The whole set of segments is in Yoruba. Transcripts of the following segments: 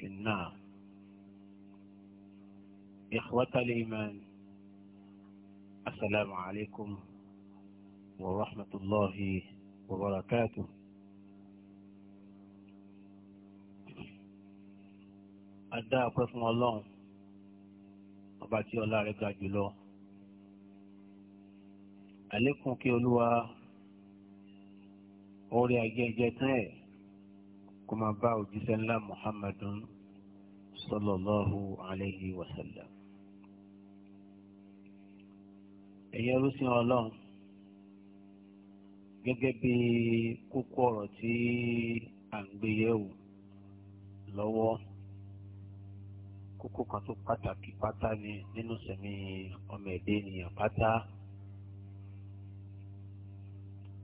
في النار إخوة الإيمان السلام عليكم ورحمة الله وبركاته adá ọpẹ́ fún Ọlọ́run ọba tí ọlá rẹ̀ ga jùlọ àlékún kí Olúwa orí ajẹjẹ tán ẹ kó máa bá òjíṣẹ́ ńlá muhammadun sallallahu alayhi wa sallam. ẹ̀yin ọlọ́sìn ọlọ́run gẹ́gẹ́ bí kókó ọ̀rọ̀ tí à ń gbé yẹ̀wò lọ́wọ́ kókó kan tó pàtàkì pátá ni nínú sẹ̀mí ọmọ ẹ̀dẹ́ ènìyàn pátá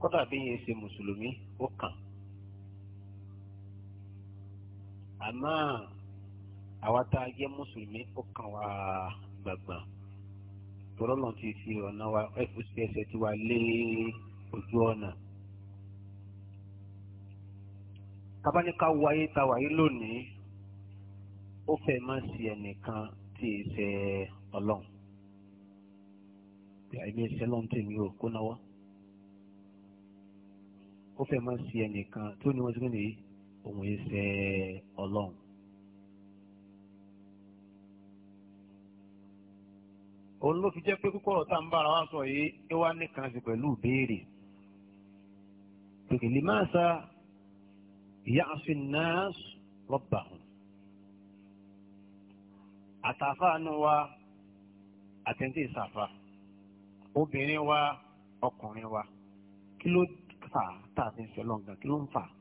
kódà bí yẹn ṣe mùsùlùmí ó kàn àmọ́ àwa tá a jẹ́ mùsùlùmí ó kàn wá gbàgbà tọ́lọ́nà ti fi ọ̀nà wa fcc ẹsẹ̀ tiwa lé ojú ọ̀nà. kábáníká wo ayé ta wáyé lónìí ó fẹ́ má sí ẹnìkan tí ì ṣe ọlọ́run bí àìmí ẹsẹ̀ lọ́n tèmi ò kó náwó ó fẹ́ má sí ẹnìkan tó ní wọ́n ti gbé nìyí òun ẹsẹ̀ ọlọ́run. òun ló fi jẹ́ pé púpọ̀ ọ̀tá ń bára wa sọ yìí ẹ wá nìkan sí pẹ̀lú ìbéèrè. pèkìlì máa sa ìyá àfin náà rọ́bà hàn. àtàfà náà wá àtẹ̀ǹtì ìsàfà obìnrin wa ọkùnrin wa kí ló fà á tà fi ń sọ lọ́ngàn kí ló ń fà á.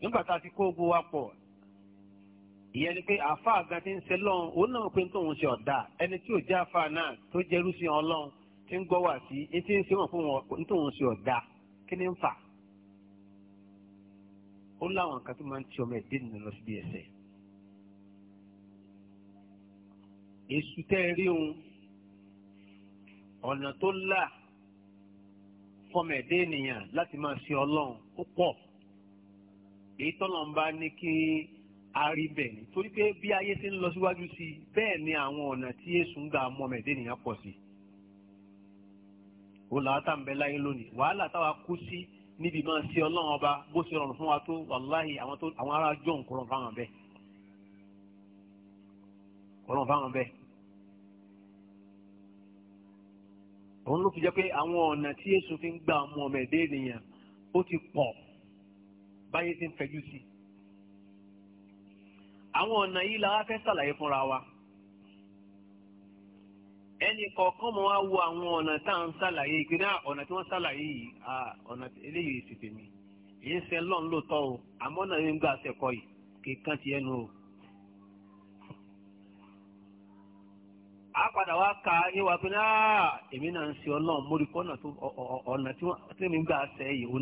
nígbà tá a ti kó ogun wa pọ̀ ìyẹn ni pé àfa àga ti ń ṣe lọ́n òun náà pé tóun ṣe ọ̀dà ẹni tí ò jẹ́ àfa náà tó jẹ́rú sí ọlọ́run tí ń gbọ́ wà sí etí ń ṣe wọ̀n fún tóun ṣe ọ̀dà kí ni ń fà. ó láwọn nǹkan tó máa ń tí ọmọ ẹ̀ dénú lọ síbi ẹsẹ̀. èṣù tẹ́ ẹ rí òun ọ̀nà tó là fọmọ ẹ̀ dé ènìyàn láti máa ṣe ọlọ́run ó pọ̀ èyí tọ́lọ̀ ń bá ní kí a rí bẹ́ẹ̀ ni torí pé bí ayé ti ń lọ síwájú sí i bẹ́ẹ̀ ni àwọn ọ̀nà tí èṣù ń gbà mọ́ mẹ́ẹ̀dé nìyẹn pọ̀ sí i. ó làá tà ń bẹ láyé lónìí wàhálà táwa kú sí níbi máa ṣe ọlọ́run ọba bó ṣe rọrùn fún wa tó wàláhì àwọn ará jọ̀hún kò rọrùn fáwọn bẹ́ẹ̀ kò rọrùn fáwọn bẹ́ẹ̀. òun ló fi jẹ́ pé àwọn ọ̀nà tí èṣù fi ń gbà mọ́ mẹ́ẹ̀dé nìyẹn ó ti pọ̀ báyé ti ń fẹjú sí. àwọn ọ̀nà yìí la wá fẹ́ fúnra wa. ẹnì kọ̀ọ̀kan mọ̀ wá wo àwọn ọ̀nà tá à ń ṣàlàyé ìpínlẹ̀ ọ̀nà tí wọ́n ṣàlàyé yìí ọ̀nà eléyìí sì tèmi. èyí ń lọ́n o àmọ́ náà ń gbà sẹ́kọ̀ yìí kì ti ẹnu o. a padà wá ka ìwà wa náà èmi náà ń ṣe ọlọ́run mórí kọ́nà tó ọ̀nà tí ti gbà sẹ́ yìí ó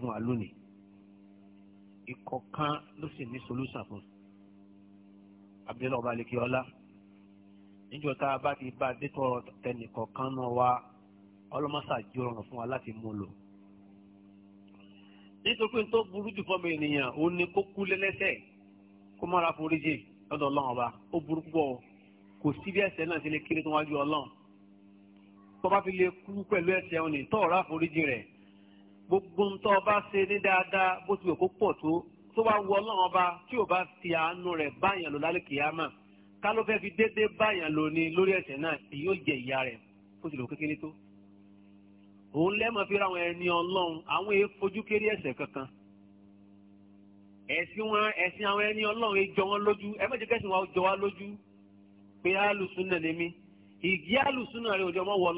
fún ìkọ̀kan ló sì ní solúsàn fún abdulayi ọba alekiola níjọ tá a bá ti bá détọ tẹnìkọ̀kan náà wá ọlọ́mọṣà jọrọ̀ fún wa láti mú lò nítorí pé tó burú jù fọmọ ènìyàn ó ní kó kú lẹ́lẹ́ṣẹ̀ kó má ra foríjì lọ́dọ̀ ọlọ́run ọba ó burú púpọ̀ kò sí bí ẹ̀ṣẹ̀ náà ti lè kéré tó wájú ọlọ́run tó fi lè kú pẹ̀lú ẹ̀ṣẹ̀ òní tó ọ̀rá foríjì rẹ̀ gbogbo ń tọ́ bá ṣe ní dáadáa bó ti wò kó pọ̀ tó tó bá wọ ọlọ́run ọba tí ò bá fi àánú rẹ̀ báyàn lò lálẹ́ kìyàmà ká ló fẹ́ fi déédéé báyàn lò ní lórí ẹ̀ṣẹ̀ náà èyí ò jẹ ìyá rẹ̀ bó ti lò kékeré tó. òun lẹ́mọ̀ fi ráwọn ẹni ọlọ́run àwọn èèyàn kéré ẹ̀ṣẹ̀ kankan. ẹ̀sìn wọn ẹ̀sìn àwọn ẹni ọlọ́run ẹ jọ wọn lójú ẹ méjì kẹ́sìn wọn jọ wá lójú pé alùsùn náà lé mi alùsùn náà rẹ òjò mọ́ wọ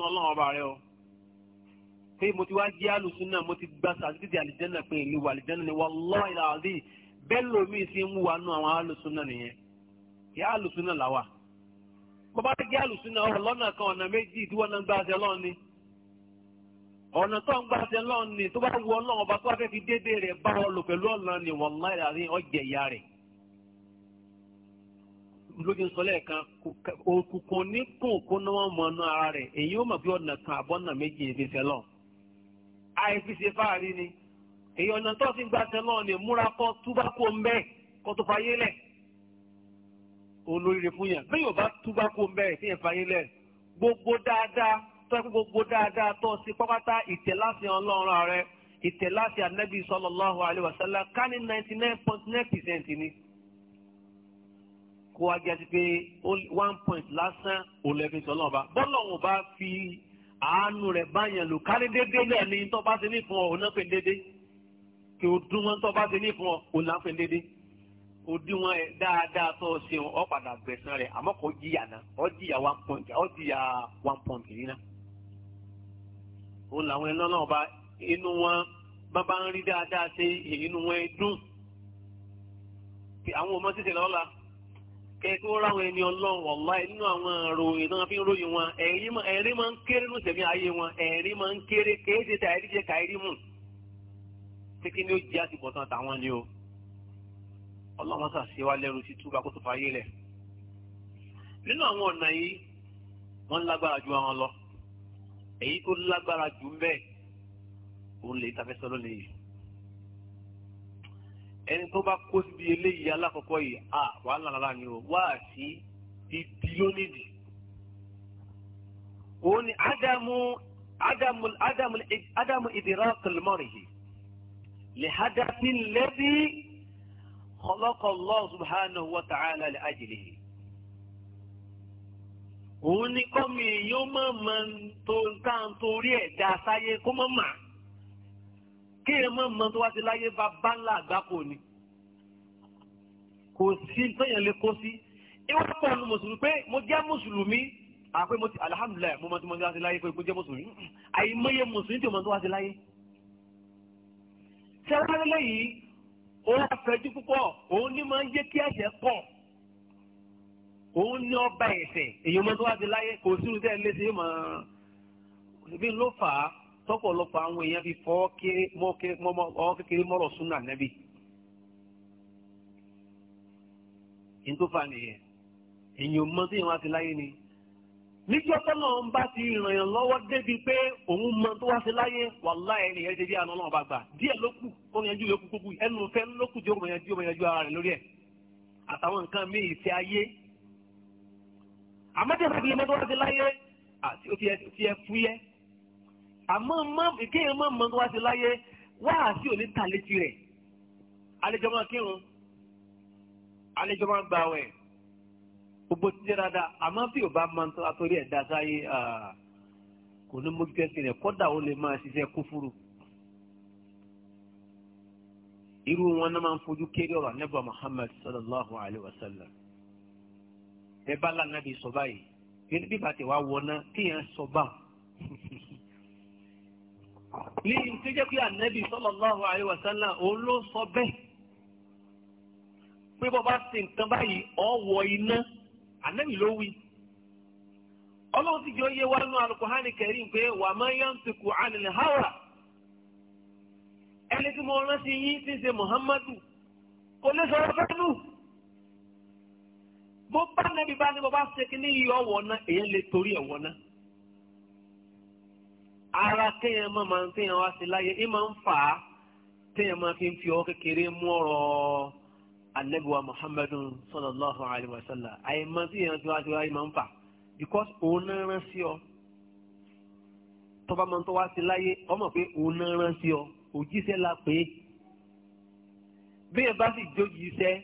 pé mo ti wá jẹ́ àlùsùnà mo ti gba sàtìtì àlìjẹ́nà pé èmi wà àlìjẹ́nà ni wallahi alazim bẹ́ẹ̀ lómi sí ń wà nù àwọn àlùsùnà nìyẹn ìyá àlùsùnà làwà bọ́bá jẹ́ àlùsùnà ọ̀rọ̀ lọ́nà kan ọ̀nà méjì tí wọ́n náà gbà ṣe lọ́ọ̀ ni ọ̀nà tó ń gbà ṣe lọ́ọ̀ ni tó bá wù ọlọ́run ọba tó bá fẹ́ fi déédéé rẹ̀ bá ọ lò pẹ̀lú ọ̀nà ni wallahi alazim lójú sọlẹ̀ kan òkùnkùn ní kùnkùn náà mọ̀ ọ́nà ara rẹ̀ èyí ó mọ̀ bí ọ̀nà kan àbọ̀nà méjì ìfẹsẹ̀ lọ́ọ̀ àìfiṣe fáàrí ni èyí ọ̀nà tó fi gbàtẹ náà ni múra kọ́ túbá kó ń bẹ́ẹ̀ kó tó fayé lẹ̀ olóríire fún yàn bẹ́ẹ̀ yóò bá túbá kó ń bẹ́ẹ̀ fìyàn fayé lẹ̀ gbogbo dáadáa tó ẹkú gbogbo dáadáa tó ṣe pápátá ìtẹ̀láṣẹ ọlọ́run rẹ ìtẹ̀láṣẹ anábì sallallahu alaihi wasallam ká ní ninety nine point nine percent ni kó wá jẹ́ sí pé one point lásán òun lẹ́fẹ̀ẹ́ sọ́lọ́ọ̀ba bọ́lọ̀ wọn bá fi àánú rẹ̀ báyàn lò kárí dédé náà ni tó bá ti ní fún ọ òun náà pè dédé kí o dún wọn tó bá ti ní fún ọ òun náà dédé o dín wọn ẹ dáadáa tó o ṣeun ọ padà kò jìyà náà ọ jìyà one point ọ jìyà one point yìí náà òun làwọn inú wọn bábá ń rí dáadáa ṣe inú kẹ́kẹ́ ó ráwọn ẹni ọlọ́run wọ̀lá nínú àwọn ròyìn tó wọn fi ń ròyìn wọn ẹ̀rí máa ń kéré ní ìsẹ̀mí ayé wọn ẹ̀rí máa ń kéré kéèdè tà ẹ̀rí jẹ́ káyérí mù kékeré ni ni o ọlọ́run sà lẹ́rù sí túbà kó tó lẹ̀ nínú àwọn ọ̀nà yìí wọ́n lágbára ju àwọn lọ èyí tó lágbára jù ń bẹ́ẹ̀ òun lè ẹni tó bá kó síbi eléyìí alákọ̀ọ́kọ́ yìí à wàhálà rárá ni o wá sí ibi lónìí. òun ni ádámù ádámù ádámù ádámù idrak al-mar'i li hadafi alladhi khalaqa Allah subhanahu wa ta'ala li ajlihi. òun ni kọ́mi yóò máa ma tó ń ká torí ẹ̀ dá sáyé kó má máa kéèyàn mọ̀ mọ́ tó wá sí láyé bá báńlá àgbákò ni kò sí téèyàn lè kó sí ìwọ́n tó pọ̀ nù mùsùlùmí pé mo jẹ́ mùsùlùmí àpé mo ti alihamudulilayi mo mọ̀ tó mọ̀ tó wá sí láyé pé mo jẹ́ mùsùlùmí àyìnmọ́yé mùsùlùmí tí mo mọ̀ tó wá sí láyé. sẹ́wọ́n lẹ́yìn òun àfẹ́jú púpọ̀ òun ní máa ń jẹ́ kí ẹ̀ṣẹ̀ pọ̀ òun ní ọba ẹ̀ṣẹ̀ èyí mo tó wá sí láyé kò sí tọ́pọ̀lọpọ̀ àwọn èèyàn fi fọ́ kékeré mọ́rọ̀ súnà nẹ́bí. èyí tó fà nìyẹn èyàn mọ tí ìwọ́n ti láyé ni. níjọ́ tọ́nà ń bá ti ràn yàn lọ́wọ́ débi pé òun mọ tó wá sí láyé wàláhì nìyẹn ṣe bí àná náà bá gbà díẹ̀ ló kù tó ń yanjú yòókù kókù ẹnu fẹ́ ló kù jẹ́ òmìnira jẹ́ ara rẹ̀ lórí ẹ̀ àtàwọn nǹkan míì ìfẹ́ ayé. àmọ́ tí ìfẹ́ fi lè mọ́ tó wá sí láyé àti ó ti ẹ fúyẹ́ àmọ́ mọ́ ìkéyàn mọ́ mọ́ wá sí láyé wáàsí ò ní ta létí rẹ̀ àlejò máa kírun àlejò máa gbà wẹ̀ gbogbo ti jẹ́ dáadáa àmọ́ bí ò bá máa ń tọ́ àtọ́rí ẹ̀dá sáyé kò ní mójú tẹ́sí rẹ̀ kódà ó lè máa ṣiṣẹ́ kúfúrú irú wọn náà máa ń fojú kéré ọ̀rọ̀ anábà Muhammad sallallahu alayhi wa sallam ẹ bá lànà bí sọ báyìí bí bàtẹ wà wọ náà kéèyàn sọ báwọn. nínú tó jẹ́ pé ànẹ́bì sallallahu alaihi wa òun ló sọ bẹ́ẹ̀ pé bọ́ bá ṣe nǹkan báyìí ọ̀wọ́ iná ànẹ́bì ló wí. ọlọ́run ti jọ yé wánú Al-Qur'ani Karim pé wa ma yantiqu anil hawa ẹni tí mo rántí yín ti ṣe Muhammadu kò lè sọ̀rọ̀ fẹ́nu. bó bá nẹ́bí bá ní bọ́ bá ṣe kí ní iye ọ̀wọ́ náà ara téèyàn máa máa ń téèyàn wá sí láyé ní ń fà á téèyàn máa fi ń fi ọwọ́ kékeré mú ọ̀rọ̀ anabiwa muhammadu sallallahu alayhi wa sallam àyè máa téèyàn ti wá sí láyé máa ń fà because òun náà rán sí ọ tọ́ba máa ń tọ́ wá sí láyé ọmọ pé òun náà rán sí ọ òjíṣẹ́ la pé bí ẹ bá sì jójíṣẹ́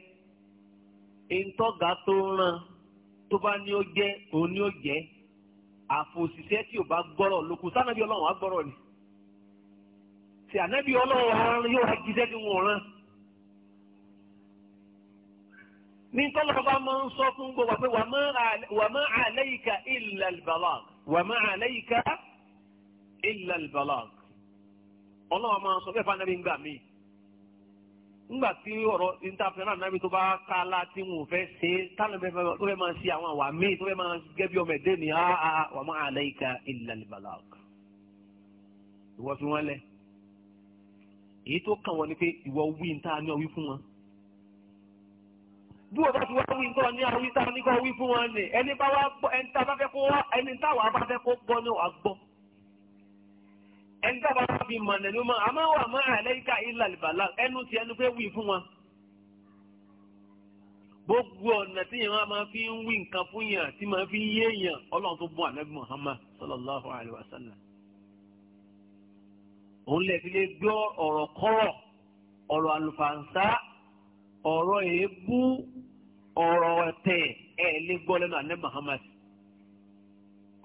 ìtọ́gà tó rán tó bá ní ó jẹ́ òun ní ó jẹ́ àfòsíṣẹ́ tí ò bá gbọ́rọ̀ lókun sànàbí ọlọ́run á gbọ́rọ̀ ni tí ànábì ọlọ́run yóò wá jíṣẹ́ tí wọ́n rán. ní tọ́lọ́ bá máa ń sọ fún gbogbo pé wà má àlẹ́yìká illa wà má àlẹ́yìká illa ọlọ́run máa ń sọ fẹ́ẹ́ fún ànábì ńgbà míì ńgbà tí ọ̀rọ̀ ìntàfẹ́ náà nábì tó bá ká la tí wọn ò fẹ́ ṣe táwọn ẹgbẹ́ tó fẹ́ máa ṣe àwọn àwà míì tó fẹ́ máa gẹ́bí ọmọ ẹ̀dẹ́ ni á á wà máa alayka illa al-balagh. ìwọ fi wọn lẹ èyí tó kàn wọn ni pé ìwọ wí ń tá a ní ọwí fún wọn. bí wọ́n bá ti wá wí ń tọ́ ní àwí tá a wí fún wọn ni ẹni bá wá gbọ́ ẹni tá a bá fẹ́ kó wá ni wàá gbọ́. ẹni a bá fi mọ̀nà ló mọ̀ àmọ́ wà má àlẹ́yíká ilà ìbàlá ẹnu ti ẹnu fẹ́ wí fún gbogbo ọ̀nà tí yẹn máa fi ń wí nǹkan fún yàn tí fi ń yé yàn ọlọ́run tó bọ́ ànábì Muhammad sallallahu alayhi wa sallam. òun lè fi lè gbọ́ ọ̀rọ̀ kọ́rọ̀ ọ̀rọ̀ àlùfàǹsá ọ̀rọ̀ èébú ọ̀rọ̀ ẹ̀tẹ̀ ẹ̀ lè gbọ́ lẹ́nu Muhammad.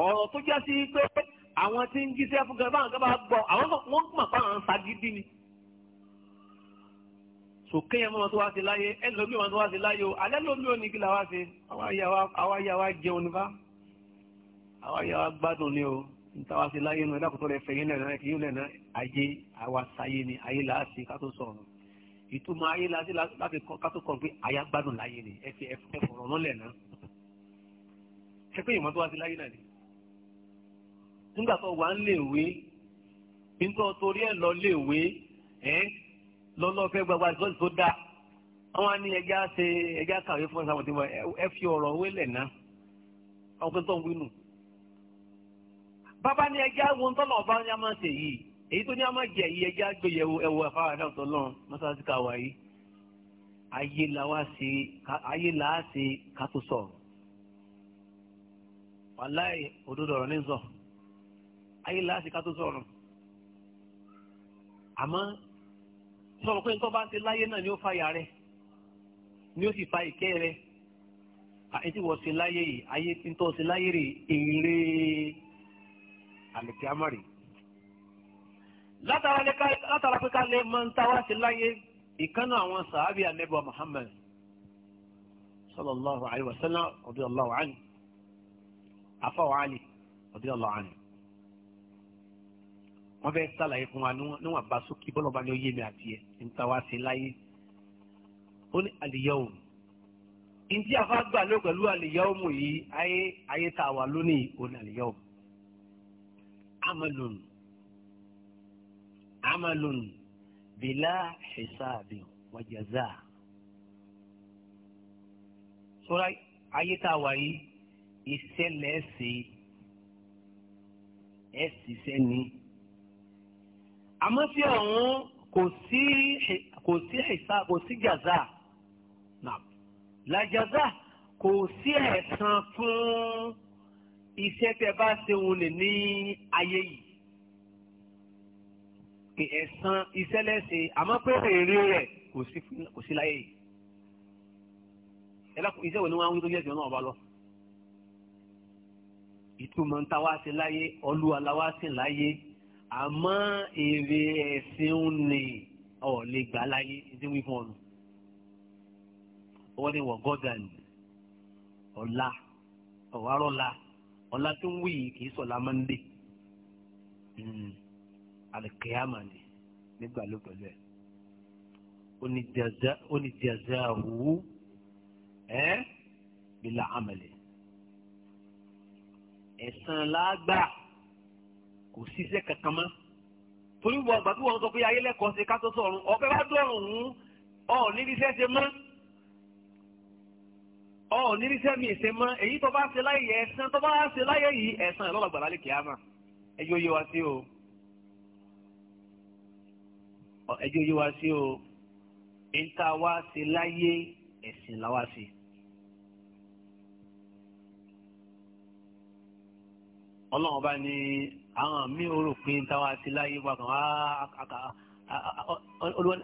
ọ̀rọ̀ tó àwọn tí ń jíṣẹ́ fún gan báwọn kan bá gbọ́ àwọn wọ́n mọ̀ pé àwọn ń sagídí ni. sòkè yẹn mọ́ tó wá sí láyé ẹlòmíì wọn tó wá sí láyé o alẹ́ lómi ò ní kí la wá sí àwa yà wá jẹun ní bá àwa yà wá gbádùn ni o níta wá sí láyé nu ẹ̀dàkùtọ̀ rẹ̀ fẹ̀yìn lẹ́nà kì í lẹ́nà ayé àwa sáyé ni ayé là á sí ká tó sọ̀rọ̀ ìtumọ̀ ayé là á sí láti ká tó kọ̀ pé àyà gbádùn láyé ni ẹ fi ẹ̀fọ̀rọ̀ náà lẹ̀ náà ẹ pé nígbà tó wà ń léèwé nígbà torí ẹ̀ lọ léèwé ẹ̀ lọ́lọ́fẹ́ gbagba ìtọ́jú tó dáa àwọn ni ẹja ṣe ẹja kàwé fún ẹsàmùtí wọn ẹ fi ọ̀rọ̀ wélẹ̀ náà àwọn pẹ̀lú tó ń wínú. bàbá ni ẹja wo ń tọ́lọ̀ ọba ní máa ṣe yìí èyí tó ní a máa jẹ yìí ẹja gbéyẹ̀wò ẹ̀wò àfáàrà náà tó lọ́rùn mọ́ṣáláṣí ká wáyé ayé la wá ṣe ayé la á ṣe ká tó sọ̀rọ̀ wàláì òdodo ọ̀rọ̀ ní sọ̀rọ̀. ayé láti ká tó sọ̀rọ̀ àmọ́ sọ̀rọ̀ pé nítorí bá ń ṣe láyé náà ni ó fàyà rẹ̀ ni ó sì fa ìkẹ́ rẹ̀ àti wọ́n ṣe láyé yìí ayé tí ń tọ́ ṣe láyé rè èrè àlùkìámárì. látara pé ká lè máa ń ta wá ṣe láyé àwọn sàábì Muhammad sallallahu alayhi wa sallam wọ́n fẹ́ sàlàyé fún wa níwọ̀n bá sókè bọ́lọ̀ bá ní ó yé mi àti ẹ̀ níta wá sí láyé ó ní àlìyáwó ntí afa gbà ló pẹ̀lú àlìyáwó mu yìí ayé ayé tá a wà lónìí ó ní àlìyáwó amalun amalun bila hisabi wa jaza ayé tá a wà yìí ìṣẹ̀lẹ̀ ẹ̀sìn ẹ̀sìn sẹ́ni àmọ́ sí ọ̀hún kò sí kò sí ìsá kò sí jàzá làjàzá kò sí ẹ̀san fún iṣẹ́ tẹ bá ṣe òun lè ní ayé yìí kì ẹ̀san iṣẹ́ lẹ́sẹ̀ àmọ́ pé èrè rẹ̀ kò sí kò sí láyé yìí ẹlẹ́kùn iṣẹ́ wo ni wọ́n á wí tó yẹ jù náà ọba lọ ìtumọ̀ ń ta wá sí láyé ọlúwa la sí láyé àmọ́ èrè ẹ̀sìn ń lè ọ̀ lè gbà láyé tí wí fún ọ̀nà wọ́n ní wọ̀ gọ́dàn ọ̀la ọ̀wárọ̀la ọ̀la tó ń wí yìí kì í sọ̀la mọ́ndé alikiyama hmm. ni nígbà ló pẹ̀lú ẹ̀ onídìazá hu ẹ́ bila amẹ̀lẹ̀ ẹ̀sán lágbàá kò ṣiṣẹ́ kankan mọ́ torí wọn gbà tí wọn sọ pé ayé lẹ́kọ̀ọ́ ṣe ká tó sọ̀run ọ̀fẹ́ bá dọ̀rùn ún ọ̀ níríṣẹ́ ṣe mọ́ ọ̀ níríṣẹ́ mi ṣe mọ́ èyí tó bá ṣe láyé ẹ̀san tó bá ṣe láyé yìí ẹ̀san ìlọ́lọ́ gbàlá lè kíámà ẹjọ́ yé wa sí o ẹjọ́ yé wa sí o níta wá ṣe láyé ẹ̀sìn làwa ṣe. ọlọ́run bá ní. àwọn mí orúkún táwa ti láyé wà kàn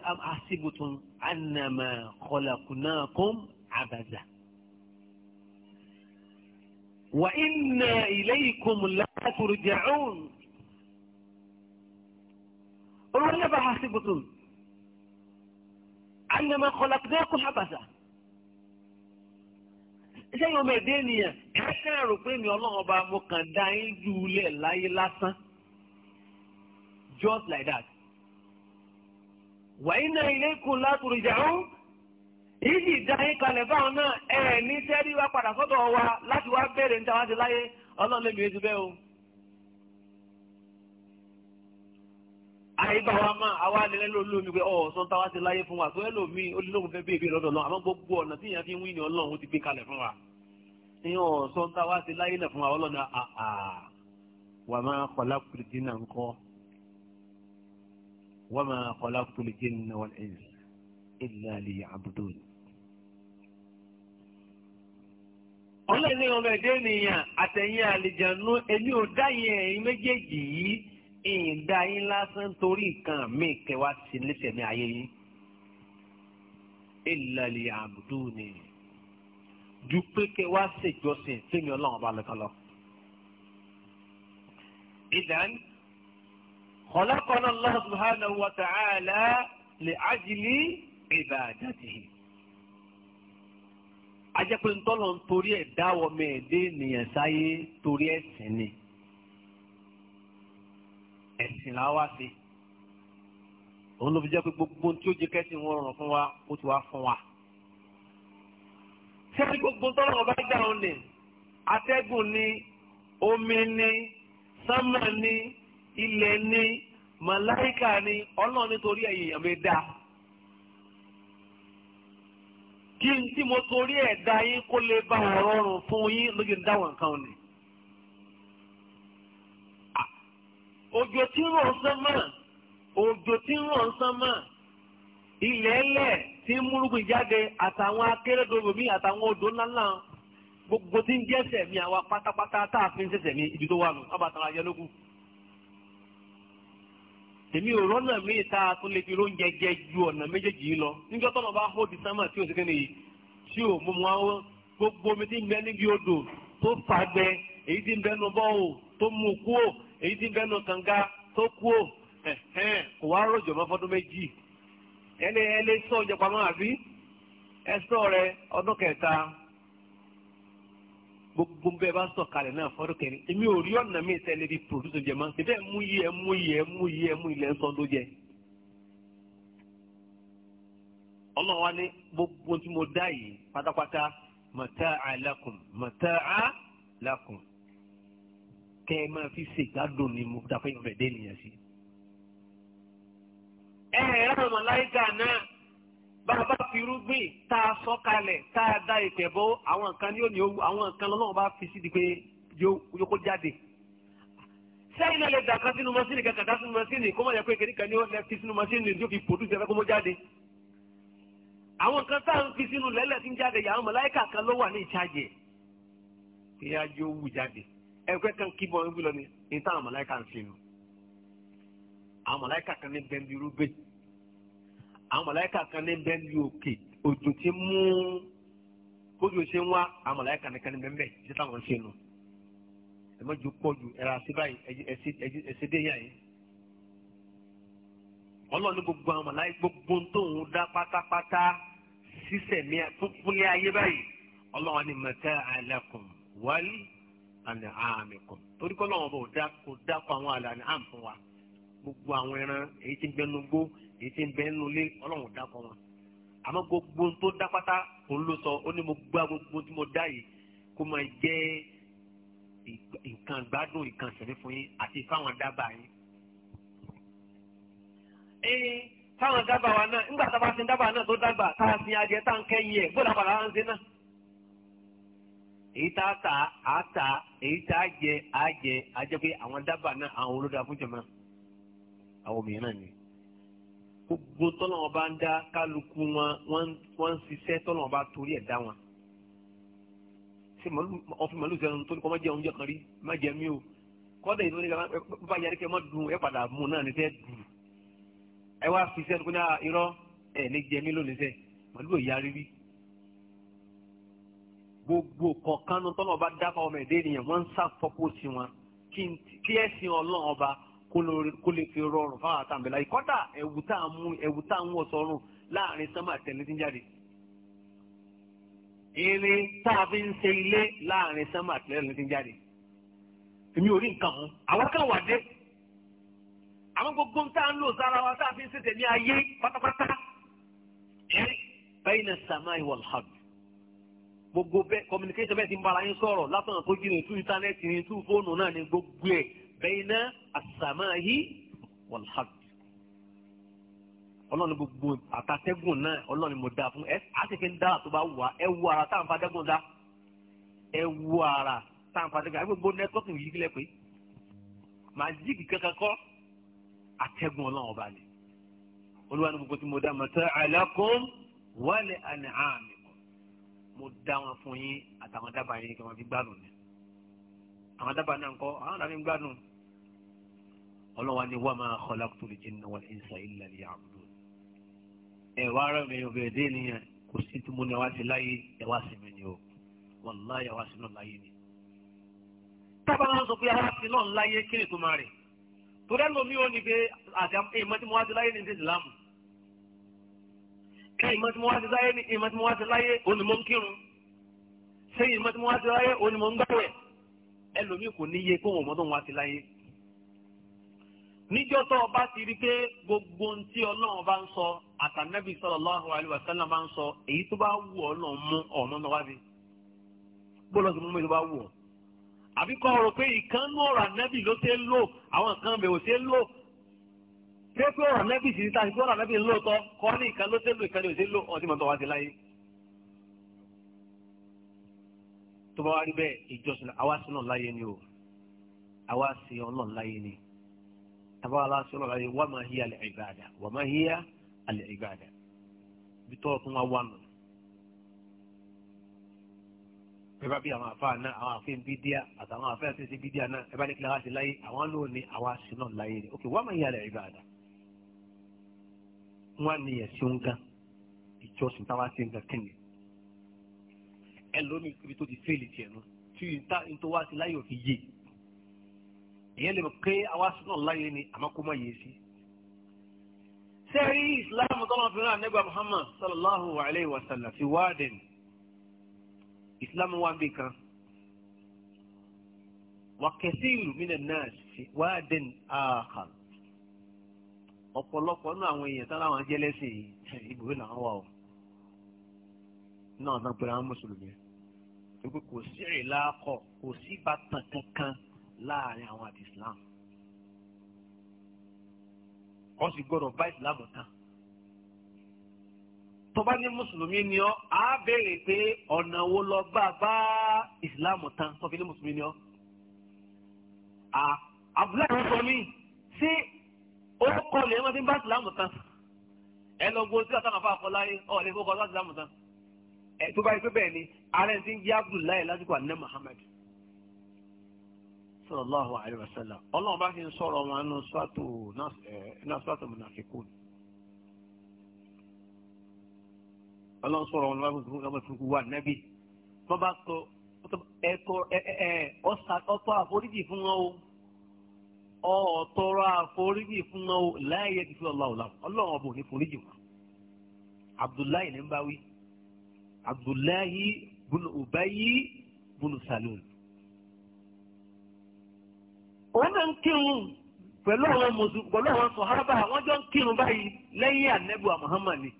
á àṣìbùtún ànàmà kọlàkùnàkùn àbàzà. wà ìnà ìlẹ́yìnkùn látòrò jẹ̀rún. olùwàlẹ́bà àṣìbùtún ànàmà kọlàkùnàkùn àbàzà. iṣẹ́ yóò mọ̀ èdè ènìyàn kẹ́kẹ́ rò pé mi ọlọ́run ọba mo kàn dá yín lulẹ̀ láyé lásán just like that. wàyí náà ilé kù látòrò ìjàrún yìí sì kalẹ̀ báwọn náà ẹ̀ ní sẹ́rí padà sọ́dọ̀ wa láti wá bẹ̀rẹ̀ níta wá sí o. àyíká wa máa àwa lẹ́lẹ́ ló lómi pé ọ̀sán táwa ti láyé fún wa tó ẹlòmíì ó lè lóun fẹ́ béèrè lọ́dọ̀ náà àmọ́ gbogbo ọ̀nà tí ìyẹn fi ń wí ni ọlọ́run ó ti gbé kalẹ̀ fún wa ìyẹn ọ̀sán táwa ti láyé náà fún wa ọlọ́run àà wà máa kọ́lá kùrìtì náà ń kọ́ wà máa kọ́lá kùrìtì náà wọ́n ẹ̀ ilà lè àbùdó ni. Ah, ah, ọlọ́run ní ọmọ ẹ̀dẹ́ ènìyàn àtẹ̀yìn àlìjànú ìgbà yín lásán torí nǹkan míì kẹwàá ti lẹ́sẹ̀ ní ayé yín ìlàlẹ̀ àbùdù ni ju pé kẹwàá ṣèjọsìn fẹ́mi ọlọ́run ọba lọ́kàn lọ. ìdán khalaqana Allah subhanahu wa ta'ala li ajli ibadatihi. ajẹ́pẹ́ ntọ́lọ̀ ń torí ẹ̀ dáwọ́ mẹ́ẹ̀ẹ́dẹ́ nìyẹn sáyé torí ẹ̀sìn ni ẹ̀sìn là wá sí òun ló fi jẹ́ pé gbogbo tí ó jẹ kẹ́sìn wọn rọrùn fún wa ó ti wá fún wa. sẹ́ni gbogbo tọ́lọ̀ ọba gbà wọn ni atẹ́gùn ni omi ni sánmà ni ilẹ̀ ni màláìkà ni ọlọ́run nítorí ẹ̀yìn èèyàn mi dá. kí n tí mo torí ẹ̀ dá yín kó lè bá wọn rọrùn fún yín lójú dáwọn nǹkan ni. òjò tí ń rọ̀ ń òjò tí ń rọ̀ ń sán ilẹ̀ ẹlẹ̀ tí ń jáde àtàwọn akérèdọ́gbò mi àtàwọn odò ńláńlá gbogbo tí ń jẹ́sẹ̀ mi àwa pátápátá tá a fi ń sẹ̀sẹ̀ ibi tó wà nù ọbàtàn ayẹlógún èmi ò rọ́nà tún lè ju ọ̀nà méjèèjì yìí lọ níjọ́ tọ́nà bá hó di sánmà tí yìí tí gbogbo omi ń bẹ níbi odò tó fàgbẹ èyí ń èyí tí ń bẹ́ẹ̀ nù kànga tó kú ò kò wá rọ̀jò mọ́ fọdún méjì ẹni ẹni sọ ọjọ́ pamọ́ àbí ẹ sọ rẹ ọdún kẹta gbogbo bẹ́ẹ̀ bá sọ kalẹ̀ náà fọdún kẹrin èmi ò rí ọ̀nà mi tẹ́lẹ̀ bí pòdúsù jẹ mọ́ mú yí ẹ mú yí ẹ mú yí ẹ mú ilẹ̀ sọ ló jẹ. gbogbo tí mo dá yìí pátápátá mọ̀tá kẹ́ ẹ máa fi ṣègbádùn ni mo dàpẹ́ ìfẹ́ dé nìyẹn sí. ẹ ẹ rẹ màláíkà náà bàbá firúgbìn tá a sọ kalẹ̀ tá a da ìtẹ̀bọ́ àwọn nǹkan yóò ní owó àwọn nǹkan lọ́wọ́ bá fi sí di pé yóò kó jáde sẹ́yìn náà lè dàka sínú masínì kankan dá sínú masínì kó má yẹ pé kìnnìkan ni ó lẹ fi sínú masínì ní o fi pòdúsì ẹ̀fẹ́ kó mọ́ jáde. àwọn kan tá à ń fi sínú lẹ́lẹ̀ tí ń jáde yàrá mọ̀láyíkà kan ló wà ní ìchájẹ̀ kí á yóò wù jáde ẹgbẹ́ kan kí bọ́ wíwí lọ ni ní táwọn mọ̀láìkà ń sinmi àwọn mọ̀láìkà kan ní bẹ́ẹ̀ bí rúbẹ̀ àwọn mọ̀láìkà kan ní bẹ́ẹ̀ bí òkè òjò ti mú kójú ṣe ń wá àwọn mọ̀láìkà nìkan ní bẹ́ẹ̀ bẹ́ẹ̀ ṣe táwọn ń sinmi ẹ má ju pọ̀ ju ẹ̀rọ àti báyìí ẹ̀sẹ̀ dé yà yìí ọlọ́run ní gbogbo àwọn mọ̀láìkà gbogbo tóun dá pátápátá sísẹ̀mí fúnfúnlé ayé báyìí ọlọ́run ni mọ̀tẹ́ àlẹ́kùn wálé. àná àmì kan torí kọ́ lọ́wọ́ bò àwọn àlàní àm fún wa gbogbo àwọn ẹran èyí tí ń gbó èyí lé wọn àmọ́ gbogbo tó dá pátá òun sọ ó ní mo gbá gbogbo tí mo dá yìí kó máa jẹ́ nǹkan gbádùn nǹkan sẹ̀rí fún àti fáwọn dábàá yín. ee fáwọn dábàá wa náà nígbà tá èyí tá a ta a ta èyí tá a jẹ a jẹ a jẹ pé àwọn dábàá náà àwọn olóda fún jama àwọn mìíràn ni gbogbo tọ́lọ́wọ́ bá ń dá kálukú wọn wọ́n ń ṣiṣẹ́ tọ́lọ́wọ́ bá torí ẹ̀ dá wọn. ṣé ọfìn màlúù sẹ́nu tó ní kọ́ jẹ oúnjẹ kan rí jẹ mí o kọ́dà yìí tó ní ká bá yàrá kẹ́ má dùn ẹ padà mú náà dùn. ẹ wá kó ah, ní gbogbo kọ̀ọ̀kan tọ́nà ọba dábàá ọmọ ẹ̀dẹ́ ènìyàn wọ́n ń sàfọ́pọ̀ sí wọn kí ẹ̀sìn ọlọ́run ọba kó lè fi rọrùn fáwọn àtàǹbẹ̀lá ìkọ́dà ẹ̀wù tá à ń mú ẹ̀wù tá à ń wọ̀ sọ́run láàrin sánmà tẹ̀lé tí ń jáde. irin tá a fi ń ṣe ilé láàrin sánmà tẹ̀lé tí ń jáde. èmi ò rí nǹkan mú àwọn kan wà dé. àwọn gbogbo tá a ń lò sára wa tá a fi ń ṣètẹ̀ ní ayé pátápátá. ẹ bẹ́ẹ̀ ni sàmáì wal gbogbo bẹ́ẹ̀ communication bẹ́ẹ̀ ti ń bára yín sọ̀rọ̀ látọ̀nà tó jìnnà tú íńtánẹ́ẹ̀tì ní tú fóònù náà ní gbogbo ẹ̀ bayna as-samahi wal-ard ọlọ́run gbogbo àtàtẹ́gùn náà ọlọ́run mo dáa fún ẹ àti fi ń dára tó bá wà ẹ wú ara táwọn fàdẹ́gùn dá ẹ wú ara táwọn fàdẹ́gùn dá gbogbo nẹ́tọ́kì yìí kílẹ̀ pé màjíìkì kankan kọ́ àtẹ́gùn ọlọ́run ọba ni olúwa ni mo dá wọn fún yín àtàwọn dábàá yín kí wọ́n fi gbádùn ni àwọn dábàá náà ń kọ́ àwọn náà fi ń gbádùn ọlọ́wà ni wàá máa khalaqtu al-jinna wal-insa illa liya'budun ẹ wá rẹ̀ mi ò bẹ̀rẹ̀ dé nìyẹn kò sí tí mo wá sí láyé ẹ wá sí mi ni o wallahi ẹ wá sí náà láyé ni. tábà náà sọ pé a wá náà láyé kí ni tó máa rẹ̀ torí ẹ lómi ò ní pé àdàm ẹ̀ mọ́tí mo wá sí láyé ní ṣé ìmọ̀ tí mo wá ti láyé ní ìmọ̀ tí mo wá ti láyé òun ni mo ń kírun ṣé ìmọ̀ tí mo wá ti láyé òun ni mo ń gbàwẹ̀ ẹlòmíì kò níye kó wọn mọ́tò wá ti láyé. níjọ́ tó o ti rí pé gbogbo ohun tí bá ń sọ àtànẹ́bí sallallahu alaihi wasallam bá ń sọ èyí tó bá wù ọ́ náà mú ọ̀nà náà wá sí gbọ́dọ̀ sí mú mi tó bá wù ọ́ àbíkọ́ ọ̀rọ̀ pé ìkànnú ọ̀rọ̀ ànẹ́bí ló ṣe ń lò àwọn kan bẹ̀ ò ṣe ń lò ṣé pé ọ̀rọ̀ nẹ́bì sì ń ta ṣe pé ọ̀rọ̀ nẹ́bì ń lóòótọ́ kọ́ ní ìkan ló tẹ́lò ìkan ní òṣè lò ọtí mọ̀tọ́ wá sí láyé. tó bá wá rí bẹ́ẹ̀ ìjọsìn àwa sí náà láyé ni o àwa sí ọlọ́run láyé ni àbá wa láti ọlọ́run láyé wà máa híyà lẹ̀ ìbàdà wà máa híyà àlẹ̀ ìbàdà bí tọ́ ọkùn wa wà nù. ẹ bá bí àwọn àfáà náà àwọn àfẹ́ bídíà àtàwọn àfẹ́ àti bídíà náà ẹ bá ní kí wọn ni ẹ̀sìn gan ìjọsìn táwa ṣe ń gan kẹ́ni ẹlòmíì ibi tó ti fèèlì tiẹ̀ nu tí ìta ìtòwá ti láyé òfin yé ìyẹn lè mọ̀ pé àwa sùnà láyé ni àmọ́ kó mọ̀ yé sí sẹ́rí ìsìláàmù tọ́lọ́ fi rán anẹ́gbà muhammad sallallahu alayhi wa sallam fi wáàdìn ìsìláàmù wa bí kan wà kẹsí mi nà náà wáàdìn àkàlù ọ̀pọ̀lọpọ̀ nínú àwọn èèyàn táwọn àwọn jẹ́lẹ́sìn ibùdó làwọn wà o náà náà pẹ̀lú àwọn mùsùlùmí wípé kò sí ìlàkọ̀ kò sí ìbátan kankan láàrin àwọn àti Islam kò sì gbọdọ̀ bá Islam tán tó bá ní mùsùlùmí ni ọ́ á béèrè pé ọ̀nà wo lọ bá bá Islam tán tó ní mùsùlùmí ni ọ́ Abdullahi sọ mí ṣé orúkọ lè wọ́n fi ń bá ìsìlámù tán ẹ lọ gbọ́ sí àtàwọn afọ àfọláyé ọ̀ lè fọkọ sí ìsìlámù tán ẹ tó bá yẹ pé bẹ́ẹ̀ ni ara ẹni tí ń jẹ́ abdullahi lásìkò àná muhammad sallallahu alayhi wa sallam ọlọ́run bá fi ń sọ̀rọ̀ wọn nínú sọ́tò náà sọ́tò munafikun ọlọ́run sọ̀rọ̀ wọn lọ́wọ́ tó kú wà nábì tó bá sọ ẹ̀kọ́ ọ̀sà ọ̀tọ̀ àforíjì fún wọn o ọ̀tọ̀rọ̀ àforíjì fún ọ láàyè kìí fún ọlọ́run làwọn ọlọ́run ọbọ̀ ní foríjì wọn. abdullahi ní ń bá wí abdullahi bunu ubayi bunu salul. wọ́n náà ń kírun pẹ̀lú àwọn mùsùlùmí pẹ̀lú àwọn sọ̀hábà wọ́n jọ ń kírun báyìí lẹ́yìn ànẹ́bùwà muhammad ni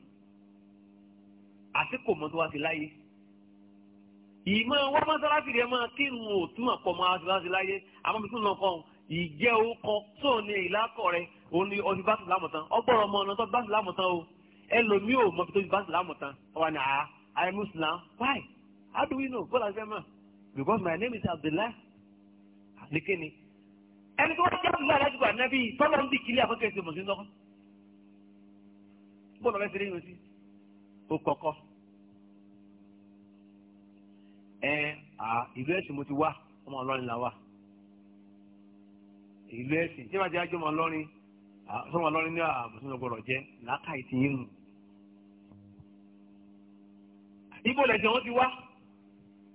àti kò mọ́ tó wá sí láyé ìmọ̀ wọ́n mọ́sálásí rẹ̀ máa kírun òtún àpọ̀ mọ́ àṣìláṣí láyé àmọ́ bí tún lọ kọ́ ìjẹ́ orúkọ tó ní ìlákọ̀ rẹ òun ni ọtí bá sùlámù tán ọgbọ́n ọmọ ọ̀nà tó bá sùlámù tán o ẹlòmíì ò mọ tó bá sùlámù tán ọwọ́ ni àá I Muslim why how do we know bọ́lá ṣe mọ̀ because my name is Abdullahi nìkéni ẹni tó wá jẹ́ Abdullahi alájú ànábì tọ́lọ́ ń bì kílí àfọ́kẹ́ ṣe mọ̀ sí lọ́kọ́ bọ́lá bẹ́ẹ̀ ṣeré yóò sí o kọ̀kọ́ ẹ ìlú ẹ̀sìn mo ti wá ọmọ ọlọ́rin là wà ìlú ẹ̀sìn tí wọ́n ti ajọ́ wọn lọ́rin fún wọn lọ́rin ní àmùsùn ọgbọ̀rọ̀ jẹ́ làákà ìtì yín nù. ibo lẹ̀jẹ̀ wọn ti wá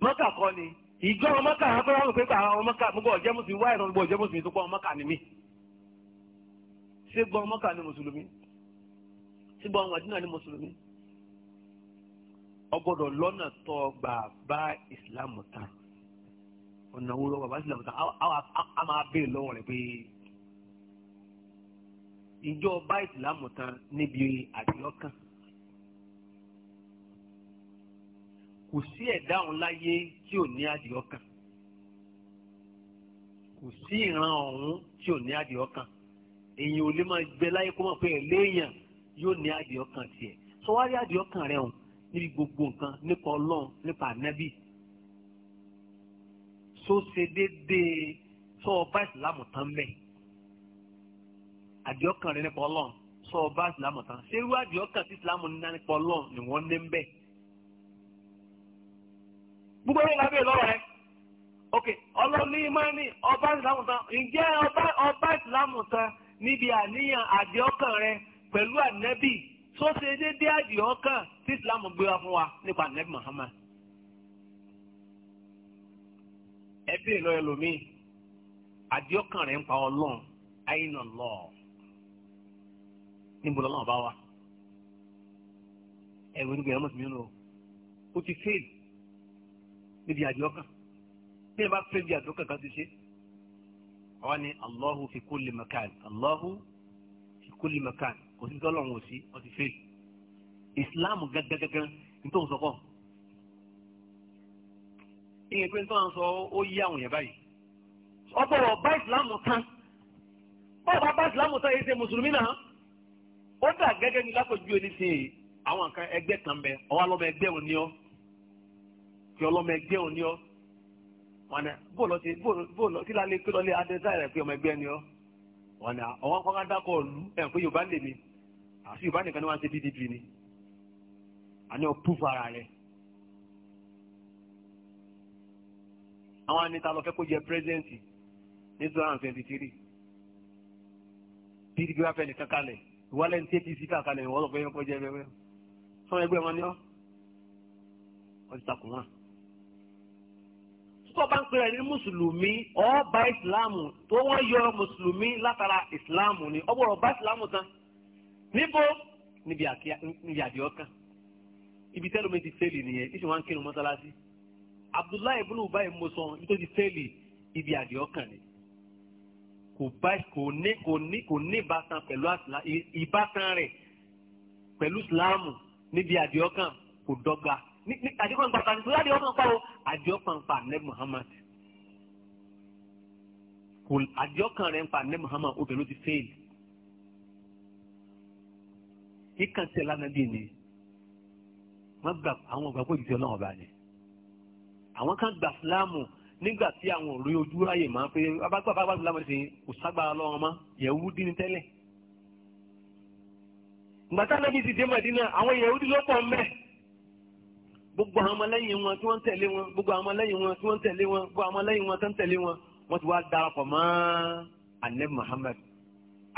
mọ́kà kọ́ ni ìjọ ọmọ mọ́kà wọn fẹ́ràn pé pa àwọn mọ́kà gbogbo ọ̀jẹ́ mùsùlùmí wá ìrọ̀ gbogbo ọ̀jẹ́ mùsùlùmí tó pọ̀ ọmọ mọ́kà ni mí. ṣé gbọ́ ọmọ mọ́kà ni mùsùlùmí ṣé gbọ́ ọmọ àdínà ni mùsùlùmí. ọgbọ́dọ̀ lọ́nà tó gbà bá ìsìlámù tán ọ̀nà owó lọ́wọ́ bàbá sílẹ̀ ọ̀tàn á máa béèrè lọ́wọ́ rẹ̀ pé ìjọ bá ìsìlámù tán níbi àdìọ́kàn kò sí ẹ̀dá ọ̀hún láyé tí ò ní àdìọ́kàn kò sí ìran ọ̀hún tí ò ní àdìọ́kàn èyàn ò lè máa gbẹ láyé kó mọ̀ pé ẹ̀ léèyàn yóò ní àdìọ́kàn tiẹ̀ sọ wá rí àdìọ́kàn rẹ̀ hàn níbi gbogbo nǹkan nípa ọlọ́run nípa ànábì tó ṣe déédéé sọ ọba ìsìlámù tán mẹ́ àdìọ́kàn rẹ nípa ọlọ́run sọ ọba ìsìlámù tán ṣé irú àdìọ́kàn tí ìsìlámù ní nípa ọlọ́run ni wọ́n ní ń bẹ̀. gbogbo ẹ̀rọ ìlàbẹ̀ lọ́rọ̀ ẹ̀ ok ọlọ́run ní ìmọ̀ ní ọba ìsìlámù tán ǹjẹ́ ọba ìsìlámù tán níbi àníyàn àdìọ́kàn rẹ pẹ̀lú ànẹ́bì tó ṣe déédéé àdìọ́kàn tí ìsìlámù gbéra fún wa nípa ànẹ́bì Muhammad ẹbí ìlọ ẹlòmíì àdìọ́kàn rẹ̀ ń pa ọlọ́run àyínà lọ níbo lọ́lọ́run bá wà ẹ̀rọ nígbà yẹn mọ̀tún nínú o ti fail níbi àdìọ́kàn bí ẹ bá fail níbi àdìọ́kàn kan ti ṣe àwa ni Allahu fi kulli makan Allahu fi kulli makan kò sí tọ́lọ́run ò sí ọ ti fail Islam gángan gángan nítorí sọ́kọ́ ìyẹn pé nítorí sọ ó yí àwọn yẹn báyìí ọgbọ̀rọ̀ bá ìsìlámù tán bọ́ọ̀bá bá ìsìlámù tán èyí ṣe mùsùlùmí náà ó dà gẹ́gẹ́ bí lápẹ̀jú ẹni sí i àwọn nǹkan ẹgbẹ́ kan bẹ ọwọ́ ọlọ́mọ ẹgbẹ́ òní ọ́ kí ọlọ́mọ ẹgbẹ́ òní ọ́ wọn ni bóòlù ti bóòlù kí lálẹ́ kí lọ́lẹ́ adẹ́sá rẹ̀ pé ọmọ ẹgbẹ́ ni ọ́ wọn ni àwọn kan dákọ̀ ọ̀lú ẹ̀ pé Yorùbá lè mi àfi Yorùbá nìkan ni wọ́n ti PDP ni àní ọ̀ púfù ara rẹ̀ àwọn anita lọ fẹ́ kó jẹ pírẹsidẹ́ǹtì ní two thousand twenty three pdp wá fẹ́ nìkan kalẹ̀ ìwálẹ̀ ní apc kà kalẹ̀ ìwọ́n lọ fẹ́ kó jẹ bẹ́ẹ̀ sọ ẹgbẹ́ wọn ni ọ́ wọ́n ti takùn wọn. tó bá ń pèrè ní mùsùlùmí ọba ìsìláàmù tó wọ́n yọ mùsùlùmí látara ìsìláàmù ni ọgbọ̀rọ̀ bá ìsìláàmù tán níbo níbi àdìọ́kàn ibi tẹ́lómi ti fẹ́lì nìyẹn ìṣùwọ̀n kírun mọ́sálásí abdullahi ibùnú báyìí mo sọ nítorí sẹ́ẹ̀lì ibi àdìẹ ọkàn ni kò bá kò ní kò ní kò ní ìbátan pẹ̀lú ìbátan rẹ̀ pẹ̀lú ìsìláàmù níbi àdìẹ ọkàn kò dọ́gba ní àdìẹ ọkàn pàtàkì tó àdìẹ ọkàn pàwọ́ àdìẹ pa ní Muhammad kò àdìẹ ọkàn rẹ̀ pa ní Muhammad obìnrin ló ti sẹ́ẹ̀lì kíkàntẹ́ lánàá bíi ni wọ́n gbà àwọn ọ̀gbà kó ìdíje ọlọ́run ọba ni àwọn kan gbà sílámù nígbà tí àwọn ò rí ojú ráyè máa pé abágbà bá gbàgbà sílámù ti kò ságbára lọ́wọ́ mọ́ Yẹhudi ní tẹ́lẹ̀. gbàtà nàbí ti dé Mẹdínà àwọn Yẹhudi ló pọ̀ mbẹ́ gbogbo àwọn ọmọlẹ́yìn wọn tí wọ́n ń tẹ̀lé wọn gbogbo àwọn ọmọlẹ́yìn wọn tí wọ́n ń tẹ̀lé wọn gbogbo àwọn ọmọlẹ́yìn wọn tí wọ́n ń tẹ̀lé wọn wọ́n ti wá darapọ̀ mọ́ anabi Muhammad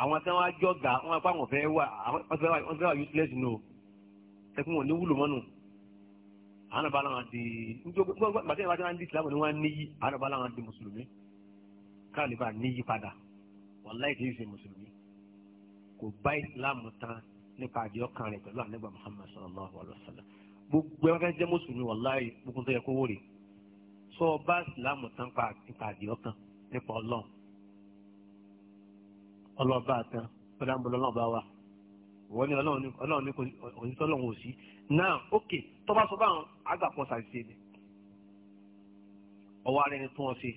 àwọn tí wọ́n á jọ gà wọ́n á pa àwọn fẹ́ wà wọ́n ti fẹ́ wà useless nù ẹkún wọn ní wúlò mọ́nù àwọn náà bá láwọn di gbàtí ìwádìí wọn di ìsìlámù ni wọn níyì àwọn náà bá láwọn di mùsùlùmí káàlì bá níyì padà wàláì kì í ṣe mùsùlùmí kò bá ìsìlámù tán nípa àdìọ́ kan rẹ̀ pẹ̀lú àníbà Muhammad sallallahu alayhi wa sallam gbogbo ẹ̀rọ kan jẹ́ mùsùlùmí wàláì gbogbo tó yẹ kó wòrè sọ bá ìsìlámù tán nípa àdìọ́ kan nípa ọlọ́run ọlọ́ọ̀bá tán ọlọ́ọ̀bá wa wọ́n ní ọlọ́run ní kò sí náà ok tó bá sọ báwọn àgbà kan ṣàṣìṣe ni ọwọ́ ara ẹni tó wọn ṣe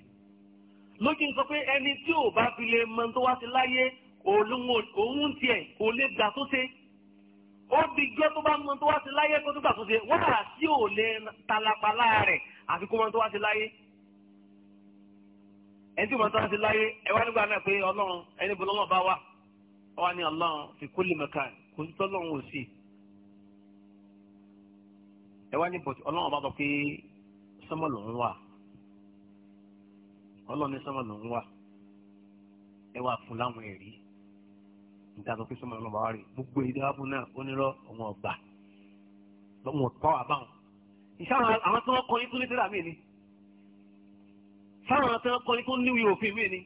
lójú ń sọ pé ẹni tí ò bá fi lè mọ tó wá sí láyé òun tiẹ̀ kò lè gbà tó ṣe ó di gbọ́ tó bá mọ tó wá sí láyé kó tó gbà tó ṣe wọ́n dà sí ò lè talapa lára rẹ̀ àfi kó mọ tó wá sí láyé ẹni tí ò mọ tó wá sí láyé ẹ wá nígbà náà pé ọlọ́run ẹni bọ́ bá wà ọ wá ní ọlọ́run fi kulli makan kò sí tọ́lọ́run ò sí i ẹ wá ní bọ̀tí ọlọ́run bá sọ pé sọ́mọ̀ lòún wà ọlọ́run ní sọ́mọ̀ lòún wà ẹ wá fún láwọn ẹ̀rí níta sọ pé sọ́mọ̀ lòún bá wà rí gbogbo ìdí wàá fún náà ó ní rọ ọmọ ọgbà lọ́mọ ọ̀pá wà báwọn. àwọn tí wọ́n kọ́ yín ní tẹ́lá mi ni sáwọn tí wọ́n kọ́ yín tó òfin mi ni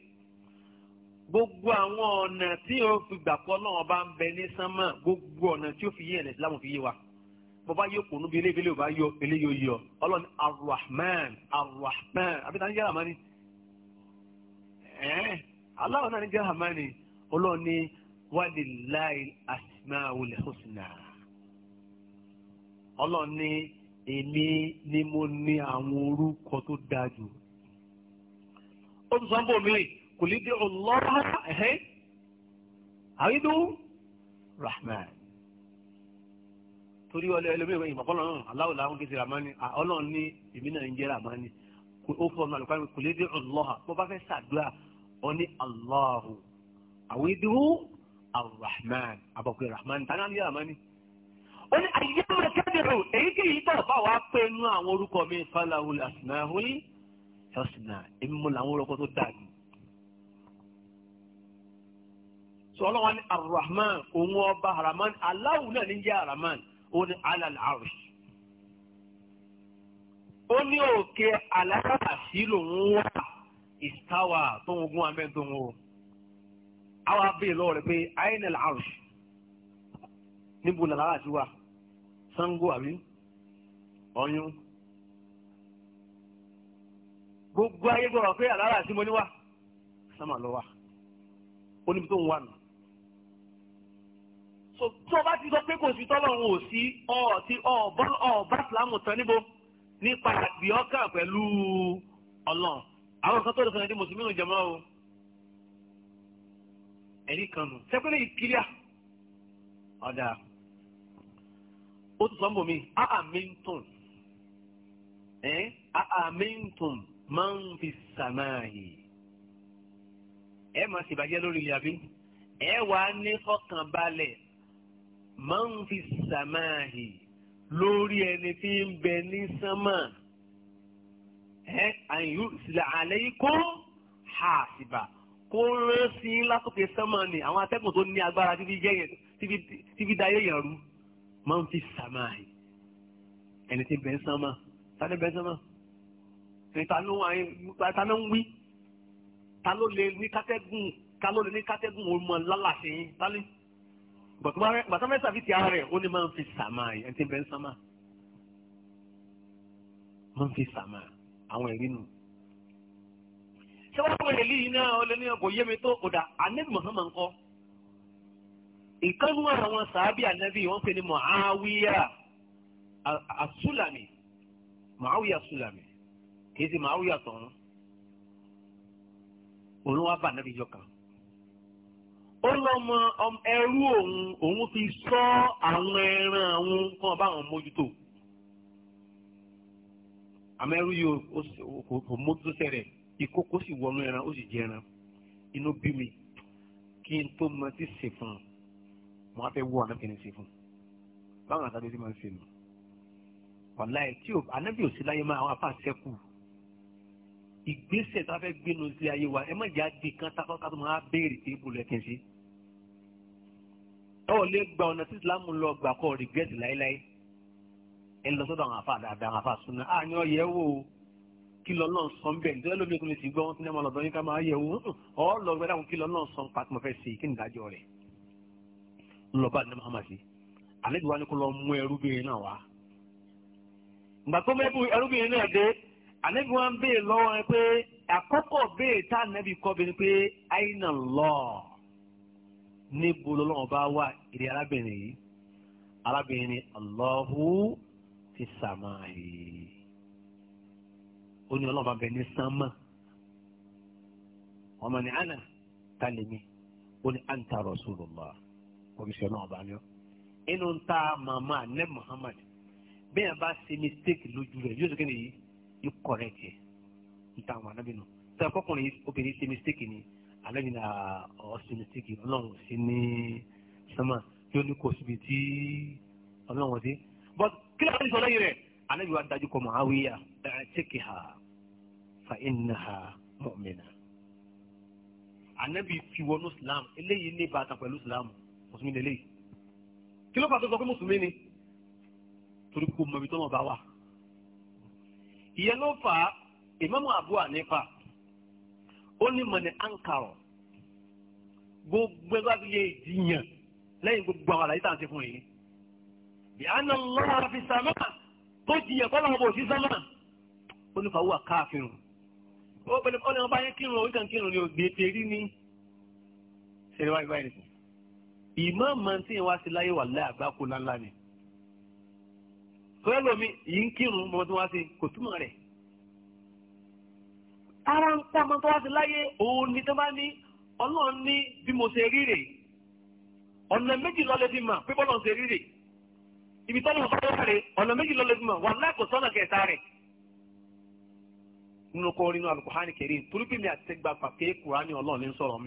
gbogbo àwọn ọ̀nà tí o fi gbàgbọ́ náà bá ń bẹ ní sánmà gbogbo ọ̀nà tí o fi yé ẹ̀lẹ́sì láwọn fi yé wa bọba yóò kùnú bí eléyìí ò bá yọ eléyìí ò yọ ọlọ́ni arahman arahman abidjan jẹ́ ramani ẹ̀ẹ́n aláwọ̀ náà ni jẹ́ ramani ọlọ́ni walilayi asmaul husna ọlọ́ni èmi ni mo ní àwọn orúkọ tó dáa jù ó tún sọ ń kò lè dé ọlọ́run ẹ̀hẹ́ àrídùn rahman torí ọlẹ ẹlòmíràn ìmọ̀ fọlọ́ náà aláwọ̀ làwọn kìí ṣe ramani ọlọ́run ní èmi náà ń jẹ́ ramani ó fọ ọmọ àlùkò kò lè dé ọlọ́ha bó bá fẹ́ ṣàdúrà ọ ní aláhu àwọn ìdúró arahman àbọ̀kùn rahman tánà ní ramani. ó ní ayé máa kẹ́dẹ̀rù èyíkéyìí tó bá wàá pé inú àwọn orúkọ mi falahul asinahul husna èmi mo làwọn orúkọ tó dáa ni. sọlọ́wọ́n ní arahman òun ọba rahman aláwù náà ní jẹ́ rahman ó ní alal arsh ó ní òkè alákàtà sí lòun wà ìstáwà tó ń gún amẹ́ tó ń wò àwọn abẹ́rẹ́ lọ́wọ́ rẹ̀ pé ainal arsh níbo làlá àti wà Ṣàngó àbí Ọ̀yún gbogbo ayé gbọ́dọ̀ pé àlàrà sí mo níwà sámà lọ wà ó níbi tó ń wà nù tó bá ti sọ pé kò sí tọ́lọ́run ò sí ọ̀ọ́tí ọ̀ọ́bá ìsìlámù tán níbo nípa ìgbìyànká pẹ̀lú ọlọ́run àwọn kan tó lè sọ̀rọ̀ ní mùsùlùmí ò jẹ̀mọ́ o ẹ̀rí kan nù sẹ́pẹ́lẹ́ ìkíríà ọ̀dà ó tún sọ ń bò mí àmìntùn ẹ̀ àmìntùn máa ń fi sàmáàyè ẹ̀ máa ṣèbàjẹ́ lórí ilé àbí ẹ̀ wàá ní fọkànbalẹ̀ máa ń fi sàmáàhì lórí ẹni tí ń bẹ ní sánmà ẹ àyù sílẹ̀ àlẹ́ yìí kó hà síbà kó rán sí látòkè sánmà ni àwọn atẹ́gùn tó ní agbára tí fi dayé yẹn rú máa ń fi sàmáàhì ẹni tí ń bẹ ní sánmà tani bẹ ní sánmà ẹni ta ló ń wí ta ló lè ní kátẹ́gùn ta ló lè ní kátẹ́gùn òun mọ̀ lálàsì yín bàtà mẹ́ta fi ti ara rẹ̀ ó ní máa ń fi sàmà ẹ̀ ẹ̀ ti bẹ́ẹ̀ sàmà máa ń fi sàmà àwọn ẹ̀rí nù. ṣé wọ́n fọwọ́ ìlú yìí náà ó lé ní ọkọ̀ yémi tó kódà anabi muhammad kọ́ ìkànnú àwọn sàábì anabi wọ́n pè ní muawiya asulami muawiya asulami kì í ti muawiya tọ̀hún òun wá bá anabi jọ kan ó lọ́mọ ẹrú òun òun fi sọ àwọn ẹran àwọn fún ọba àwọn mójútó àmọ́ ẹrú yìí kò mójútó sẹ́rẹ̀ ìkókó sì wọnú ẹran ó sì jẹ ẹran inú bí mi kí n tó mọ ti sè fún un mo á fẹ́ wọ ànábì ní sè fún un báwọn àtàdé ti máa ń sè nù wàláyé tí ànábì ò sí láyé máa àwọn afá sẹ́kù ìgbésẹ̀ tá a fẹ́ gbénu sí ayé wa ẹ má jẹ́ àgbè kan tá a fọ́ ká tó máa béèrè téèbù lẹ́kìn ó lè gba ọ̀nà tí islam lọ gbà kọ́ rìgẹ́tì láéláé ẹ lọ sọ́dọ̀ àwọn afa dáadáa àwọn afa súnà àyàn yẹ wò ó kí lọ náà sọ ń bẹ̀ nítorí lómi ìkùnlé sì gbọ́ wọn sinimá lọ́dọ̀ yín ká máa yẹ wò ó lọ gbẹ dáhùn kí lọ náà sọ pàtó mo fẹ́ ṣe kí ni ìdájọ́ rẹ̀ ńlọba ní muhammad sí àlejò wa ni kò lọ mú ẹrúbìnrin náà wá ìgbà tó mẹ́bù ẹrúbìnrin náà dé àlejò wa ń béè lọ́wọ́ rẹ pé àkọ́kọ́ béè tá ànábì kọ́ bẹ́ẹ̀ ni pé àyínà lọ́ọ̀ níbo lọ́wọ́ bá wà ìdí arábìnrin yìí arábìnrin ni Allahu fi sàmáì ó ní ọlọ́wọ́ bẹ ní sánmà ọmọ ní àná tálẹ́mí ó ní àǹtà Rasulullah oríṣi ọlọ́wọ́ bá ọ. inú ta màmá ne Muhammad bẹ́ẹ̀ bá ṣe mistake lójú rẹ̀ yóò ta mistake alẹ́yìn ọ̀sìmìtìkì ọlọ́run sí ní sọ́mà tí ó ní kò síbi tí ọlọ́run dé but kí lóò sọ lẹ́yìn rẹ̀ alẹ́yìn wa dájú kọ Muawiya tẹ́kì ha fa iná ha mu'mina. anabi fi wọnú Islam eléyìí ní bàtà pẹ̀lú Islam mùsùlùmí ni eléyìí kí ló fà tó sọ pé mùsùlùmí ni torí kò mọ̀ ibi tó mọ̀ bá wà. ìyẹn ló fà Imam Abu Hanifa ó ní mọ̀ ní ankarọ̀ gbogbo ẹgbẹ́ àti yẹ ìdíyàn lẹ́yìn gbogbo àwọn àlàyé tàǹtí fún yìí. bí a nà lọ́wọ́ fi sàmà tó jiyàn kọ́ lọ́wọ́ bò sí sàmà ó ní fàwọ́ káàfin ó ọba yẹn kírun orí kan kírun ni ògbé tèrí ní ṣẹlẹ̀ wáyé báyìí nìkan. ìmọ̀ màá tí wọ́n á ti láyé wà láyé àgbákò ńláńlá ni. sọ́yọ́ lómi yìí ń kírun mọ́ tí wọ́n kò túmọ̀ rẹ̀. ara ń tá àmọ́ tó wá sí láyé òun ni tó bá ní ọlọ́run ní bí mo ṣe rí rè ọ̀nà méjì lọ́lẹ́ fi mà ibi tọ́lọ̀ bá wà rè ọ̀nà méjì lọ́lẹ́ fi mà wà láàkó sọ́nà kẹta rẹ̀ nínú kọ́ nínú Al-Qur'ani Karim torí pé mi àti gbà pàké kùránì ọlọ́run ní sọ̀rọ̀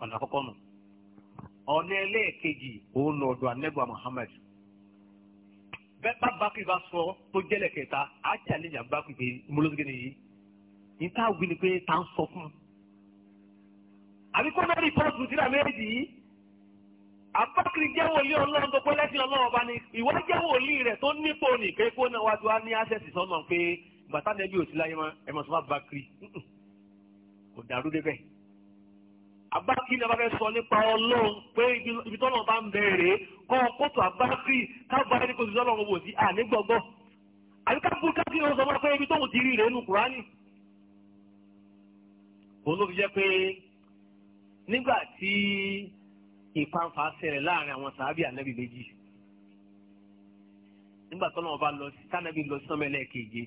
ọ̀nà àkọ́kọ́ nù ọ̀nà ẹlẹ́ẹ̀kejì òun anẹ́gbà bẹ́ẹ̀ bá bákì ní tá a wí ni pé tá a ń sọ fún un. àbí kó mẹ́rin pọ́ọ̀tù síra méjì yìí abakiri jẹ́ wòlíì ọlọ́run tó pé lẹ́sìn ọlọ́run ọba ni ìwọ jẹ́ wòlíì rẹ̀ tó nípò ní pé kó náà wájú á ní àṣẹ̀sì sọ́nà pé bàtà nẹ́bí òsì láyé máa ẹ̀mọ̀ sọ́mà bakiri kò dàrú débẹ̀. abakiri náà bá fẹ́ sọ nípa ọlọ́run pé ibi tọ́lọ́run bá ń bẹ̀rẹ̀ kọ́ kóòtù abakiri káàbà ẹni kò sí sọ́lọ́run wò sí ànígbọ̀gbọ̀ àbíkáàbù káàkiri ó sọ òun ló fi jẹ́ pé nígbà tí ìpanfà ṣẹlẹ̀ láàrin àwọn sàábì ànábì méjì nígbà tó náà bá lọ sí tánàbí lọ sí sọmẹlẹ keje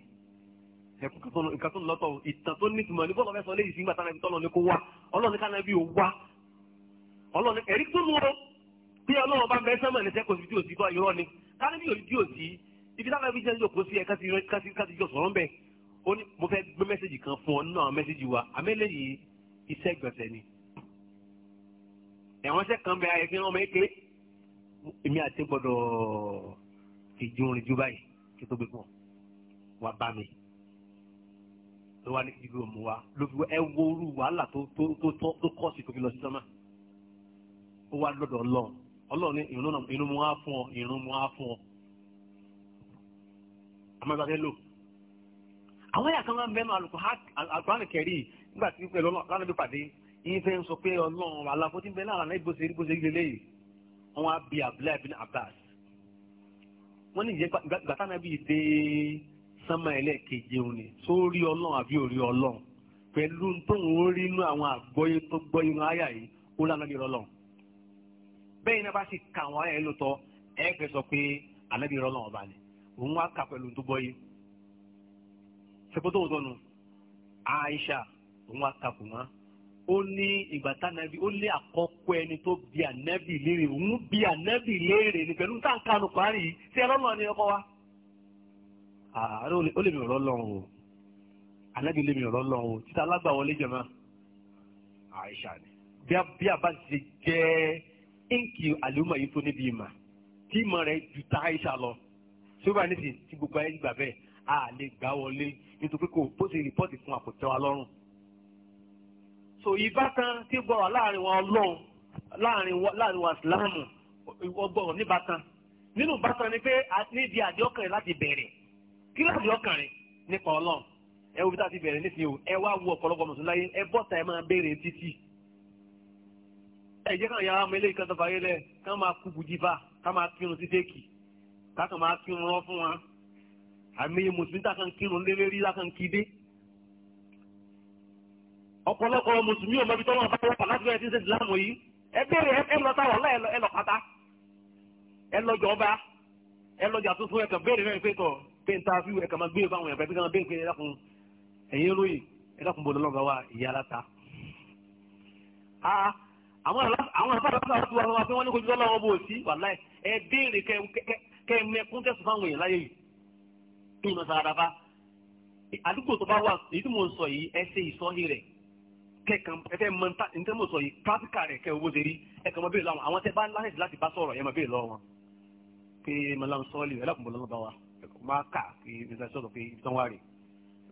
nǹkan tó ń lọ́tọ̀ ìtàn tó nítumọ̀ ní bọ́ọ̀lù fẹsọ̀ léyìí sí nígbà tánàbí tọ́lọ̀ ní kó wá ọlọ́ọ̀ni tánàbí ò wá ọlọ́ọ̀ni ẹ̀rí tó lù ọ́ bí ọlọ́wọ́ bá bẹ sẹ́mọ̀ ní sẹ́kọ̀ọ́ síbi tí ò sí bọ́ irọ́ ni tánàbí ò sí ibi tánàbí jẹ́ ó ní mo fẹ́ gbé mẹ́sẹ̀gì kan fún ọ nínú àwọn mẹ́sẹ̀gì wa àmẹ́lẹ́ yìí iṣẹ́ ìgbọ̀nsẹ̀ ni ẹ̀wọ̀n iṣẹ́ kan bẹ ayẹ kí wọ́n mọ eke èmi àti gbọ́dọ̀ ìjúrin ju báyìí kí tó gbé fún ọ wá bá mi ló wá ní ibi òmù wa ló fi ẹ wo orú wàhálà tó tó tó tó kọ́ sí tó fi lọ sí sọ́mà ó wá lọ́dọ̀ ọlọ́run ọlọ́run ní ìrún mu wá fún ọ ìrún mu wá fún ọ àmọ́ ìgbà àwọn yàtọ̀ máa ń bẹ́nu Al-Qur'an Al-Karim nígbà tí pẹ̀lú lánàá bí pàdé yín fẹ́ ń sọ pé ọlọ́run aláfọ́ tí ń bẹ náà àná ìgbésẹ̀ ìgbésẹ̀ ìgbélé yìí wọn á bí Abdullahi bin Abbas wọn ní ìjẹ́ gbàtà náà bí dé sánmà ẹlẹ́ẹ̀keje òun ni tó rí ọlọ́run àbí ò rí ọlọ́run pẹ̀lú tóun ó rí inú àwọn àgbọ́yé tó gbọ́ inú àyà yìí ó lánàá bí ọlọ́run bẹ́ẹ̀ náà bá sì ka àwọn àyà yìí lóòótọ́ ẹ̀ẹ́fẹ́ sọ pé àná bí ọlọ́run ṣèkótó òtọ́nu Aisha òun àtàkùn wọn ó ní ìgbà tánàbí ó lé àkọ́kọ́ ẹni tó bi ànábì léèrè òun bi ànábì léèrè ní pẹ̀lú tá à ń kanu parí tí ẹlọ́nà ni ọkọ wa. ààrẹ ó lè mi ọ̀rọ̀ lọ́rùn o ànábì lè mi ọ̀rọ̀ lọ́rùn o títa alágbàwọlé jẹ̀mọ́ Àìṣà ni. bí a bá ti jẹ́ ínkì àlùmọ̀ yìí tó níbi ìmọ̀ tí ìmọ̀ rẹ̀ ju ta Àìṣà lọ tí ó bá gbogbo ayé gbà bẹ́ẹ̀ a lè gbà wọlé jù nítorí kò bó ṣe rìpọ́ọ̀tì fún àpòtẹ́ wa lọ́rùn. so ìbátan tí gbọ́ wà láàrin wa ọlọ́run láàrin wa láàrin wa ìsìláàmù ọgbọ́n níbátan nínú ìbátan ni pé níbi àdéhọ́kàn rẹ̀ láti bẹ̀rẹ̀ kí láti ọkàn rẹ̀ nípa ọlọ́run ẹ wo bí táà ti bẹ̀rẹ̀ nísìnyí o ẹ wá wo ọ̀pọ̀lọpọ̀ mùsùlùmí láyé ẹ bọ́ta ẹ máa béèrè títì ẹ jẹ́ káwọn yàrá ọmọ eléyìí kan tó fàyè lẹ̀ ká máa kú bujiba ká máa kírun títẹ́kì ká kàn máa kírun rán fún wa àmì mùsùlùmí tá a kàn kírun lé lérí la kàn kí dé ọ̀pọ̀lọpọ̀ mùsùlùmí ò mọbi tọ́wọ́ àbáwọ́ pàlásìkò ẹ̀sìn ṣe ìsìlámù yìí ẹ bẹ̀rẹ̀ ẹ lọ táwọn ọ̀la ẹ lọ pátá ẹ lọ jọba ẹ lọ jà tuntun ẹ̀kàn bẹ̀rẹ̀ rẹ̀ pé kọ̀ pé n ta fi ẹ̀kàn máa gbé e báwọn ẹ̀fẹ̀ pé kàn bẹ́ẹ̀ e pé ẹ dákun ẹ̀yìn lóyè ẹ dákun bọ̀ lọ́gàá wa ìyá aláta. àwọn àlàfáà àti wàhálà wọn ni kò jùlọ lọ́wọ́ bó o sí wàláì ẹ bẹ̀rẹ̀ kẹ kí ni mo sara fa àdúgbò tó bá wà èyí tí mo sọ yìí ẹ ṣe ìsọyìn rẹ kẹkàn ẹfẹ mọ níta níta mo sọ yìí pàtíkà rẹ kẹ owó ṣe rí ẹkẹ mọ bẹ́ẹ̀ lọ àwọn àwọn tẹ bá láṣẹ láti bá sọ̀rọ̀ ẹ mọ bẹ́ẹ̀ lọ wọn pé mọlám sọọlì ẹlẹkùnbọ lọlọba wa máa kà pé mr sọ̀rọ̀ pé ibi tán wà rè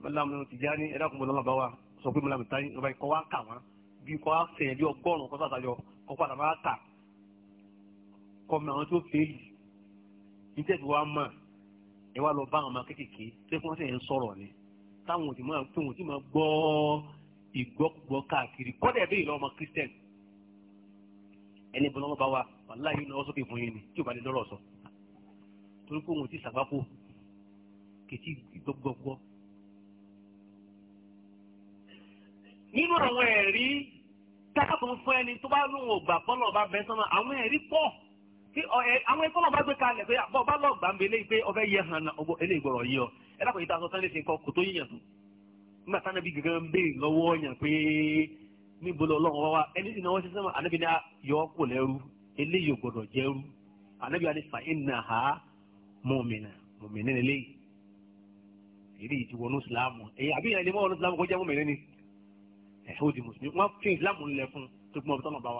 mọlám Tijani ẹlẹkùnbọ lọlọba wa sọ pé mọlám Tijani lọba ikọ wa kà wọn bí kọ wa sẹyìn bí ọgọ́rùn kọ sàtàjọ kọ padà máa kà kọ mọ àwọn tó fẹẹ yìí níta ẹ wá lọ bá àwọn ọmọ kéékèèké tó kí wọ́n sì ń sọ̀rọ̀ ni táwọn òtí máa tó wọn ti máa gbọ́ ìgbọ́kúgbọ́ káàkiri kọ́dà ẹ̀bí ìlọ ọmọ Christian ẹni bọ́lá wọn bá wa wàláyé náà sókè fún yín ni tí ò bá lè lọ́rọ̀ sọ torí pé òun ti sàgbákò kìtì gbọ́gbọ́gbọ́. nínú àwọn ẹ̀rí tákàtún fún ẹni tó bá lóun ò gbà pọ́nlọ́ bá bẹ́ sọ́nà àwọn ẹ̀rí pọ̀ tí àwọn ẹ̀kọ́ náà bá gbé kalẹ̀ pé àbọ̀ bá lọ gbàmbé lé pé ọbẹ̀ yẹ hàn eléyìí gbọ́rọ̀ yí ọ ẹ dákọ̀ yìí tá a sọ sánlẹ̀ sí nǹkan kò tó yíyàn tó nígbà táwọn ẹbí gẹ́gẹ́ béèrè lọ́wọ́ yàn pé níbo lọ lọ́wọ́ wa ẹni tí náwó sísẹ́mọ̀ ànábi ní yọ kò lẹ́rú eléyìí gbọ́dọ̀ jẹ́rú ànábi wa ní fa iná ha mọ̀mìnà mọ̀mìnà eléyìí èyí ti wọnú ìsìlámù èyí àbí ìyàn ilé mọ́ wọnú ìsìlámù kó jẹ́ mọ̀mìnà ni ẹ̀ ó di mùsùlùmí wọ́n fi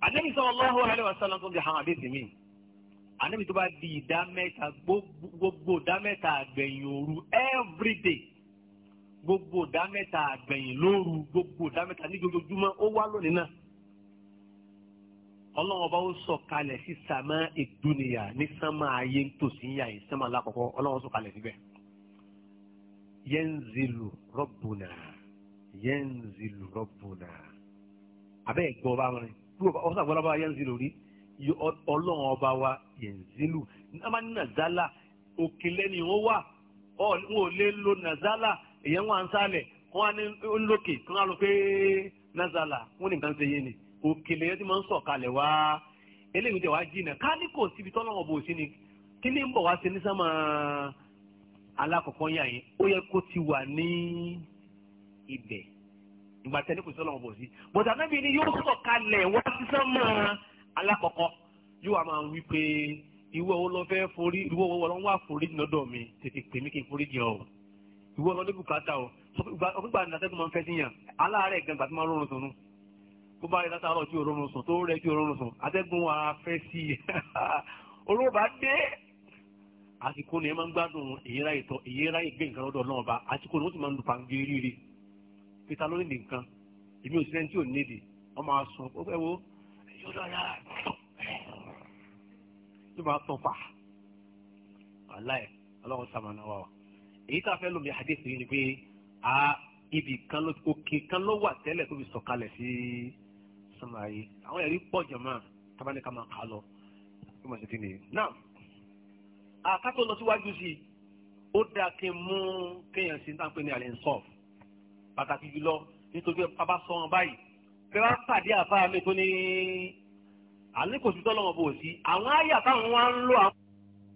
ànábì sallallahu alaihi wasallam tó ń bi àwọn àdéhùn mi ànábì tó bá di ìdá mẹ́ta gbogbo ìdá mẹ́ta àgbẹ̀yìn òru everyday gbogbo ìdá mẹ́ta àgbẹ̀yìn lóru gbogbo ìdá mẹ́ta ní ojoojúmọ́ ó wá lónìí náà ọlọ́run ọba ó sọ kalẹ̀ sí sàmà ìdúnìyà ní sàmà ayé ntòsí yà yìí sàmà lákọ̀ọ́kọ́ ọlọ́run sọ kalẹ̀ síbẹ̀ yẹnzilu rọ́bùnà yẹnzilu rọ́bùnà abẹ́ ẹ̀gbọ́ bá wọn rìn ọ̀sán àgbọ̀lábà yẹn ń zìlù rí ọlọ́run ọba wa yẹn ń zìlù nàmá ní nàzálà òkè lẹ́ni wọ́n wà wọn ò lè lo nàzálà èyàn wọn à ń sálẹ̀ wọn á ní lókè kí wọn á lọ pé nàzálà wọn nìkan ṣe yé ni òkè lẹ́yìn tí wọ́n ń sọ̀kalẹ̀ wá eléyìí tẹ̀ wá jìnnà ká ní kò síbi tọ́lọ́run ọba òsín ni kí ni ń bọ̀ wá sí ní sámà alákọ̀ọ́kọ́ yà yín ó yẹ kó ti wà ní ibẹ̀ ìgbà tẹ́lẹ̀ kò sí ọlọ́run bò sí bọ̀dà náà bí ni yóò sọ̀ kalẹ̀ wá sí sánmà alákọ̀ọ́kọ́ yóò wá máa wí pé ìwọ wo lọ fẹ́ forí ìwọ wo lọ wá forí lọ́dọ̀ mi tètè pè mí kí n forí jẹ ọ ìwọ lọ ní bùkátà ọ ọgbà nàtẹ́gùn máa ń fẹ́ sí yàn aláàárẹ̀ gan gbàtí máa ń rọrùn sùn tó bá rí látàárọ̀ tí òórùn sùn tó rẹ̀ tí òórùn sùn atẹ́gùn wa fẹ́ sí i olówó bá dé àsìkò ni ẹ máa ń gbádùn ìyẹ́ráyè gbé nǹkan lọ́dọ̀ náà bá àsìkò ni wọ́n ti máa ń lu pàǹgì rírì peter ló ní nìkan èmi ò sí ẹni tí ò nídìí wọ́n máa sùn ó fẹ́ wo yóò lọ yára ló máa tọ́ fà aláì ọlọ́run sàmánà wà wà èyí tá a fẹ́ lómi hadith yìí ni pé a ibì kan ló òkè kan ló wà tẹ́lẹ̀ tó fi sọ̀kalẹ̀ sí sọ́mà yìí àwọn ẹ̀rí pọ̀ jọ̀mọ́ tábánikà máa kà á lọ bí mo ṣe ti nìyí. náà àkàtọ̀ lọ síwájú sí i ó dáa kí n mú kéèyàn sí náà pé ní alẹ́ ń sọ̀fù pàtàkì jùlọ nítorí bàbá sọ wọn báyìí pé wọ́n pàdé àfáà mi tó ní àlẹ́ kò sí tọ́lọ́wọ́n bò sí àwọn àyà táwọn wá ń lò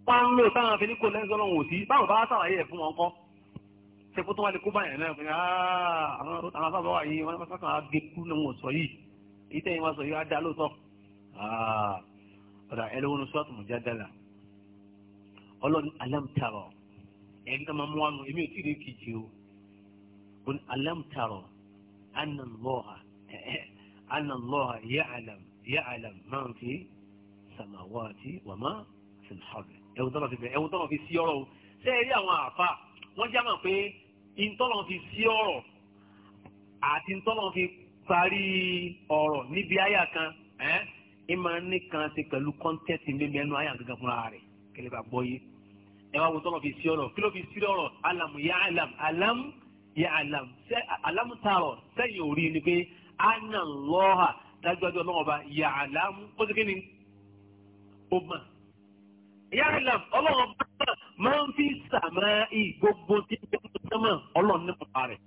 wá ń lò táwọn fi ní kò lẹ́sìn tọ́lọ́wọ́n ò sí báwọn bá sàlàyé ẹ̀ fún wọn kọ́ ṣe kó tó wá lè kó báyìí náà fún àwọn àfáà wà yìí wọ́n sọ́kàn á gbé kú ní wọn sọ yìí èyí tẹ́yìn wọn sọ yìí á dá lóòótọ́ ọ̀dà ẹlẹ́wọ̀n sọ́ọ̀tù mọ̀jádàlà ọlọ́run alámtàrọ̀ ẹ̀rí tó máa mú wọn nù قل ألم ترى أن الله أن الله يعلم يعلم ما في السماوات وما في الأرض ẹ̀wù tọ́lọ̀ fi bẹ̀rẹ̀ ẹ̀wù tọ́lọ̀ fi sí ọ̀rọ̀ o ṣé ẹ rí àwọn àfa wọ́n já mọ̀ pé ìtọ́lọ̀ fi sí ọ̀rọ̀ àti ìtọ́lọ̀ fi parí ọ̀rọ̀ níbi àyà kan ẹ̀ ẹ máa ní kan ṣe pẹ̀lú kọ́ńtẹ́ẹ̀tì mímu ẹnu àyà gangan fúnra rẹ̀ kẹlẹ́ bá ẹ wá wo tọ́lọ̀ fi sí ọ̀rọ̀ kí ló fi sí ọ̀rọ̀ alam ya alam alam yẹ alam sẹ alamu taarọ sẹyìn orí ni pé ana lọ́ha dájúdájú ọlọ́wọ́ba yẹ alamu ó ti kí ni ó mà yẹ alam ọlọ́wọ́ba máa ń fi sàmà ì gbogbo tí ó ń sẹ́mà ọlọ́run ní pàpà rẹ̀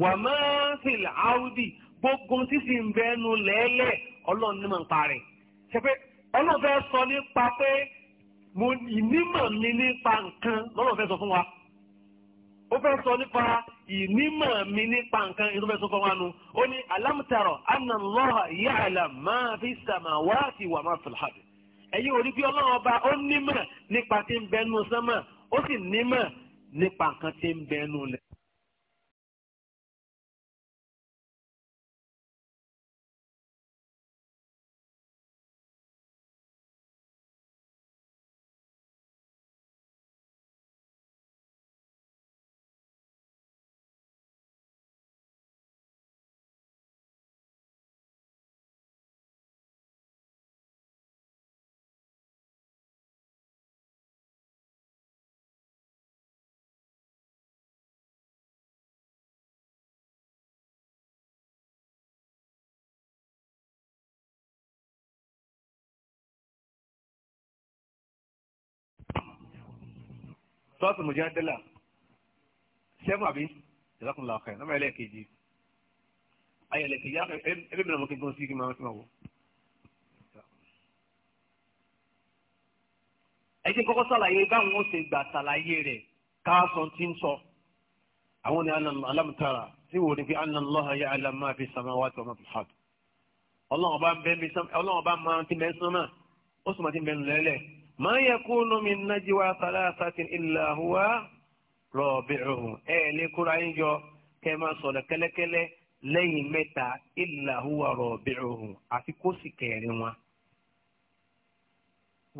wà máa fi làáwùdì gbogbo sísì ń bẹ́ nu lẹ́lẹ̀ ọlọ́run ní pàpà rẹ̀ ṣe pé ọlọ́run fẹ́ sọ nípa pé mo ìnímọ̀ mi nípa nǹkan lọ́lọ́run fẹ́ sọ fún wa ó fẹ́ sọ nípa ìnímọ̀ mi nípa nǹkan èyí tó fẹ́ sọ fún wa nu ó ní alámùtàrọ̀ anna Allaha ya'lam ma fi samawati wa ma fil ardi ẹ̀yin òrí bí ọlọ́run ọba ó nímọ̀ nípa tí ń bẹnu sánmà ó sì nímọ̀ nípa nǹkan tí ń bẹnu lẹ̀. sọ́ọ̀tù mùjádẹ́là sẹ́fún àbí ìlàkùnlá ọ̀kẹ́ nọ́mbà ẹlẹ́ẹ̀kejì ayé ẹlẹ́ẹ̀kejì ẹbí mìíràn mọ́kẹ́ gan sí kí máa ń wò. ẹ jẹ́ kọ́kọ́ sàlàyé báwọn ó ṣe gbà sàlàyé rẹ̀ káàsán tí ń sọ àwọn ni alámùtara tí wò ní fi anna Allaha ya'lamu ma fi samawati wa ma fil ard ọlọ́run bá máa ti mẹ́sán náà ó sì máa ti mẹ́nu lẹ́lẹ́ ma yakunu min najwa thalathatin illa huwa rabi'uhum ẹ lè kóra yín jọ kẹ́ máa sọ̀rọ̀ kẹ́lẹ́kẹ́lẹ́ lẹ́yìn mẹ́ta illa huwa rabi'uhum àfi kó sì kẹrin wọn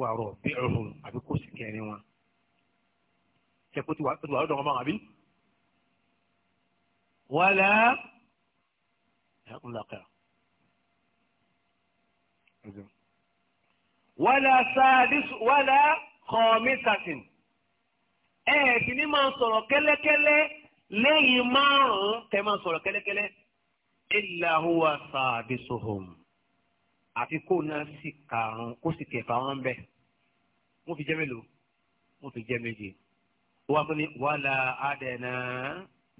wà rabi'uhum àfi kó sì kẹrin wọn ṣẹkú tí wàá tó wàá dọ̀wọ́ wàlá ẹ̀ ń wàlá sáàdísù wàlá kọ̀ọ̀mísàtìn ẹ̀ẹ́dì ní máa sọ̀rọ̀ kẹ́lẹ́kẹ́lẹ́ lẹ́yìn márùn-ún tẹ́ máa sọ̀rọ̀ kẹ́lẹ́kẹ́lẹ́ illa huwa sáàdísùhùm àfi kó náà sì karùn-ún kó sì kẹfà wọn bẹ́ẹ̀ wọ́n fi jẹ́ mélòó wọ́n fi jẹ́ méje wọ́n fi ní wàlá àdẹ̀nà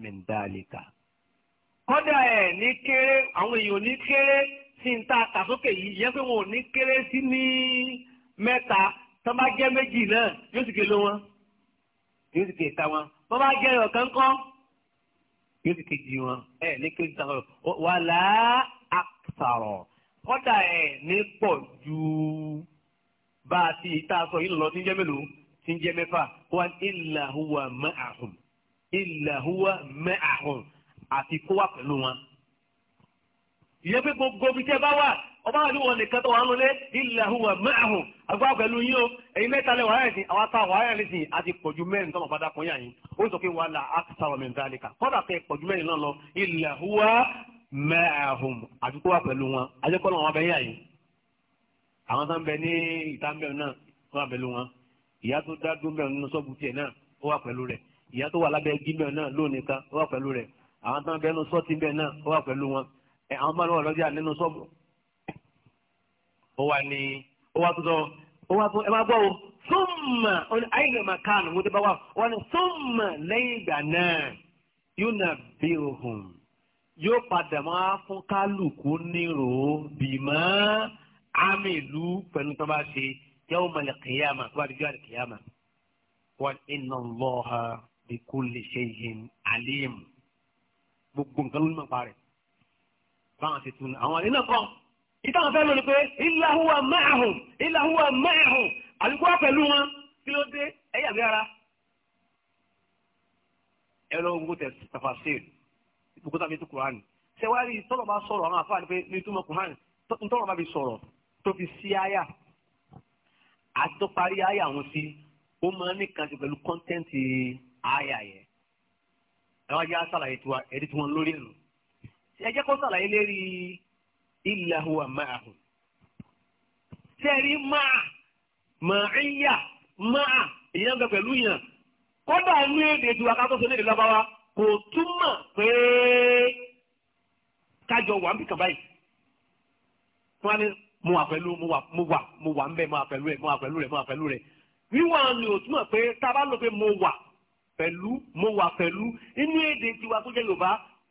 mẹ́ńdálíkà kọ́dà ẹ̀ ní kéré àwọn èèyàn ní kéré tí n ta tàsókè yìí yẹn pé wọn ò ní kéré sí ní mẹ́ta tó bá jẹ́ méjì náà yóò sì ké ló wọn yóò sì ké ta wọn tó bá jẹ́ ọ̀kan kọ́ yóò sì ké di wọn ẹ ní kéré sí àwọn wàhálà àkàrọ̀ kọ́dà ẹ̀ ní pọ̀ ju bá a ti ta sọ yìí lọ tí ń mélòó tí ń jẹ́ mẹ́fà ìlà huwa ma'ahum ìlà huwa ma'ahum àti kó wà pẹ̀lú wọn ìyẹn pé gbogbo ibi tẹ́ bá wà ọba wà níwọ̀n nìkan tó wà ń lọlé illa huwa ma'ahum agbára pẹ̀lú yín o ẹ̀yin mẹ́ta lẹ́wọ̀ ayẹ̀ sìn àwọn àtàwọn ayẹ̀ lè sìn àti pọ̀jù mẹ́rin tọ́mọ̀ padà kan yà yín ó sọ pé wà á la akthara min dhalika kọ́dà pé pọ̀jù mẹ́rin náà lọ illa huwa ma'ahum àdúgbò wà pẹ̀lú wọn ajẹ́kọ́lọ́ wọn bẹ yà yín àwọn tó bẹ ní ìta ẹ̀ àwọn bá lọ́wọ́ lọ́jà nínú ṣọ́ọ̀bù ó wà ní ó wà tó sọ ó wà tó ẹ máa gbọ́ o súnmà àyìnlá màkàn wọ́n ti bá wà wọ́n ní súnmà lẹ́yìn ìgbà náà yóò nà bí ohun yóò padà máa fún kálukú nírò bìmọ́ àmì ìlú pẹ̀lú tó bá ṣe yẹ́wò mọ̀lẹ̀ kìyàmà tó bá di jọ́ àdìkìyàmà wọ́n iná lọ́ha bí kò lè ṣe yẹn àlẹ́ mu gbogbo nǹkan ló ń mọ̀ parẹ́ báwọn ti tún àwọn àdínà kan ìtàn fẹ́ lónìí pé ìlàhùwà máàhùn ìlàhùwà máàhùn àdúgbò pẹ̀lú wọn kí ló dé ẹ̀yà bí ara ẹ̀rọ ogun tẹ̀ tafasir gbogbo tàbí tó kùránì ṣẹwárí tọ́lọ̀ bá sọ̀rọ̀ àwọn àfáà ní pé ní túmọ̀ kùránì tọ́lọ̀ bá fi sọ̀rọ̀ tó fi sí àyà àtọ́parí àyà wọn sí ó máa nìkan ti pẹ̀lú kọ́ńtẹ́ǹtì àyà yẹn ẹ̀wọ́n jẹ́ àṣàlàyé tiwa ẹ̀rí ẹ jẹ́ kó sàlàyé lérí illa huwa ma'ahum sẹ́rí máa màáyà máa èèyàn gbẹ pẹ̀lú yàn kódà inú èdè ju akátó sọ lédè lọ́bàá wa kò túmọ̀ pé kájọ wà ń bì kàbáyì wọn ni mo wà pẹ̀lú mo wà mo wà mo wà ń bẹ̀ mo wà pẹ̀lú rẹ̀ mo wà pẹ̀lú rẹ̀ mo wà pẹ̀lú rẹ̀ wíwà ni ò túmọ̀ pé tá lọ pé mo wà pẹ̀lú mo wà pẹ̀lú inú èdè tiwa tó jẹ́ Yorùbá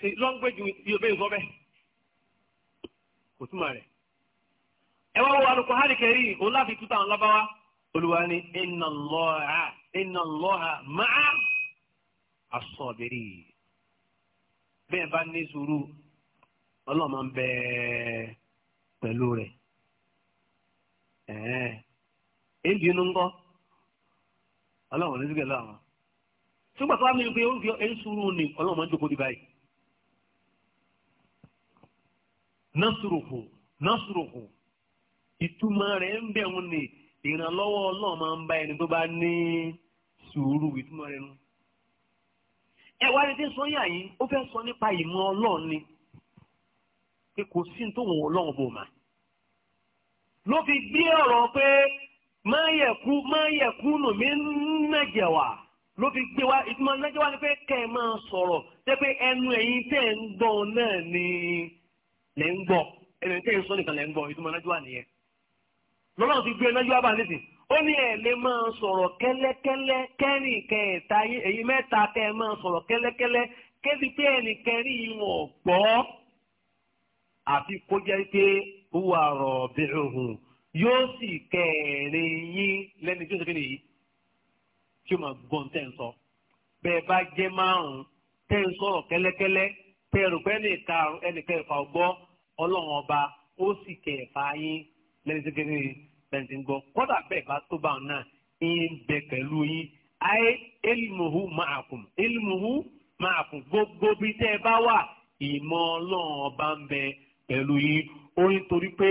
ṣe language yorùbá yìí sọ bẹ́ẹ̀ kò túmọ̀ rẹ̀ ẹ wá wo alùpùpù hàlìkẹ́rì òun láti tú táwọn lábáwá ni inna Allaha inna Allaha ma'a as-sabiri bẹ́ẹ̀ bá ní sùúrù ọlọ́run máa ń násùrùkù násùrùkù ìtumọ̀ rẹ̀ ń bẹ̀ wọn ni ìrànlọ́wọ́ ọlọ́run máa ń bá ẹni tó bá ní sùúrù ìtumọ̀ rẹ̀ nu. ẹ wá ó fẹ́ sọ nípa ìmọ̀ ọlọ́run ni pé kò sí ní fi gbé ọ̀rọ̀ pé máa yẹ kú máa yẹ kú nù mí fi gbé wá ìtumọ̀ ni pé kẹ́ ẹnu tẹ̀ náà ni. lẹ́ ń gbọ́ ẹnì tẹ́ ń sọ nìkan lẹ́ ń gbọ́ ìtumọ̀ nájúwà nìyẹn lọ́nà ti gbé nájúwà bá nísìn ó ní ẹ̀ lè máa sọ̀rọ̀ kẹ́lẹ́kẹ́lẹ́ kẹ́rin kẹta èyí mẹ́ta kẹ́ ẹ máa sọ̀rọ̀ kẹ́lẹ́kẹ́lẹ́ kébi pé ẹnì kẹrin ìwọ̀n gbọ́ àfi kó jẹ́ pé wúwa rọ̀ bẹ̀rẹ̀ òhun yóò sì kẹrin yín lẹ́ni tí ó ṣe nìyí tí ó máa gbọ́n tẹ́ ń sọ bẹ́ẹ̀ bá jẹ́ márùn-ún tẹ́ ń sọ̀rọ̀ kẹ́lẹ́kẹ́lẹ́ tẹ́ rò ẹnì kẹfà ọgbọ́n ọlọ́run ọba ó sì kẹ̀ ẹ̀fà yín lẹ́ni tó kéré lẹ́ni tó ń gbọ́ kọ́dà bẹ́ẹ̀ bá tó bá wọn náà ń bẹ pẹ̀lú yín ayé elimuhu ma'akum elimuhu ma'akum gbogbo bí tẹ́ ẹ bá wà ìmọ̀ ọlọ́run ọba ń bẹ pẹ̀lú yín ó ní torí pé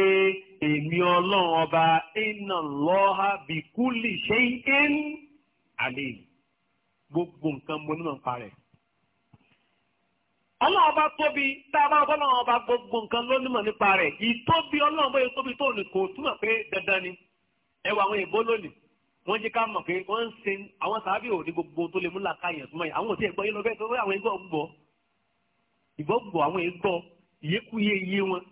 èmi ọlọ́run ọba iná lọ́ha bí kúlì ṣe ń alim gbogbo nǹkan mo ní mọ̀ rẹ̀ ọlọ́run bá tóbi tá a bá ọlọ́run bá gbogbo nǹkan lónìmọ̀ nípa rẹ̀ ìtóbi ọlọ́run bóyá tóbi tó ní kò túmọ̀ pé dandan ni ẹ wọ àwọn èèbó lónìí wọ́n jẹ́ ká mọ̀ pé wọ́n ń sin àwọn sàábì òní gbogbo tó lè mú làkàyàn súnmọ́ yìí àwọn òsì ẹ̀gbọ́n yìí lọ bẹ́ẹ̀ tó wọ́n àwọn ẹgbọ́ gbọ́ ìgbọ́ gbọ́ àwọn ẹgbọ́ ìyékúyé iye wọn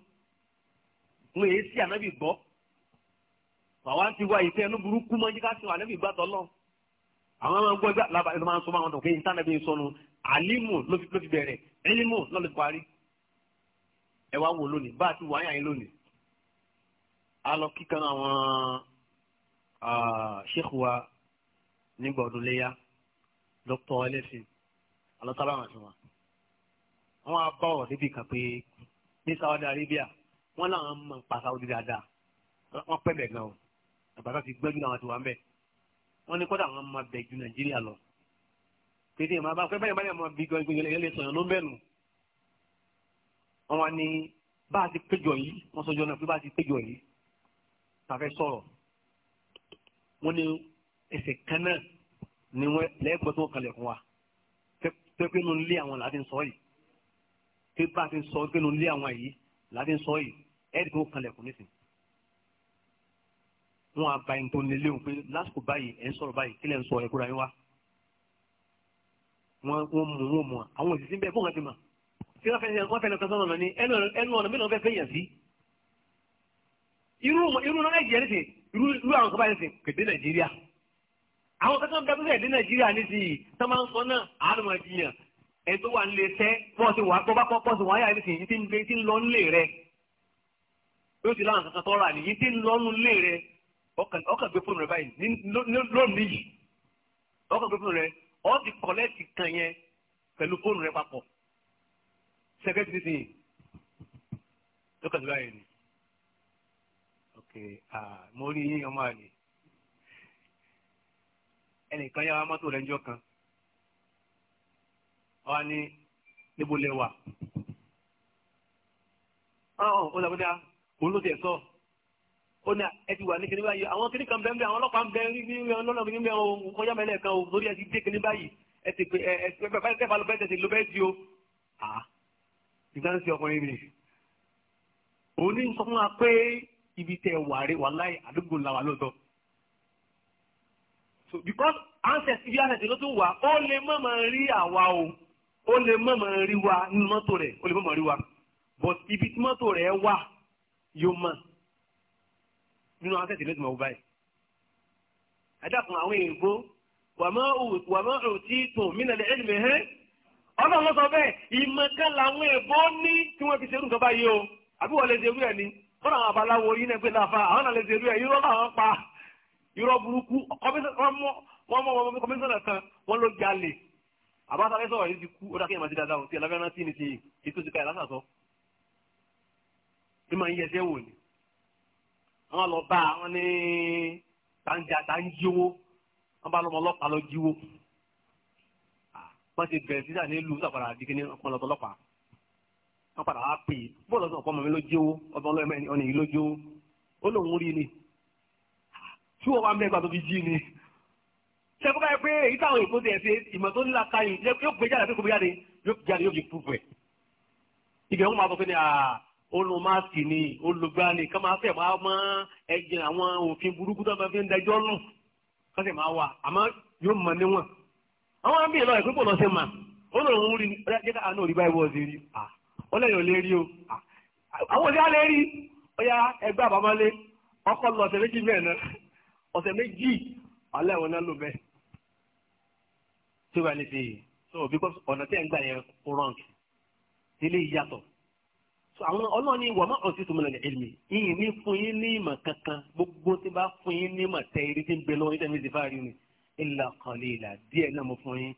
wọn èé sí ànábì gbọ́ àwa ti wá ìfẹ́ ẹnu burúkú mọ́ jẹ́ ká sin ànábì gbàtọ́ lọ àwọn ọmọ ẹgbẹ́ lábàá ẹni máa ń sọ máa ń dùn pé ìtànàbí sọnù àlímù ló fi bẹ̀rẹ̀ ẹlímù náà ló fi parí ẹ wá wò lónìí bá a ti wà áyàn yín lónìí a lọ kíkan àwọn ṣéèkù wa nígbà ọdún léyà dókítà ẹlẹ́sìn alọ́sábà wọn sí wọn wọn á bá ọ̀rọ̀ débi kan pé ní Saudi Arabia wọn làwọn mọ̀ ń pa Saudi dáadáa wọn pẹ́ bẹ̀ gan o àgbàdo ti gbẹ́jú làwọn ti wà ń bẹ̀ wọn ní kọ́dà wọn máa bẹ̀ ju Nàìjíríà lọ tètè máa bá pẹ́ báyìí báyìí máa bí gbọ́n gbẹ́yẹlẹ yẹlẹ sọ̀yàn ló ń bẹ̀nu. wọn ni bá a ti péjọ yìí wọn sọjọ náà pé bá a ti péjọ yìí tàfẹ́ sọ̀rọ̀ wọn ni ẹsẹ̀ kan náà ni wọn lẹ́ẹ̀gbọ́n tó kalẹ̀ fún wa pé nu lé àwọn láti sọ yìí pé bá a ti sọ pé nu lé àwọn yìí láti sọ yìí ẹ̀ẹ́dì tó kalẹ̀ fún nísìnyí wọn àbáyé tó pé lásìkò báyìí ẹ̀ ń sọ̀rọ̀ báyìí kílẹ̀ ń wọ́n mú wọn mọ̀ àwọn òṣìṣẹ́ bẹ́ẹ̀ fún wọn ti mọ̀ tí wọ́n fẹ́ wọ́n fẹ́ lọ sọ́nà ọ̀nà ni ẹnu ọ̀nà mélòó fẹ́ fẹ́yàn sí. irú irú náà ẹ̀jẹ̀ ní sìn irú irú àwọn kọ́ba ní sìn kéde nàìjíríà àwọn kankan bẹ́ẹ̀ tó fẹ́ẹ̀ dé nàìjíríà ní sìn yìí tó máa ń sọ náà àánú máa jiyàn ẹ̀ tó wà nílé sẹ́ pọ́ọ̀sì wà tó bá pọ́ọ̀sì wà yà ní sìn yìí tí ń lọ nílé rẹ̀ yóò ti láwọn kankan tọ́ra nìyí tí ń lọ nílé rẹ̀ ọkàn gbé fóònù rẹ̀ báyìí lónìí yìí ọ́ ti kọ̀lẹ́tì kan yẹn pẹ̀lú fóònù rẹ papọ̀ sẹ́kẹ́tì ti yìn ló kàn sí báyìí ni ok mo rí yín ọmọ àlè ẹnìkan yá wa mọ́tò rẹ̀ ńjọ́ kan wọ́n á ní níbo lẹ wà. ọ̀hún ó oh, dàbí dá òun ló tiẹ̀ sọ ó ní ẹti wà ní kíní báyìí àwọn kíní kan bẹ́ẹ̀ àwọn ọlọ́pàá ń bẹ ní lọ́nà kíní bẹ́ẹ̀ o kọjá mẹ́lẹ̀ kan o lórí ẹtì dé kíní báyìí ẹtì pé ẹtì pé báyìí tẹ́fà ló bẹ́ẹ̀ tẹ̀sí ló bẹ́ẹ̀ di o. ìgbà ń ṣe ọkùnrin mi ò ní sọ fún wa pé ibi tẹ wà rí wàláì àdúgbò làwà lóòótọ́ so because ancestry bí ancestry ló tún wà ó lè mọ̀mọ̀ rí àwa o ó lè mọ̀mọ̀ rí wa nínú mọ́tò rẹ̀ ó lè mọ̀mọ̀ rí wa but ibi tí mọ́tò rẹ̀ wà yóò mọ̀ nínú àwọn akẹ́tì ló ti mọ̀ báyìí. ẹ̀dàkùn àwọn èèbó wàmọ́ òtí tó mínà lè ẹ̀dùnmẹ̀ hẹ́ ọlọ́run ló sọ bẹ́ẹ̀ ìmọ̀kan làwọn èèbó ní tí wọ́n fi ṣerú nǹkan báyìí o àbí wọ́n lè ṣerú ẹ̀ ni kọ́nà àwọn abaláwo yín náà gbé láfa àwọn náà lè ṣerú ẹ̀ irọ́ làwọn pa irọ́ burúkú wọ́n mọ kọmíṣánná kan wọ́n ló jalè àbáṣáré sọ̀rọ̀ yìí ti kú ó dákẹ́ ìmọ̀tí dáadáa ò tí ẹ̀ lábẹ́rẹ́ náà sí ni ti ètò ìsìnká ẹ̀ lásàtọ̀ ní máa ń yẹ ẹsẹ̀ wò ni àwọn lọ bá àwọn ní tàǹjà tàǹjíwó wọn bá lọmọ ọlọ́pàá lọ jíwó wọn ti bẹ̀rẹ̀ sísà ní ìlú sàpàdà àdìgẹ ní ọpọlọ tọlọ́pàá wọn padà wá pè é bóòlù ọsàn ọkọ ọmọ mi ló jíwó ọmọ ọlọmọ ẹni ọ̀nà yìí ló jíwó ó lóun rí ni tí wọn wá mẹgbàá tó fi jí ni sẹ́kọ́ báyìí pé èyí táwọn èkó ti ẹ̀ ṣe ìmọ̀ tó nílá ka yìí yóò gbé jáde àti kò gbé jáde yóò jáde yóò fi púpù ẹ̀. ìgbẹ́ wọn máa sọ pé ní olùn máàkì ni olùgbani kọ́ máa fẹ́ máa mọ ẹ̀jẹ̀ àwọn òfin burúkú tó máa fi ń dẹjọ́ lù kọ́ sì máa wà àmọ́ yóò mọ níwọ̀n. àwọn àmì ìlọ ìpín pọ̀ lọ sí mà ó lọ òun rí ọjà jẹ́ká àánú òrí báyìí wọ́ọ̀sì rí ó lẹ́yìn ò lè rí o àwọn òṣìṣẹ́ lè rí ọya ẹgbẹ́ àbámọ́lé ọkọ lọ ọ̀sẹ̀ méjì bẹ́ẹ̀ náà ọ̀sẹ̀ méjì alẹ́ wọn náà lò bẹ́ẹ̀ tí wàá ní sí i so because ọ̀nà tí ẹ̀ ń gbà yẹn ó rọ̀ǹkì ilé ìyàtọ̀ àwọn ọlọ́run ní wàmọ́ ọ̀sìn tó mọ̀lẹ́ ẹ̀mí yìí ní fún yín ní ìmọ̀ kankan gbogbo tí bá fún yín ní ìmọ̀ tẹ́ eré tí ń bẹ lọ́wọ́ ìdẹ́mi ìdìbò àárín ni ìlà kan lè là díẹ̀ náà mo fún yín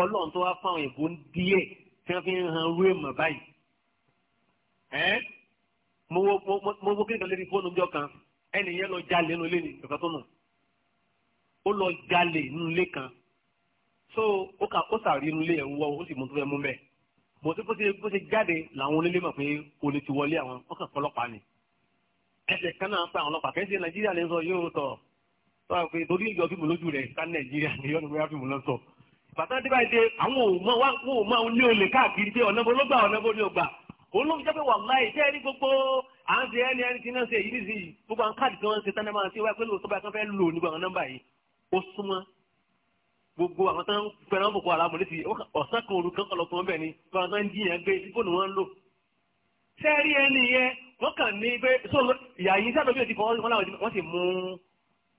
ọlọ́run tó wá fún àwọn ìbò ń díẹ̀ tí wọ́n fi ń han rú èèmọ̀ báyìí. ẹ́ mo wo mo wo kékeré lórí fóònù ọjọ́ kan ẹnìyẹn lọ jalè nínú ilé ni ìkàkọ́ tó nù ó lọ jalè nínú kan so ó kà ó sàrí nínú ilé yẹn wọ́ bọ̀dé bó ṣe bó ṣe jáde làwọn onílé mọ̀ pé olè ti wọlé àwọn ọkàn ọlọ́pàá ni ẹsẹ̀ kan náà pa àwọn ọlọ́pàá kẹ́sì nàìjíríà lè sọ yóò tọ̀ tọ́ ẹ pé torí ìjọ fíìmù lójú rẹ̀ ká nàìjíríà ni yọ́nù bóyá fíìmù lọ sọ. bàtà dé báyìí dé àwọn òmọ wa wọn ò máa lé olè káàkiri pé ọ̀nà bó ló gbà ọ̀nà bó ló gbà òun ló ń jẹ́ pé wàláì tẹ́ ẹni gbogbo à ń ṣe ẹni ẹni tí náà ṣe yìí nìyí gbogbo àwọn káàdì tí wọ́n ń ṣe tán náà máa ṣe wáyé pé lóòótọ́ báyìí kan fẹ́ lò nígbà wọn nọ́mbà yìí ó súnmọ́ gbogbo àwọn tó ń fẹ́ràn boko haram létí ọ̀sán kan olùkọ́ ọ̀lọ́kùn ọ̀bẹ ni fún àwọn ìdíyàn gbé fóònù wọn ń lò. sẹ́ẹ̀rí ẹni yẹn wọ́n kàn ní pé ìyá yìí sábẹ́ bíi ti fọwọ́ wọn láwọn wọ́n sì mú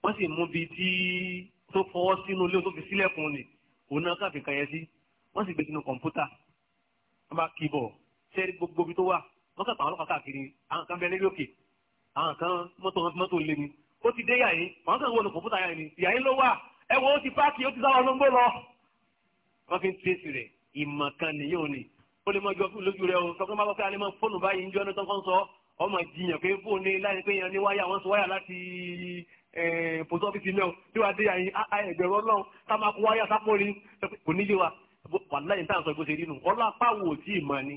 wọ́n sì mú bíi tí tó fọwọ́ sínú ilé tó fi sílẹ̀kùn ni òun náà kàfi kan yẹn sí wọ́n sì gbé sínú kọ̀ǹpútà wọ́n bá kí bọ̀ sẹ́ẹ̀rí gbogbo ibi tó wà wọ́n kàn pàwọn ọlọ́kà káàkiri àwọn kan bẹ lórí òkè àwọn kan mọ́tò mọ́tò lé ni ó ti ẹ̀wọ̀n ó ti páàkì ó ti sáwọn olóńgbò lọ. wọ́n fi ń tẹ̀sí rẹ̀ ìmọ̀ kan nìyẹn ò ní ó lè máa jọ lójú rẹ̀ o sọ́kàn bá kọ́ pé alẹ́ máa fóònù báyìí ń jọ́ ní tọ́kàn sọ ọmọ ìjiyàn pé fóònù láì pé yẹn ní wáyà wọ́n sọ wáyà láti pòtò ọ́fíìsì náà tí wàá dé ẹgbẹ̀rún ọlọ́run ká máa kó wáyà sápòrí kò ní yé wa wàláyé tá à ń sọ ìbò ṣe rí nu ọlọ́ apá wo ò tí ì mọ ni.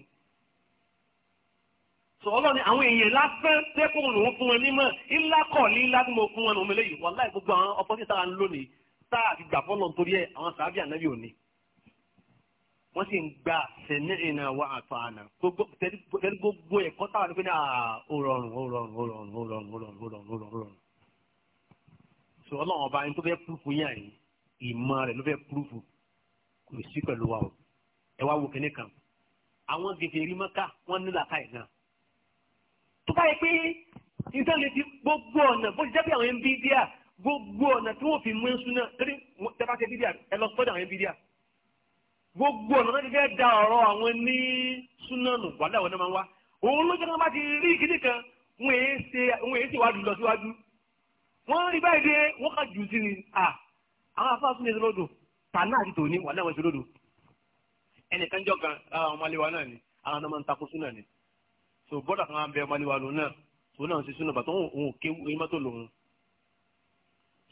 sọ ọlọ́ni àwọn èèyàn lásán tẹ́kùn òun fún wọn nímọ̀ ńlá kọ̀ ní ńlá tí mo fún wọn nù tá a àti gbàfọ́lọ̀ nítorí ẹ̀ àwọn sàábì ànábì òní wọ́n sì ń gba sẹ́nìrìnà wa àtọ̀ àná tẹ́lí gbogbo ẹ̀kọ́ táwọn nípe ní òrọ̀rùn òrọ̀rùn òrọ̀rùn òrọ̀rùn òrọ̀rùn òrọ̀rùn òrọ̀rùn. sọ ọlọ́run ọba ẹni tó fẹ́ púrúfù yàn yìí ìmọ̀ rẹ̀ ló fẹ́ púrúfù kò sí pẹ̀lú wa o ẹ wá wo kẹ́ni kan àwọn gègèrè mọ́ká wọ́n nílò àkáyè náà. tó báyìí pé ìtàn lè di gbogbo ọ̀nà bó ti jẹ́ bí àwọn ẹ̀ńbí díà gbogbo ọ̀nà tí wọ́n fi mú ẹ̀sùn náà torí tẹ́fà ṣe bídíà ẹ lọ sọ́dọ̀ àwọn bídíà gbogbo ọ̀nà tó ti fẹ́ da ọ̀rọ̀ àwọn ní súnánù wàhálà wọn náà máa ń wá òun ló jẹ́ kí wọ́n bá ti rí kíní kan wọ́n èé ṣe wádùú lọ síwájú wọ́n rí báyìí dé wọ́n kà jù sí ni à àwọn afáàfin ní ìṣòro dùn tànà àti tòní wàhálà wọn ìṣòro ẹnìkan jọ kan lára àwọn ọmọléwa náà ni àwọn ọmọ ntakó súnà ni so bọ́dà kan á bẹ ọmọléwa lòun náà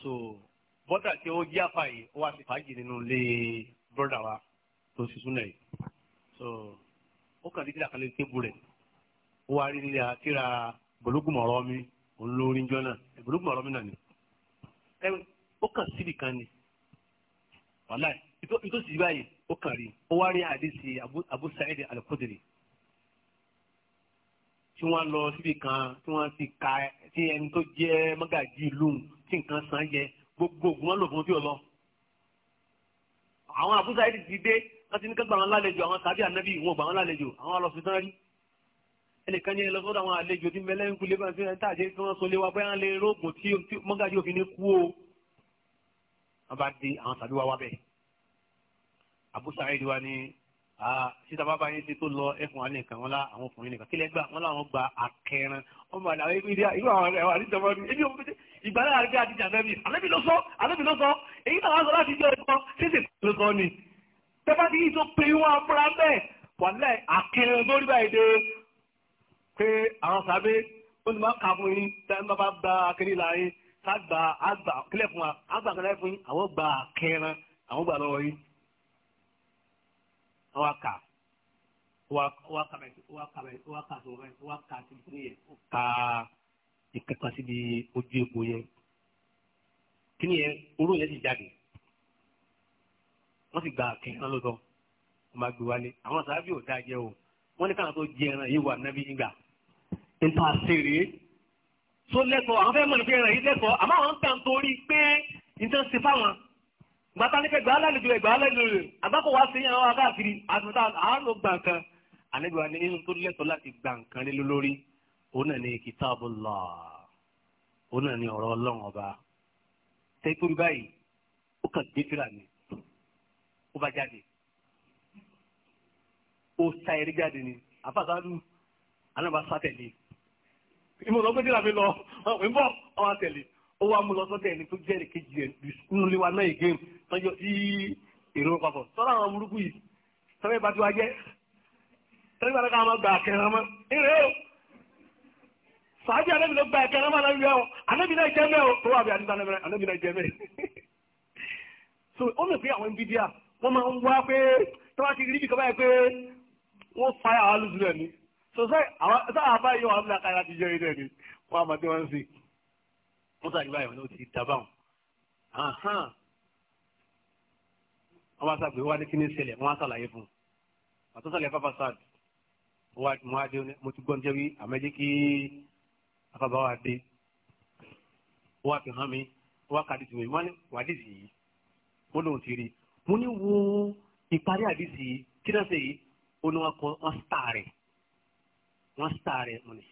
so bọ́dà tí ó jí àfà yìí ó wá sí fàájì nínú ilé bọ́dà wa tó sì súnlẹ̀ yìí so ó kàn dídí àkàlẹ̀ tébù rẹ̀ ó wá rí nílé àtìrà bòlógùmọ̀rọ̀ mi òun lórí jọ náà bòlógùmọ̀rọ̀ mi náà ni ó kàn síbì kan ni wàhálà ìtòsí báyìí ó kàn rí ó wá rí àdìsí Abu Sa'id al-Khudri tí wọ́n lọ síbi kan tí wọ́n ti ka ẹni tó jẹ́ mọ́gàjì lóhùn tí nǹkan san yẹ gbogbo ògùn wọn lò fún bí ó lọ. àwọn àbúzá yìí ti dé wọn ti ní kẹgbà wọn lálejò àwọn tàbí ànábì wọn ò gbà wọn lálejò àwọn lọ sùn tán rí. ẹnìkan ní ẹ lọ sọ́dọ̀ àwọn àlejò tí mẹlẹ ń kulé báyìí tí àjẹ tí wọn sọ wa bẹ́ẹ̀ wọn lè rógùn tí mọ́gàjì òfin ní kú o. wọn bá dé àwọn tàbí wa wá bẹ́ẹ̀ àbúzá yìí wa ní síta bàbá yín ti tó lọ ẹfun wa nìkan wọn la àwọn ọkùnrin nìkan kílẹ̀ gbà wọn làwọn gba akẹrin ọmọ àdá àwọn ìdí irú àwọn ẹwà àti ìjọba ẹbí ọmọ pété ìgbà náà àti àti ìjà mẹ́bí àlẹ́bí ló sọ àlẹ́bí ló sọ èyí náà wá sọ láti jọ ẹ̀kọ́ ṣéṣe ló sọ ni tẹ́fà ti yí tó pe wọn afúra bẹ́ẹ̀ wàlẹ́ akẹrin lórí báyìí dé pé àwọn sábẹ́ ó ti máa kà fún yín tẹ́lẹ̀ bá gba akẹrin là yín ká gba àgbà kílẹ̀ fún wa àgbà kílẹ̀ fún yín àwọn gba akẹrin àwọn gbà lọ́wọ́ yín wọ́n á kà wọ́n á kà bẹ́ẹ̀ wọ́n á kà bẹ́ẹ̀ wọ́n á kà sọ̀rọ̀ bẹ́ẹ̀ wọ́n á kà sí ibi yẹn wọ́n kà ìkẹ́kọ̀ọ́ síbi ojú egbò yẹn kí ni yẹn oró yẹn ti jáde wọ́n sì gba kẹ̀kẹ́ lọ́dọ̀ wọ́n máa gbé e wálé àwọn sábà yóò dá jẹ́ o wọ́n ní káwọn tó jẹ ẹran yìí wà nábì nígbà nípa sèré tó lẹ́kọ̀ọ́ àwọn fẹ́ẹ́ mọ̀ nípa ẹran yìí lẹ́kọ̀ọ́ àmọ́ àwọn ń tàn torí pé nítorí ṣe gbàtà ní pé gbà lálejò rẹ̀ gbà lálejò rẹ̀ àgbàkọ̀ wá sí ìyàwó akáàkiri àtúntà àánú gbà nǹkan àlejò àní inú tó lẹ́tọ̀ọ́ láti gbà nǹkan lé lórí òun náà ní kitabullah òun náà ni. ọ̀rọ̀ ọlọ́run ọba tẹ́tùrú báyìí ó kàn gbé fúra mi ó bá jáde ó sa eré jáde ni àfàtàlù alábàásátẹ̀lẹ̀ ìmọ̀ lọ́gbẹ́dìlà mi lọ ń bọ̀ àwọn àtẹ̀lẹ̀ ó wá mú lọ sọ́dọ̀ ẹni tó jẹ́rìí kejì ẹ̀ nínú ilé wa náà again tọ́jọ́ sí èrò papọ̀ sọ́dọ̀ àwọn burúkú yìí sọ́dọ̀ ìbá tí wá jẹ́ sọ́dọ̀ ìbá tí wá máa gba àkẹ́rẹ́ mọ́ eré o sàájì anábì ló gba àkẹ́rẹ́ mọ́ anábì náà anábì náà jẹ́ mẹ́ o tó wà bí anábì náà jẹ́ mẹ́ so ó mọ̀ pé àwọn ibi díà wọ́n máa ń wá pé tí wọ́n ti rí bí kọ́bá so sẹ́ àwọn àbáyé wọn àbúlà káyà ti jẹ́ ni wọ́n àmọ́ tí musa ní báyìí wọn ló ti dábàá wọn wọn bá sàgbé wá ní kíní ṣẹlẹ̀ wọn á sàlàyé fún un àti sàlàyé fáfá sáàd mo á dé mo ti gbọ́n jẹ́wí àmẹ́jẹ́ kí afábá wa dé wọ́n á fi hàn mí wọ́n á kàdí tìwé wọ́n wà á dìsì yìí wọ́n lòun ti rí mo ní wo ìparí àdìsì yìí kí náà ṣe yìí ó ní wọn kọ wọn sítà rẹ̀ wọn mo ní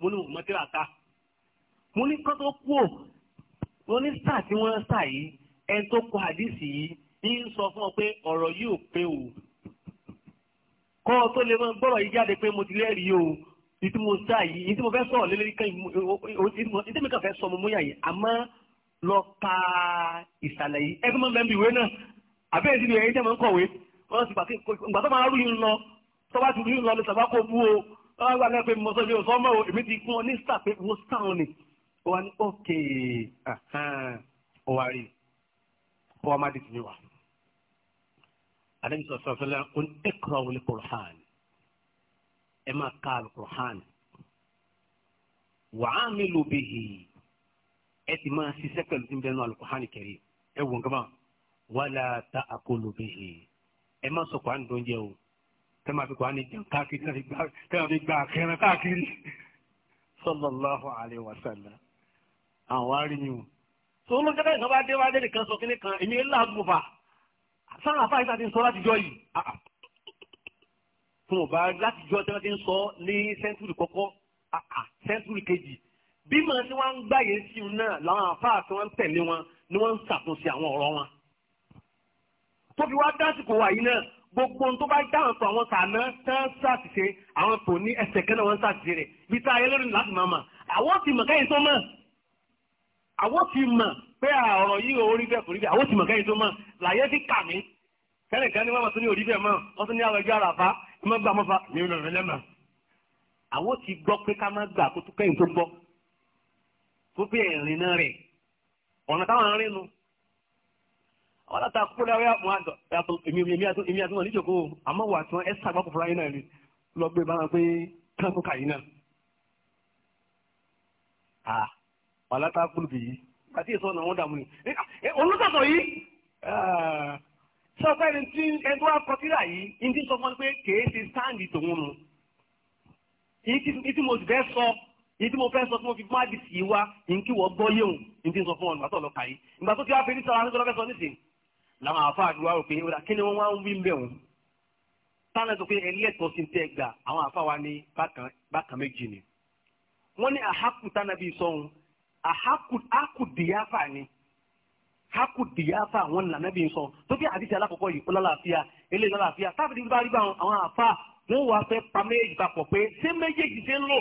mo ní mo mọ tíra mo ní kán tó kú ò mo ní sáà tí wọ́n ń sà yìí ẹni tó kọ àdìsí yìí ń sọ fún ọ pé ọ̀rọ̀ yìí ò pé o kọ́ ọ tó lè mọ gbọ́rọ̀ yìí jáde pé mo ti lẹ́rìí o ìtí mo sá yìí ìtí mo fẹ́ sọ̀rọ̀ lélẹ́rí kan ìtí mi kàn fẹ́ sọ mo múyà yìí àmọ́ lọ ka ìsàlẹ̀ yìí ẹ fi mọ́ mẹ́rin ìwé náà àbẹ́rẹ́ sí ni ẹ̀yin tẹ́ mọ́ ń kọ̀wé wọ́n ti pàṣẹ tó máa rúyìn lọ tó bá ti rúyìn lọ lè sàbá kó bú o wọ́n wá lẹ́ pé mo sọ mi ò sọ́mọ́ o èmi ti fún ọ ní sà pé mo sá ọ nì ó wá ní òkè uh-huh, ó wá rí ó wá má di tìmí wá. Àdébí sọ̀rọ̀ sọ̀rọ̀ sọ̀rọ̀ ó ní ẹ̀kọ́ wọlé Kùrán ẹ máa ka Kùrán wàá mi lò bìhì ẹ ti máa ṣiṣẹ́ pẹ̀lú tí ń bẹ́ẹ̀ nù Kùrán kẹrì ẹ wọ̀n kama wàlá ta àkọlù bìhì ẹ má sọ Kùrán tó ń jẹ o tẹ́lẹ̀ máa fi Kùrán jẹun káàkiri tẹ́lẹ̀ máa fi gbà kẹrin káàkiri sallallahu alaihi wasallam àwọn arí yìí o tó ló jẹ́kẹ́ ìjọba déwájú nìkan sọ kíní kan èmi ńlá gbòfà sáà àfa ìta ti ń sọ láti jọ yìí ah, ah. fún ọba láti jọ tí wọ́n ti ń sọ ní sẹ́ńtúrì kọ́kọ́ ah, sẹ́ńtúrì kejì bí màá tí wọ́n ń gbàyè sí un náà làwọn àfa àti wọ́n ń tẹ̀lé wọn ni wọ́n ń ṣàtúnṣe àwọn ọ̀rọ̀ wọn. tóbi wá dásìkò wàyí náà gbogbo ohun tó bá dá àwọn tó àwọn kàná tán ṣàtìṣe àwọn tó ní ẹsẹ̀ kẹ́nà wọn ṣàtìṣe rẹ̀ bí táyé lórí láti máa mà àwọn ti mọ̀ káyìn tó mọ̀ àwọn ti mọ̀ pé ọ̀rọ̀ yìí ò rí bẹ́ẹ̀ kò rí bẹ́ẹ̀ àwọn ti mọ̀ kẹ́yìn tó mọ̀ làyé ti kà mí kẹ́lẹ̀ kan ní wọ́n tún ní orí bẹ́ẹ̀ mọ́ wọ́n tún ní àwọn ẹjọ́ àràfá ẹ má gbà mọ́ fa mi ò lọ rẹ lẹ́mọ̀. àwọn ti gbọ́ pé ká má gbà kó tó kẹ́yìn tó gbọ́ tó bí ẹ̀rìn náà rẹ̀ ọ̀nà táwọn arìn nu. àwọn láta kó lẹ́wọ́ èmi àti wọn níjòkó àmọ́ wà tí wọ́n ẹ́ sàgbà kó fúra yín náà rí lọ gbé bá wọn pé káńkó kà yín náà pàlátà kúlùbì yìí àti èso ọ̀nà wọn dààmú ni olùsọ̀tọ̀ yìí sọ́kọ́ ẹni tí ẹni tó wá kọtíra yìí ní ti sọ fún mi pé kèé ṣe sáǹdì tòun nu ní tí mo sì fẹ́ sọ ní tí mo fẹ́ sọ tí mo fi fún àdìsí yìí wá ní kí wọ́n gbọ́ yéhùn ní ti sọ fún ọ̀nà àtọ̀ lọ́ka yìí ìgbà tó ti wá fẹ́ ní sọ́wọ́n àti ọlọ́fẹ́ sọ nísìn làwọn àfa àdúrà rò pé kí ni wọ́n wá ń wí ń bẹ̀ sáńdà sọ pé ẹlẹ́tọ̀ọ́ sí tẹ́ gbà àwọn àfa wa ní bákan méjì ni wọ́n ní àhákù tánàbí sọ́hun àhákùdìyáfà ah, ni hákùdìyáfà àwọn nànàbí ń sọ tó bí àdìsí alákọ̀ọ́kọ́ yìí kó lálàáfíà eléyìí lálàáfíà tábìlì bá rí bá àwọn àfa wọn wà fẹ́ pa méjèèjì papọ̀ pé ṣé méjèèjì ṣe ń lò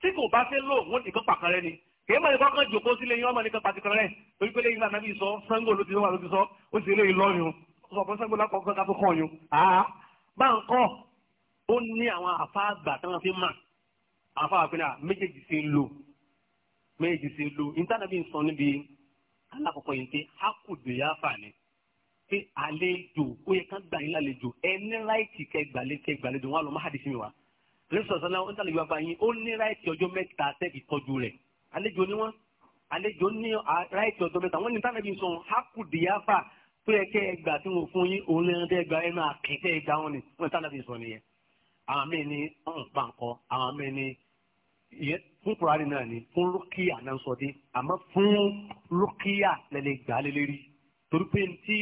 tí kò bá fẹ́ lò wọn nìkan pàkan rẹ ni kì í mọ̀ nípa kan jòkó sílé yín ọmọ nìkan pàtí kan rẹ torí pé léyìn lànà bí sọ sango ló ti wà ló ti sọ ó sì léyìn lọ́yún sọ pé sango lákọ̀ọ́kọ́ ká tó kàn yún. bá ń kọ́ ó ní àwọn àfa àgbà tí wọ́n fi mà àfa àpinna méjèèjì ṣe ń lò méjì sí lo ìtànàbí ń sọ níbi alákọ̀ọ́kọ́ yìí pé a kò dè yá fàní pé àlejò ó yẹ ká gbà yín lálejò ẹ ní ráìtì kẹ gbàlẹ kẹ gbàlejò wọn lọ má hàdí sí mi wá lẹ́sọ̀ sọ́lá ó ń tàlejò bàbá yín ó ní ráìtì ọjọ́ mẹ́ta tẹ́bi tọ́jú rẹ̀ àlejò ni wọ́n àlejò ní ráìtì ọjọ́ mẹ́ta wọ́n ní tànàbí ń sọ a kò dè yá fà tó yẹ kẹ gbà tí wọn fún yín òun ní ẹgbà ẹnu àkẹ́tẹ́ ẹgbà wọn ni wọ́n tànàbí sọ fún kùránì náà ni fún rúkìá náà sọ dé àmọ́ fún rúkìá lẹ́lẹ́ gbà lélẹ́rí torí pé tí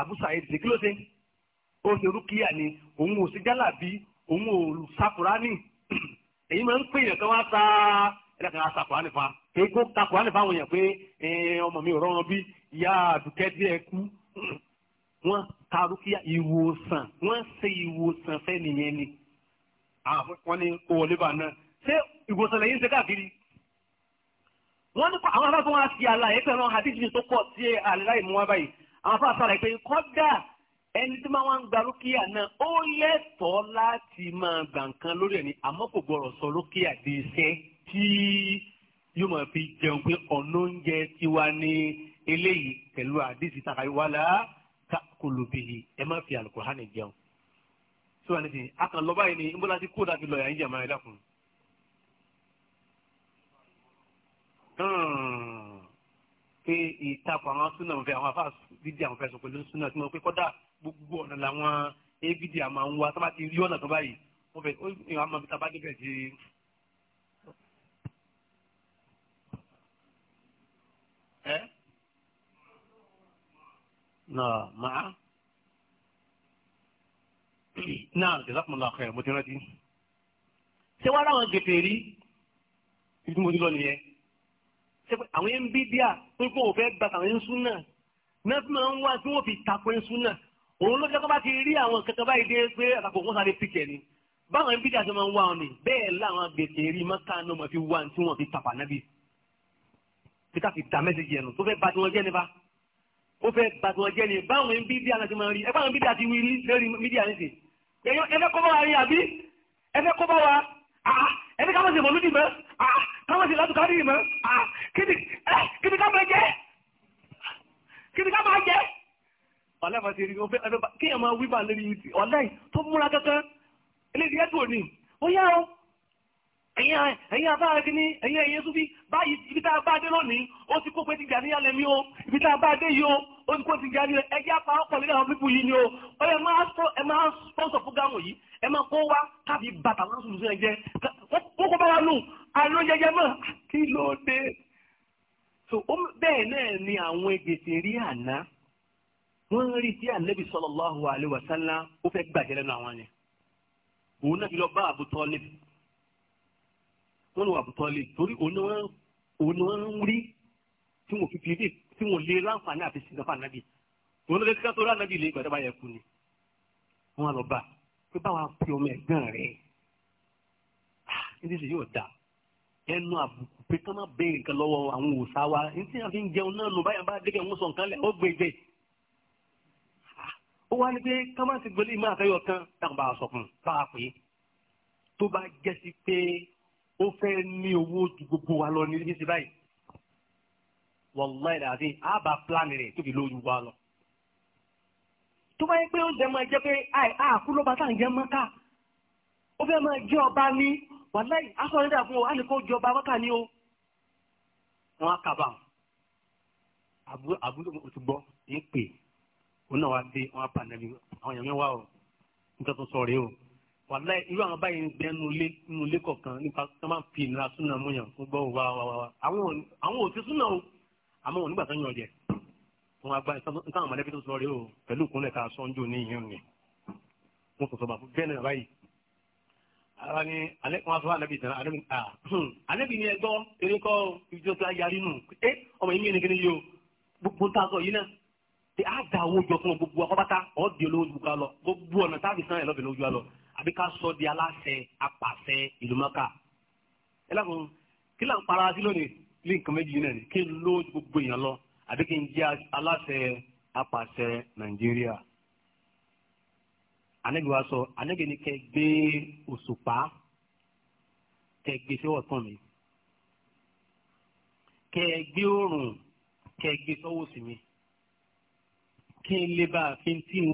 àbúṣà yìí ti kí ló dé ó ṣe rúkìá ni òun ò sí jálàbí òun ò sa kùránì èyí máa ń pè yàn kán wá sa ẹ̀rẹ́ kan sa kùránì fa èyí kó ta kùránì fáwọn èèyàn pé ọmọ mi ò rọrùn bí ya àdùkẹ́ bí ẹ kú wọ́n ta rúkìá ìwòsàn wọ́n ṣe ìwòsàn fẹ́ nìyẹn ni àwọn wọ́n ní kó wọlé bá náà ṣé ìwòsàn lẹ́yìn ṣe káàkiri wọ́n ní àwọn afá tó wá sí àlàyé pẹ̀lú àwọn àdíjì tó pọ̀ sí àlàyé mú wá báyìí àwọn afá sára pé kọ́dà ẹni tí máa ń gba lókìá náà ó lẹ́tọ̀ọ́ láti máa gbà nǹkan lórí ẹni àmọ́ kò gbọ́dọ̀ sọ lókìá di iṣẹ́ tí yóò máa fi jẹun pé ọ̀nà oúnjẹ tiwa ní eléyìí pẹ̀lú àdíjì tàkàrí wàlá ẹ má fi àlùkò hánì jẹun. sọ ní ti akànlọ́bàá yìí ni ń bọ́lá ti kó dàbí lọ́ọ̀yà ń jẹ̀ máa ẹ Hmm. pé ìtakùn àwọn súnà wọn fẹ́ àwọn afá dídí àwọn fẹsùn pẹ̀lú súnà tí wọ́n pé kọ́dà gbogbo ọ̀nà làwọn abd àmà ń wa tó bá ti rí ọ̀nà tó báyìí wọ́n fẹ́ ìwà máa fi ta bá débẹ̀ sí i. ẹ nà máa náà jẹ́sàkùnmọ́lá ọ̀kẹ́ mo ti rántí. ṣé wàá láwọn gèfè rí ibi nìyẹn àwọn ń bí díà tó kó òfẹ́ gba àwọn ń sún náà náà fi máa ń wá tí wọ́n fi takò ń sún náà òun ló jẹ́ kó bá ti rí àwọn kankan báyìí dé pé àtàkò wọn sáré pìkẹ́ ni báwọn ń bí díà tó máa ń wá wọn ni bẹ́ẹ̀ láwọn gbèsè rí mọ́ká náà fi wá tí wọ́n fi tàpá náà bí peter fi da mẹ́sẹ̀gì ẹ̀nu tó fẹ́ ba tiwọn jẹ́ ni bá ó fẹ́ ba tiwọn jẹ́ ni báwọn ń bí díà Ah, ẹni ká mọ̀ sí mọ̀lúdì mọ́ ah, ká mọ̀ sí látùkárì mọ́ ah, kí ni ká máa jẹ́ kí ni ká máa jẹ́ ọlẹ́mọ̀ ti rí ọfẹ́ ẹ̀rọ kí ẹ̀ máa wíbà lórí ìtì ọ̀lẹ́ tó múra kankan eléyìí ẹ̀dùn òní ó yá ọ ẹ̀yìn afárá kí ní ẹ̀yìn ẹ̀yẹ súnfí báyìí ibi tá a bá dé lónìí ó ti kó pé ti gbà níyàlẹ́mí o ibi tá a bá dé yìí o ó ti kó ti jáde rẹ̀ ẹjẹ́ apá ọkọ̀ àwọn pípù yìí ni o ó yẹ máa sọ ẹ máa sponsor fúgàmù yìí ẹ máa kó wá tàbí bàtà wọn sùn sẹ́yìn jẹ ó kó bá wa nù àìló jẹjẹ mọ́ kí ló dé. bẹ́ẹ̀ náà ni àwọn gbèsè rí àná wọ́n ń rí tí ànábì sallallahu alaihi wasallam ó fẹ́ gbàjẹ́ lẹ́nu àwọn yẹn òun náà ti lọ bá Abu Talib wọ́n lọ Abu Talib torí òun náà ń rí tí wọ́n fi fi tí wọn lè láǹfààní àti sìnkà fún ànábì wọn ló lè kíkà tó ránàbì lè gbàdá báyẹn kú ni wọn lọ bá pé báwa fi ọmọ ẹ̀gbọ́n rẹ ndí sì yóò dà ẹnu àbùkù pé ká má béèrè nǹkan lọ́wọ́ àwọn òòṣà wa ntí a fi ń jẹun náà nù báyà bá dégẹ̀ ń sọ nǹkan lẹ̀ ó gbèjè ah, ó wá ní pé ká má ti gbélé ìmọ̀ àfẹ́yọ̀ kan táwọn bá a sọ fún bá a pè é tó bá jẹ́ sí pé ó fẹ́ ní owó ju gbogbo wa lọ ní ibi sí wọ́lá ìlà àti àbá pílánì rẹ̀ tóbi lójú wa lọ. tó bá yẹ pé oúnjẹ máa jẹ pé àkú ló bá tá à ń jẹ mọ́ká ó fẹ́ máa jẹ ọba ní wàlá aṣọ nígbà fún ọ á lè ọba mọ́ká ní o. wọ́n á kábà àbúrò mo ti gbọ́ ń pè ó náà wá dé wọ́n á pa nàbí àwọn èèyàn mẹ́wàá o nítorí tó sọ rèé o wàlá irú àwọn báyìí ń bẹ nínú ilé kọ̀ọ̀kan nípa tó máa ń fi ìnira súnà múyàn àmọ́ òun nígbà tó yàn jẹ wọn agba nǹkan àwọn mọ̀lẹ́bí tó sọ rí o pẹ̀lú ìkúnlẹ̀ ká sọ́njú ní ìyẹn ni wọn sọ̀tọ̀ bá fún bẹ́ẹ̀ náà báyìí ara ni alẹ́ wọn sọ alẹ́bí tẹ̀lé alẹ́bí à alẹ́bí ni ẹgbọ́ eré kọ́ ìjọ tó ayarí nù ẹ ọmọ yìí mìíràn kí ni yìí o gbogbo ń ta sọ yìí náà tí a da owó jọ fún gbogbo akọ́bátá ọ̀dì olówó ju ká lọ gbogbo ọ̀nà táàbì sàn ẹ̀lọ́bì lójú alọ àbí ká sọ di aláṣẹ apàṣẹ ìlú mọ́ká para sí lónìí lé nǹkan méjì yìí náà ni kí n ló gbogbo èèyàn lọ àbí kí n jẹ́ aláṣẹ apàṣẹ nàìjíríà anẹ́gbẹ̀ wa sọ anẹ́gbẹ̀ ni kẹ́ gbé òṣùpá kẹ́ gbé sọ́wọ́ tán mi kẹ́ gbé òrùn kẹ́ gbé sọ́wọ́ sí mi kí n lè bá a fi tí n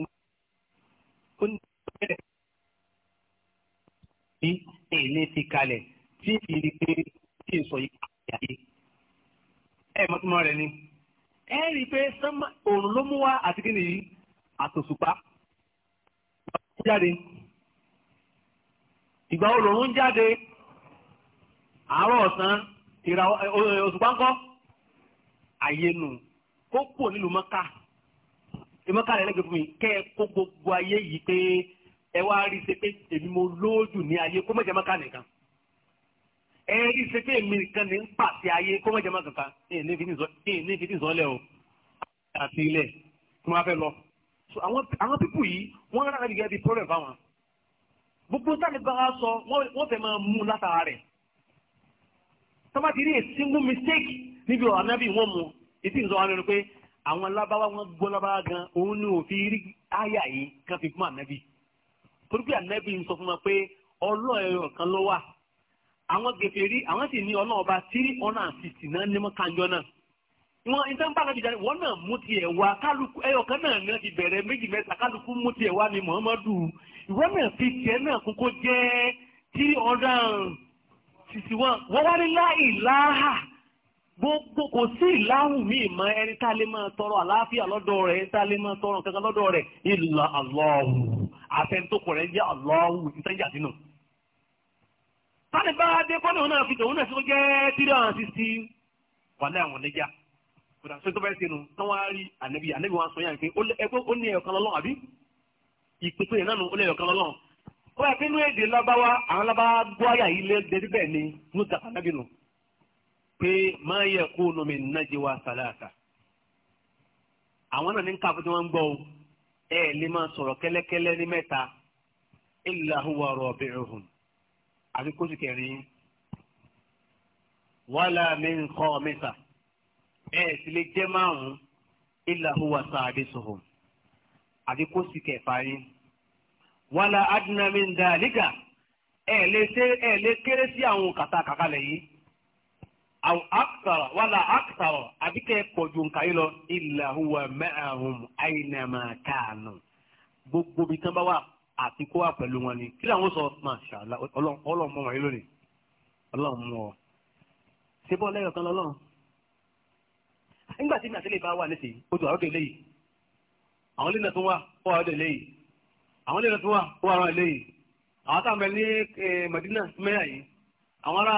ó ní bẹ́ẹ̀ ní èlé fi kalẹ̀ tí ìdí pé kí n sọ yìí kàkiri ẹ mọ tó mọ rẹ ni ẹ rí i pé òòrùn ló mú wá àti kí nìyí àtòṣùpá jáde ìgbà òòrùn jáde àárọ̀ ọ̀sán ìrà òṣùpá ńkọ́ ayé nù kó kúrò nílùú mọ́ká ìmọ̀ká rẹ̀ lẹ́gbẹ̀ẹ́ fún mi kẹ́ ẹ kó gbogbo ayé yìí pé ẹ wá rí i ṣe pé èmi mo lójú ní ayé kó mọ̀jẹ̀ mọ́ká nìkan ẹ̀rí ṣe pé èmi nìkan ní ń pàṣẹ ayé kó mọ̀jẹ̀ má kankan ẹ̀ ní fi ní sọ́lẹ̀ o àti ilẹ̀ tí wọ́n á fẹ́ lọ. so àwọn pípù yìí wọ́n rárá gẹ́gẹ́ bí problem fáwọn. gbogbo táni bá wa sọ wọ́n fẹ́ máa mú látara rẹ̀. tọ́ba ti rí a single mistake níbi ọ̀rọ̀ anábì wọ́n mu etí ń sọ wọn lórí pé àwọn lábáwá wọn gbọ́ lábáwá gan òun ni òfin rí àyà yìí kan fi fún anábì. torí pé anábì ń sọ fún wa pé ọlọ́ọ̀ẹ̀rọ̀ kan ló wà àwọn gèfèrí àwọn sì ní ọlọ́ọ̀ba tírí ọ̀nà àfìsì náà ní mọ́kànjọ́ náà wọn ìtàn bá kájú jáde wọn náà mú tiẹ̀ wá kálukú ẹyọ kan náà náà ti bẹ̀rẹ̀ méjì mẹ́ta kálukú mú tiẹ̀ wá ní Muhammadu náà fi tiẹ̀ náà kókó gbogbo kò sí ìláhùn mi a lè máa tọrọ àlàáfíà lọ́dọ̀ rẹ̀ tọrọ kankan lọ́dọ̀ rẹ̀ ìlà rẹ̀ jẹ́ tani bá dé kọ́nà náà fi tòun náà sí ó jẹ́ three hundred sixty wàlẹ́ àwọn oníjà kódà sọ́tò bá ṣe nu tán wá rí ànábì ànábì wọn sọ yàn pé ẹgbẹ́ ó ní ẹ̀yọ̀kan lọ́lọ́ àbí ìpèsè yẹn náà ó ní ẹ̀yọ̀kan lọ́lọ́ ó yà pé inú èdè lábáwá àwọn gbọ́ àyà yìí lé bẹ́ẹ̀ ni ní ìtàkùn ànábì nù pé máa yẹ kó nomi nàjẹ wa àwọn náà ní ká fún tí wọ́n ń gbọ́ àbí kóṣù kẹrin wàhálà mi ń kọ́ ọ mẹ́ta ẹ̀ sì lè jẹ́ márùn-ún ilà huwa sáadé sọ̀rọ̀ àbí kóṣù kẹfà yín wàhálà adúnàmí ń da àlígà ẹ̀ lè kéré sí àwọn kàtàkàkà lẹ́yìn àwọn akitara wàlà akitara àbí kẹ́ pọ̀jù nǹkan yìí lọ ilà huwa ma'ahum àyìnàmà kàánù gbogbo bí tán bá wà àti kó wà pẹ̀lú wọn ni kí làwọn sọ masha Allah ọlọ́run mọ wọ̀nyí lónìí ọlọ́run mú ọ. ṣé bọ́ọ̀lù ẹ̀yọ̀ kan lọ́lọ́run nígbà tí mi àti ilé ìbá wà nísìnyí ó dùn léyìí àwọn ilé náà tún wà ó àròdè léyìí àwọn ilé náà tún wà ó àròdè léyìí àwọn táwọn bẹ ní Madina mẹ́yà yìí àwọn ará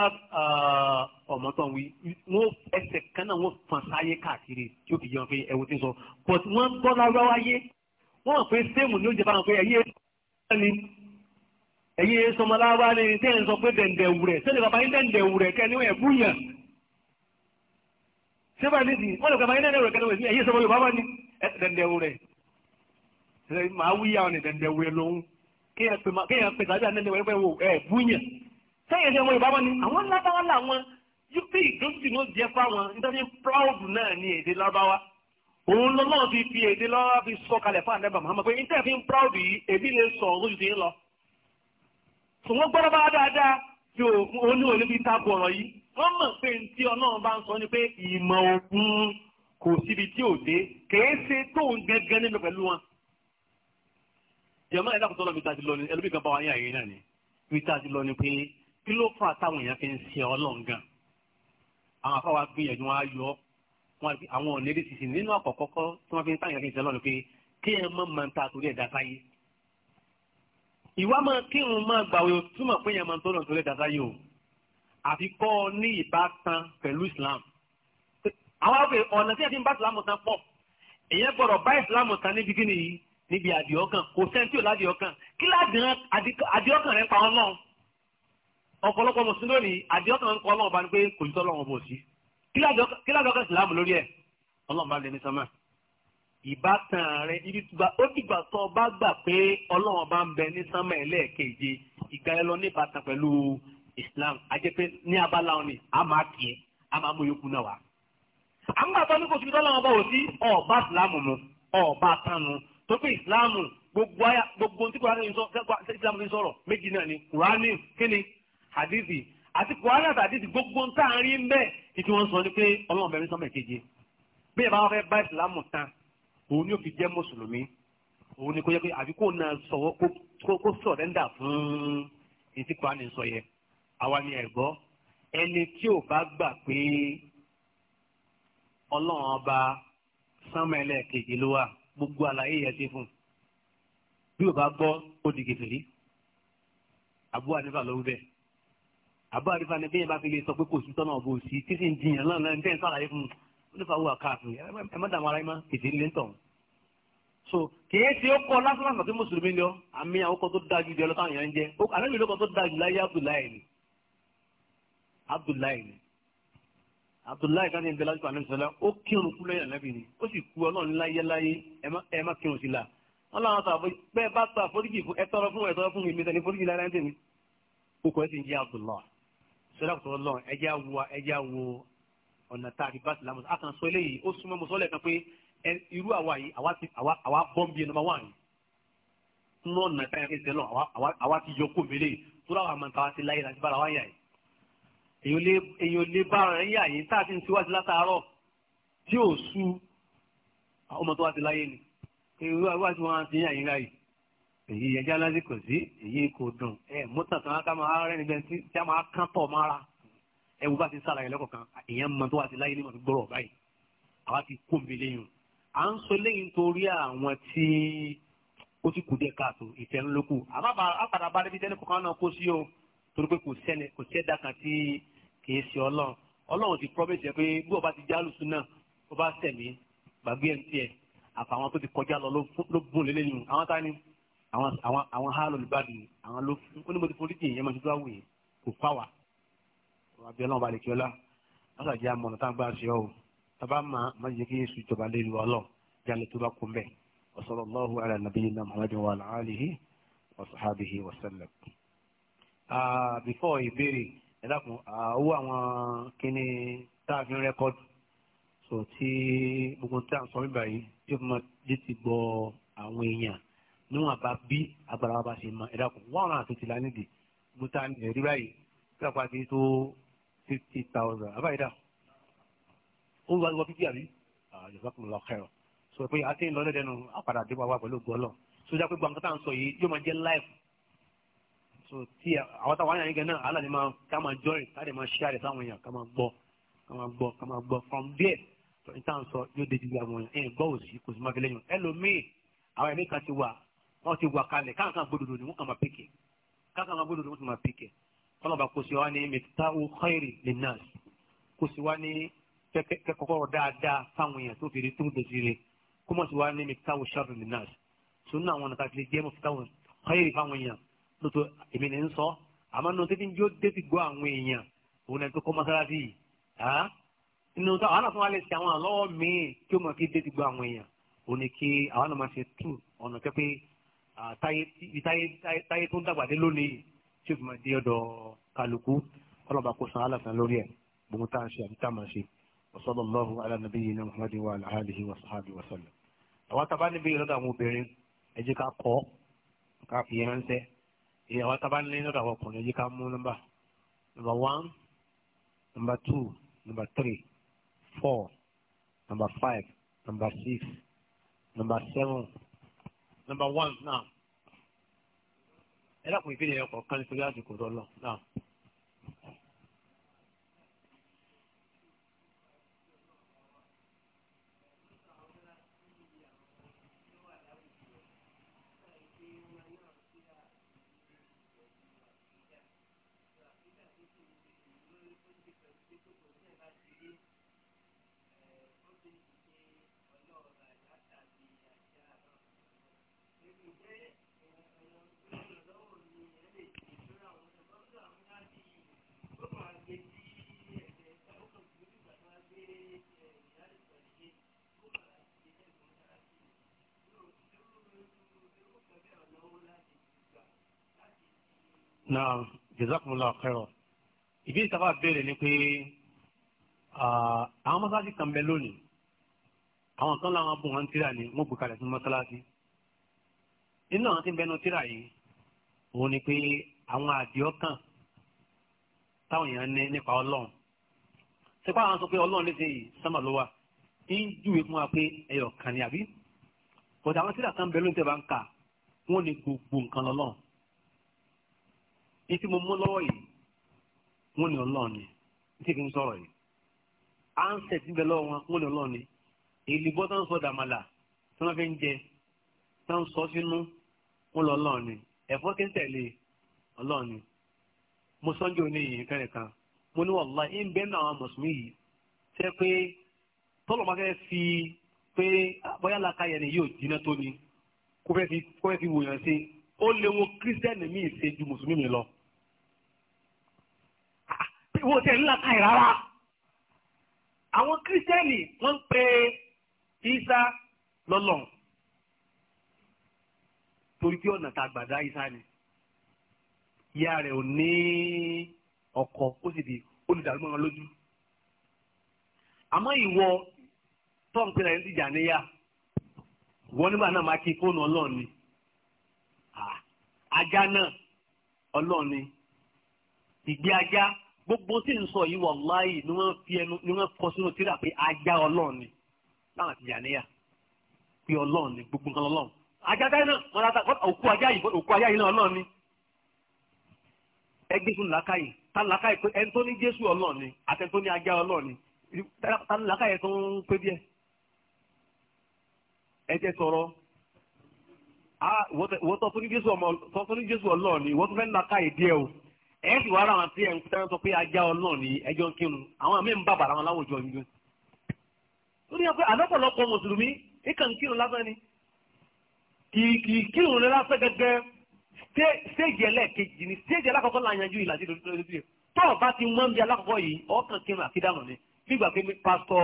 ọmọ tó ń wí wọn ẹsẹ̀ kan náà wọ́n fọn sáyé káàkiri tí ó fi yọ pé ẹ̀wù ti sọ but wọ́n gbọ́ lárúbáwá yé wọ́n mọ̀ pé sẹ́ẹ̀mù ni ó báwọn pé ẹ̀yẹ́ ni ẹ̀yin èso ọmọláwá ni tẹ́ ń sọ pé dẹ̀ǹdẹ̀ wùrẹ̀ sẹ́ni bàbá yín dẹ̀ǹdẹ̀ wùrẹ̀ kẹ́ni wọ́n ẹ̀bú yàn sẹ́fà nídìí wọ́n lè bàbá yín dẹ̀ǹdẹ̀ wùrẹ̀ kẹ́ni wọ́n ẹ̀yin èso Yorùbá wá ní dẹ̀ǹdẹ̀ wùrẹ̀ màá wíyà ọ̀ ní dẹ̀ǹdẹ̀ wùrẹ̀ lòun kéèyàn pè sáájú àdẹ̀ǹdẹ̀ wùrẹ̀ pẹ̀lú ẹ̀bú yàn sẹ́yìn ẹ̀sẹ̀ ọmọ Yorùbá wá ní àwọn lábáwá làwọn yóò bí ìdóṣì ó jẹ fáwọn nítorí proud náà ní èdè lábáwá òun lọ́nà fi fi èdè lọ́wọ́ fi sọ kalẹ̀ fún àdẹ́bà Muhammad pé níta fi ń proud yìí èmi lè sọ ọ̀rọ̀ yìí lọ. ṣùgbọ́n gbọ́dọ̀ bá dáadáa fi òkun oní òní fi ta bọ̀rọ̀ yìí wọ́n mọ̀ pé tí ọlọ́run bá ń sọ ni pé ìmọ̀ òkun kò síbi tí ò dé kèé ṣe tóun gẹ́gẹ́ nínú pẹ̀lú wọn. jẹ̀mọ́ ẹ̀dá kòtò ọlọ́mi tàbí lọ ni ẹlòmíì kan bá wa ní àyè náà ni mi tàbí wọn àti àwọn ọ̀nẹ́dẹ́ ti sìn nínú àkọ́kọ́kọ́ tí wọ́n fi ń pààyàn kí n sọ lọ́nà pé kí ẹ mọ̀ máa ń ta àtòrí ẹ̀dá sáyé. ìwà máa kírun máa gbàwé o túmọ̀ pé yẹn máa ń tọ́lọ̀ àtòrí ẹ̀dá sáyé o àfi kọ́ ọ ní ìbátan pẹ̀lú Islam. àwọn àgbẹ̀ ọ̀nà tí ẹ ti ń bá Islam tan pọ̀ èyàn gbọ́dọ̀ bá Islam tan níbi kí nìyí níbi àdìọ́kàn kò sẹ́ńtì ò ládìọ́kàn kí ládìọ́kàn rẹ̀ pa ọlọ́run ọ̀pọ̀lọpọ̀ mùsùlùmí àdìọ́kàn ń kọ́ ọlọ́run bá ní pé kò ní tọ́lọ́run ọ̀bọ̀ kí ládọ́kọ̀ ìsìlámù lórí ẹ̀ ọlọ́run bá lè ní sánmà ìbátan rẹ ibi tí ó dìgbà tó bá gbà pé ọlọ́run bá ń bẹ ní sánmà ẹlẹ́ẹ̀keje ìgbà ẹ lọ ní ìbátan pẹ̀lú islam ajẹ́ pé ní abala òní a máa kì í a máa mú yòókù náà wá. à ń gbà tó ní kò síbi tọ́lọ́run bá wò sí ọ̀ọ́bá ìsìlámù mu ọ̀ọ́bá tánu tó pé ìsìlámù gbogbo aya gbogbo tí kùránì ń sọ̀rọ̀ méjì náà ni kùránì kíni hadithi àti kòhánà àti ti gbogbo ń tàn rí mbẹ́ títí wọ́n sọ ni pé ọlọ́run bẹ̀rẹ̀ sọ́mọ̀ ìkeje bí ẹ bá wọn fẹ́ bá ìsìlámù tán òun ni ó fi jẹ́ mùsùlùmí òun ni kò yẹ pé àbí kò náà sọ̀wọ́ kó sọ̀rẹ́ndà fún etí kòhánà sọ yẹ àwa ni ẹ̀gbọ́ ẹni tí ò bá gbà pé ọlọ́run ọba sánmọ̀ ẹlẹ́ẹ̀kejì ló wà gbogbo àlàyé yẹn ti fún bí ò bá gbọ́ ó di gèfèrí àbúrò àdébà ló bẹ́ẹ̀ àbá àrífà ni bí yẹn bá fi lè sọ pé kò sí tọ́nà ọ̀bọ̀ òsì tí sì ń jiyàn náà náà nígbà sàlàyé fún un ó ní fàwọn àkáàfin ẹ má dààmú ara yín má èdè ńlẹ̀ ń tọ̀. so kìí ṣe ó kọ lásánlásán tí mùsùlùmí lọ àmì àwọn kan tó dáa ju ìdíọlọ táwọn èèyàn ń jẹ àlejò ló kan tó dáa jù láyé Abdullahi ni Abdullahi ni Abdullahi kan ní ìbẹ̀lá ju àná ìṣẹ̀lá ó kírun kú lẹ́yìn ànábì ni ó sì kú ọlọ́run láyé láyé ẹ má kírun sí la wọn làwọn sọ àfọ bẹ́ẹ̀ bá sọ àforíjì ẹ tọrọ fún ẹ tọrọ fún mi sọdọ̀tọ̀ ọlọ́run ẹja wo ẹja wo ọ̀nà tá a ti bá ti lámọ̀ àkàn sọ eléyìí ó súnmọ́ mọ́sọ́lẹ̀ kan pé irú àwa yìí àwa bọ́m̀bì nọmba wán nínú ọ̀nà tá a yẹ kí sẹ́lọ̀ àwa ti yọ kó mélé tóra àwọn àmọ̀ta wa ti láyé láti bára wa yà yìí èyàn lè bára rẹ̀ yà yìí tá a ti ń tiwájú látàárọ̀ tí ò sú ọmọ tó wa ti láyé ni èrò àwa ti wọn ti yà yìí ráyìí èyí yẹjá lásìkò sí èyí kò dùn ẹ mọ́tàtàn á ká máa rẹ́ni bẹ́ẹ̀ tí tí a máa kán tọ̀ mára ẹ wo bá ti sára yẹn lẹ́kọ̀ọ́ kan èèyàn mọ tó wà sí láyé ní màtó gbọ́rọ̀ báyìí àwa ti kó mi léyìn à ń sọ léyìn torí àwọn tí ó ti kù díẹ̀ káàtó ìfẹ́ ńlọ́kù àbábàdà bá débi tẹ́lẹ̀ kọ́kọ́ náà kó sí o torí pé kò sẹ́ni kò sẹ́dá kan tí kìí ṣe ọlọ́run ọlọ́run ti promise yẹ pé bí ọba ti jálùsù náà ọba sẹ̀mí gbàgbé ẹ̀ ń tiẹ̀ àfàwọn tó ti kọjá lọ ló bùn lélẹ́yìn àwọn táni àwọn àwọn àwọn ha lọ́lùbàdì àwọn ló fún ó ní mo ti forí jìn yẹn mo ti dúró àwòyẹ kò fà wá ọ̀rọ̀ àbí ọlọ́run balẹ̀ kí ọlá lọ́sà jẹ́ àmọ́ ọ̀nà tá a gbà ṣe ọ́ o tábà má má jẹ́ kí yéṣu ìjọba lé lu ọlọ́ jálẹ̀ tó bá kún bẹ́ẹ̀ wa sallallahu ala nabiyyina muhammadin wa ala alihi wa sahbihi wa sallam. before ìbéèrè ẹ dákun owó àwọn kíní tá a fi ń rẹ́kọ́dù so tí gbogbo tí a ń sọ nígbà yìí tí ó fi máa dé ti gbọ́ àwọn èèyàn níwọ̀n bá bí agbára wa bá ṣe mọ ẹ̀dá kan one hundred and fifty la nídìí mo ẹ̀rí báyìí kí àpá kì tó fifty thousand àbáyé dà ó wá wọ fífi àbí ìfọkùnrin lọ kẹrọ sọ pé àti ìlọlẹ́dẹ́nu àpàdà àdébọ̀ wa pẹ̀lú gbọ́lọ̀ sójà pé gbàǹkan tá à ń sọ yìí yóò máa jẹ́ life so tí àwọn táwọn àyàn yẹn náà aláàdé máa ká máa join káàdé máa share rẹ̀ sáwọn èèyàn ká máa gbọ́ ká máa gbọ́ from there tó ní tá à ń sọ yóò dé ju àwọn èèyàn ẹ̀ gbọ́ òsì kò sí máa fi lẹ́yìn ẹlòmíì àwọn ẹ̀mí kan ti wà wọ́n ti wà kalẹ̀ káàkiri gbódòdó ni wọ́n kàn máa pèkè káàkiri gbódòdó wọ́n ti máa pèkè kọ́nà bá kó sí wa ní mẹ́tàwó khairi linnas kó sí wa ní kẹ́kọ̀ọ́ dáadáa fáwọn èèyàn tó fi rí tó dòjì rẹ̀ kó mọ̀ sí wa ní mẹ́tàwó sharri linnas sunna àwọn nǹkan ti jẹ́ mẹ́tàwó khairi fáwọn èèyàn lótó èmi ní ń sọ àmọ́ nínú títí yóò dé ti gbọ́ àwọn èèyàn òun náà tó kọ́ mọ́sálásí yìí nínú tó àwọn náà máa ṣe tù táyé tó dàgbà dé lónìí tí o fi máa dé ọ̀dọ̀ kálukú ọlọ́ba kò san alásan lórí ẹ̀ gbogbo tá à ń ṣe àbí tá à máa ṣe wasala allahu ala nabiyyina muhammadin wa ala alihi wa sahabi wa sallam. àwa tá a bá níbi ìrọ́dọ̀ àwọn obìnrin ẹ jẹ́ ká kọ́ ká fi ránṣẹ́ èyí àwa tá a bá nílé ìrọ́dọ̀ àwọn ọkùnrin ẹ jẹ́ ká mú nọ́mbà nọ́mbà one nọ́mbà two nọ́mbà three four nọ́mbà five nọ́mbà six nọ́mbà seven number one now. ẹ dákun ìbéèrè ọkọ̀ kan nítorí àsìkò tó lọ náà. náà jazakumullahu khairan ìbéèrè sábà béèrè ni pé àwọn mọ́sálásí kan bẹ lónìí àwọn kan láwọn abúlé wọn tíra ni wọn gbé kalẹ̀ fún mọ́sálásí nínú àwọn tí ń bẹnu tíra yìí òun ni pé àwọn àdìọ́kàn táwọn èèyàn ní nípa ọlọ́run sípò àwọn sọ pé ọlọ́run ní sèyí sámà ló wà ń júwe fún wa pé ẹyọ kan ni àbí kòtà àwọn tíra kan bẹ lónìí tẹ́ bá ń kà wọ́n ní gbogbo nǹkan lọ́lọ́run ní tí mo mú lọ́wọ́ yìí wọ́n ní ọlọ́run ni tí kì í sọ̀rọ̀ yìí ansẹt níbẹ̀ lọ́wọ́ wọn wọ́n ní ọlọ́run ni èlì bọ́ tán sọ dàmàlà tí wọ́n fi ń jẹ tán sọ sínú wọ́n lọ ọlọ́run ni ẹ̀fọ́ tí ń tẹ̀lé ọlọ́run ni mo sọ́njú òní yìí fẹ́rẹ̀ kan mo ní wàllá ń bẹ́ẹ̀ náà àwọn mùsùlùmí yìí ṣe pé tọ́lọ̀ máa fẹ́ fi pé ah, bóyá làkàyẹ ni yóò jiná tó ni kó fẹ́ fi wòyàn sí ó léwu kírísítẹ́nì míì ṣe ju mùsùlùmí mi lọ. ìwọ tẹ̀ ńlá káì rárá. àwọn kírísítẹ́nì wọ́n ń pe isa lọ́lọ́n torí pé ọ̀nà isa ni ìyá rẹ̀ ò ní ọkọ ó sì di olùdarí wọn lójú. àmọ́ ìwọ tó ń pinna ẹni ti jà níyà wọ́n nígbà náà máa kí fóònù ọlọ́run ni ajá náà ọlọ́run ni ajá gbogbo tí ń sọ yìí wàláyì ni wọ́n fi ẹnu ni wọ́n kọ sínú tírà pé ajá ọlọ́run ni láwọn àti yàníyà pé ọlọ́run ni gbogbo nǹkan ọlọ́run ajá táyé náà wọ́n láta òkú ajá yìí òkú ajá yìí náà ọlọ́run ni ẹgbẹ́ sùn làákàyè tá làákàyè pé ẹni tó ní jésù ọlọ́run ni àti ẹni tó ní ajá ọlọ́run ni tá làákàyè tó ń pé díẹ̀ ẹ jẹ́ sọ̀rọ̀ ah, wọ́n tọ́ tó ní jésù ọlọ́run ni wọ́n tún fẹ́ làákàyè díẹ̀ o ẹ sì wá ara wọn sí ẹnkú tẹ́wọ́n sọ pé ajá ọlọ́ọ̀ ni ẹjọ́ ń kírun àwọn àmì ń bá bàrà wọn láwùjọ yìí. lórí ẹ pé àlọ́pọ̀lọpọ̀ mùsùlùmí ìkàn kírun lásán ni kì í kírun ní lásán gẹ́gẹ́ stéèjì ẹlẹ́ẹ̀kejì ni stéèjì alákọ̀ọ́kọ́ la yanjú ìlàjì lórí ẹ tó o bá ti wọ́n bí alákọ̀ọ́kọ́ yìí ọkàn kírun àkídànù ni nígbà pé pásítọ̀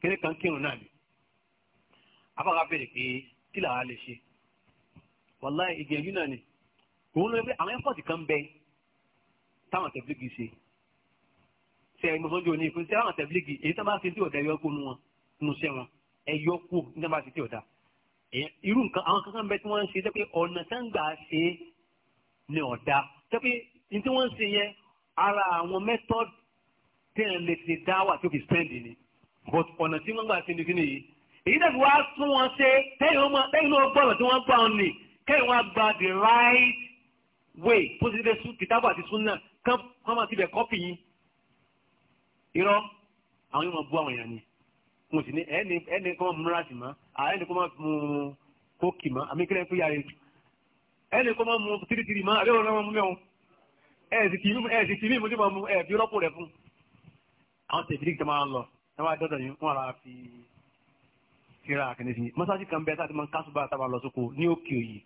kéré kan kírun náà ni. abáwá bèrè pé kí làwọn á lè ṣe wàláì ìgbìyànjú náà ni òun lọ pé àwọn ẹ́fọ̀tì kan bẹ táwọn tẹ̀blígì ṣe ṣe ẹ̀mí sọ́jọ́ òní ìpín sí àwọn tẹ̀blígì èyí tó bá ṣe tí ọ̀dà ẹ̀yọ́ kó nu wọn nu ṣẹ́ wọn ẹ̀yọ́ kó ní tó bá ṣe ọ̀dà irú nǹkan àwọn kankan bẹ tí wọ́n ń ṣe tẹ́ pé ọ̀nà tá gbà ṣe ni ọ̀dà tẹ́ pé ní tí wọ́n ń ṣe yẹn ara àwọn method tẹ́yàn lè ti dá wà tó fi spend ni but ọ̀nà tí wọ́n gbà ṣe ni kíni yìí èyí dàbí wàá tún wọn ṣe tẹ́yìn náà gbọ́ ọ̀nà tí wọ́n gbà ọ̀ kẹ́yìn wọn gba the right wéè bó ti dé sún kìtàbù àti súnà kán kán máa ti bẹ̀ kọ́pì yín irọ́ àwọn yóò máa bú àwọn èèyàn ni mo sì ní ẹni ẹni kó máa múra sí mọ́ ẹni kó máa mú kókì mọ́ àmì kílẹ̀ kó yára ètò ẹni kó máa mú tìrìtìrì mọ́ àbẹ́wò náà máa mú mẹ́wọ́n ẹ̀ẹ́dì kìíní mo ti máa mú ẹ̀ẹ́dì rọ́pò rẹ̀ fún àwọn tẹ̀bílì tó máa ń lọ ẹ máa dọ́dọ̀ yín wọn ara fi fira àkànnì sí mọ́sáàsì kan bẹ́ẹ̀ tá a ti máa ń kásùbà tá a máa lọ sóko ní òkè òyì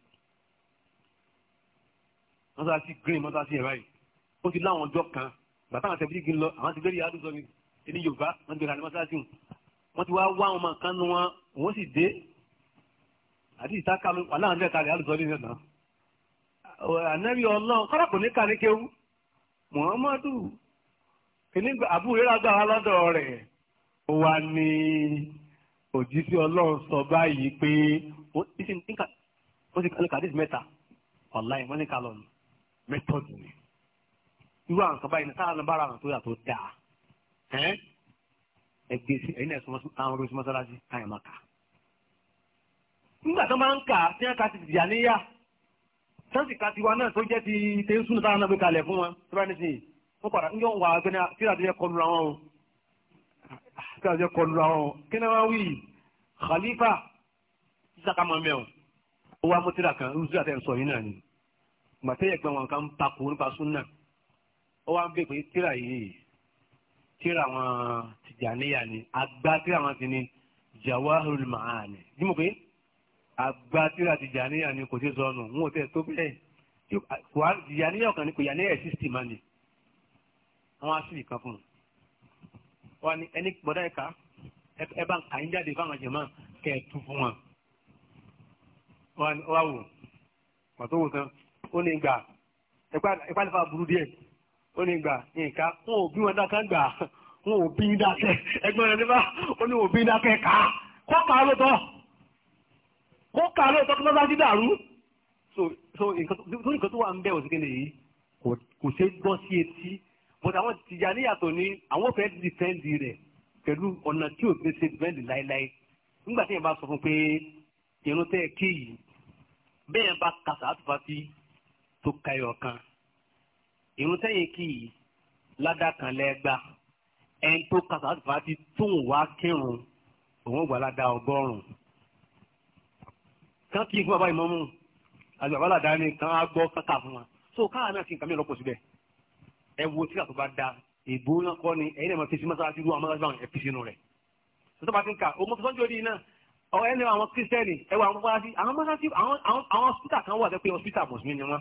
mọ́sáàsì green mọ́sáàsì ẹ̀rọ yìí ó ti láwọn ọjọ́ kan bàtà àwọn tẹ̀bílì gín lọ àwọn ti lérí àdúgbò mi ẹni yorùbá wọn ti gbèrà ní mọ́sáàsì wọn ti wá wá àwọn nǹkan nu wọn wọn sì dé àti ìta kanu wà láwọn ọjọ́ ìkàlẹ̀ àdúgbò mi nìyẹn ànábì ọlọ́run kọ́lá kò ní kàní kéwú muhammadu kìnnìkan àbúrò rẹ̀ gbà wá lọ́dọ̀ rẹ̀ ó wá ní òjísé ọlọ́run sọ báyìí pé ó ti kàdísì mẹ́ta ọ̀la ẹ̀ wọ́n ní kálọ̀ ni method ni irú àwọn kan báyìí ní sáà náà bára àwọn tó yà tó dáa ẹgbẹ́ sí ẹ̀yin ẹ̀sùn àwọn orí mọ́sálásí káyọ̀ máa kà nígbà tó máa ń kà tí wọ́n ka ti dìyà níyà sẹ́ǹsì ka tiwa náà tó jẹ́ ti tẹ́sùn táwọn náà gbé kalẹ̀ fún wọn tó bá ní sìn wọ́n padà ń yọ̀ wà á gbẹ́ni kí ló yẹ kọlu àwọn o kí ló yẹ kọlu àwọn o kí ni wọ́n khalifa sísàkà máa mẹ́ o ó wá mọ́tìrà kan rúṣìlá tẹ̀ ń sọ yín náà màtẹ́yẹ̀ pé àwọn kan ń takò nípa súnà ó wá ń bè pé tíra yìí tíra àwọn tìjàníyà ni àgbà tíra àwọn ti ni jawahirul maani bí mo pé àgbà tíra tìjàníyà ni kò tí ì sọnù wọn ò tẹ̀ tó bẹ́ẹ̀ tìjàníyà ọ̀kan ni kò yà ní ẹ̀ sísítì máa ni àwọn asìlì kan fún un wọn ni ẹni gbọ́dọ̀ ẹka ẹ bá ń kà ń jáde fáwọn jẹmọ kẹẹtù fún wọn wọn wá wò pàtó wò tán ó ní gbà ìpàdéfà burú díẹ̀ ó ní gbà nǹkan wọn ò bí wọn dáká gbà wọn ò bí dákẹ́ ẹgbẹ́ rẹ̀ nípa ó ní wọn ò bí dákẹ́ ká kó kà á lóòótọ́ kó kà á lóòótọ́ kí wọ́n bá ti dàrú. so so nǹkan tó wà ń bẹ̀ òsìkè nìyí kò ṣe gbọ́ sí etí but àwọn tìjà níyàtọ̀ ni àwọn fẹ́ẹ́ dìfẹ́ǹdì rẹ̀ pẹ̀lú ọ̀nà tí ò fi ṣe dìfẹ́ǹdì láéláé nígbà tí yẹn bá sọ fún pé irun tẹ́ ẹ kí bẹ́ẹ̀ bá kàṣà àtúfà sí tó kayọ̀ kan irun tẹ́yìn kì í ládà kan lẹ́gbàá ẹni tó ka sàlátù fàtí tóun wá kírun òun gbà ládà ọgọ́rùn-ún kan kì í fún bàbá ìmọ̀mú àti bàbá ládà ni kan á gbọ́ kàkà fún wa so káà náà fi nǹkan mi lọ́pọ̀ síbẹ̀ ẹ wo tí àtúbà da ìbò náà kọ́ ni ẹ̀yin náà máa mọ́sálásí ru àwọn mọ́sálásí ẹ̀ fi sínú rẹ̀ tó bá ti ń kà ó mọ́ sọ́jọ́ di iná ọ̀rẹ́ ni àwọn kírísítẹ́nì ẹ̀wọ̀ àwọn mọ́sálásí àwọn mọ́sálásí àwọn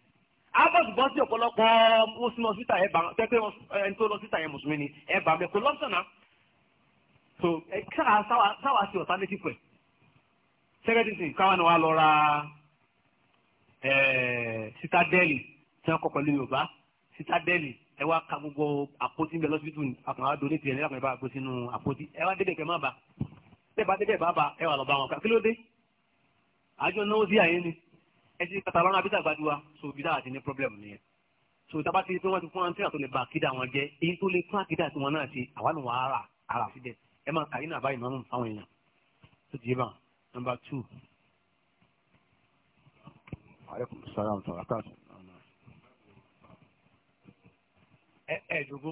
abọ́dù bọ́ sí ọ̀pọ̀lọpọ̀ mùsùlùmí ọ̀sítà ẹ̀ bá pẹ́pẹ́ ẹni tó lọ síta yẹn mùsùlùmí ni ẹ̀ bá mẹ́kọ lọ́sàn-án náà so ẹ káà sáwà sí ọ̀tá létí pẹ̀ sẹ́kẹ́tìsì káwọn ni wàá lọ ra sítádẹ́ẹ̀lì tí wọ́n kọ́ pẹ̀lú yorùbá sítádẹ́ẹ̀lì ẹ wá ka gbogbo àpótí ńbẹ lọ́sibítù àpò àwọn adóní tiẹ̀ ba bẹ́ẹ̀ bá débẹ̀ bá ba ẹ wà lọ bá wọn ká kí ẹtí kàtà lọ́nà àbíta so ibi dáhà ti problem nìyẹn so tábà ti pé wọ́n ti fún wọn tí àtọ́ lè ba àkídà wọn jẹ́ èyí tó lè tún àkídà tí wọn náà ṣe àwa nù wọ́n ara ara síbẹ̀ ẹ máa kàrí náà báyìí máa ń fáwọn èèyàn tó ti yé bá number two. ẹ ẹ dogo.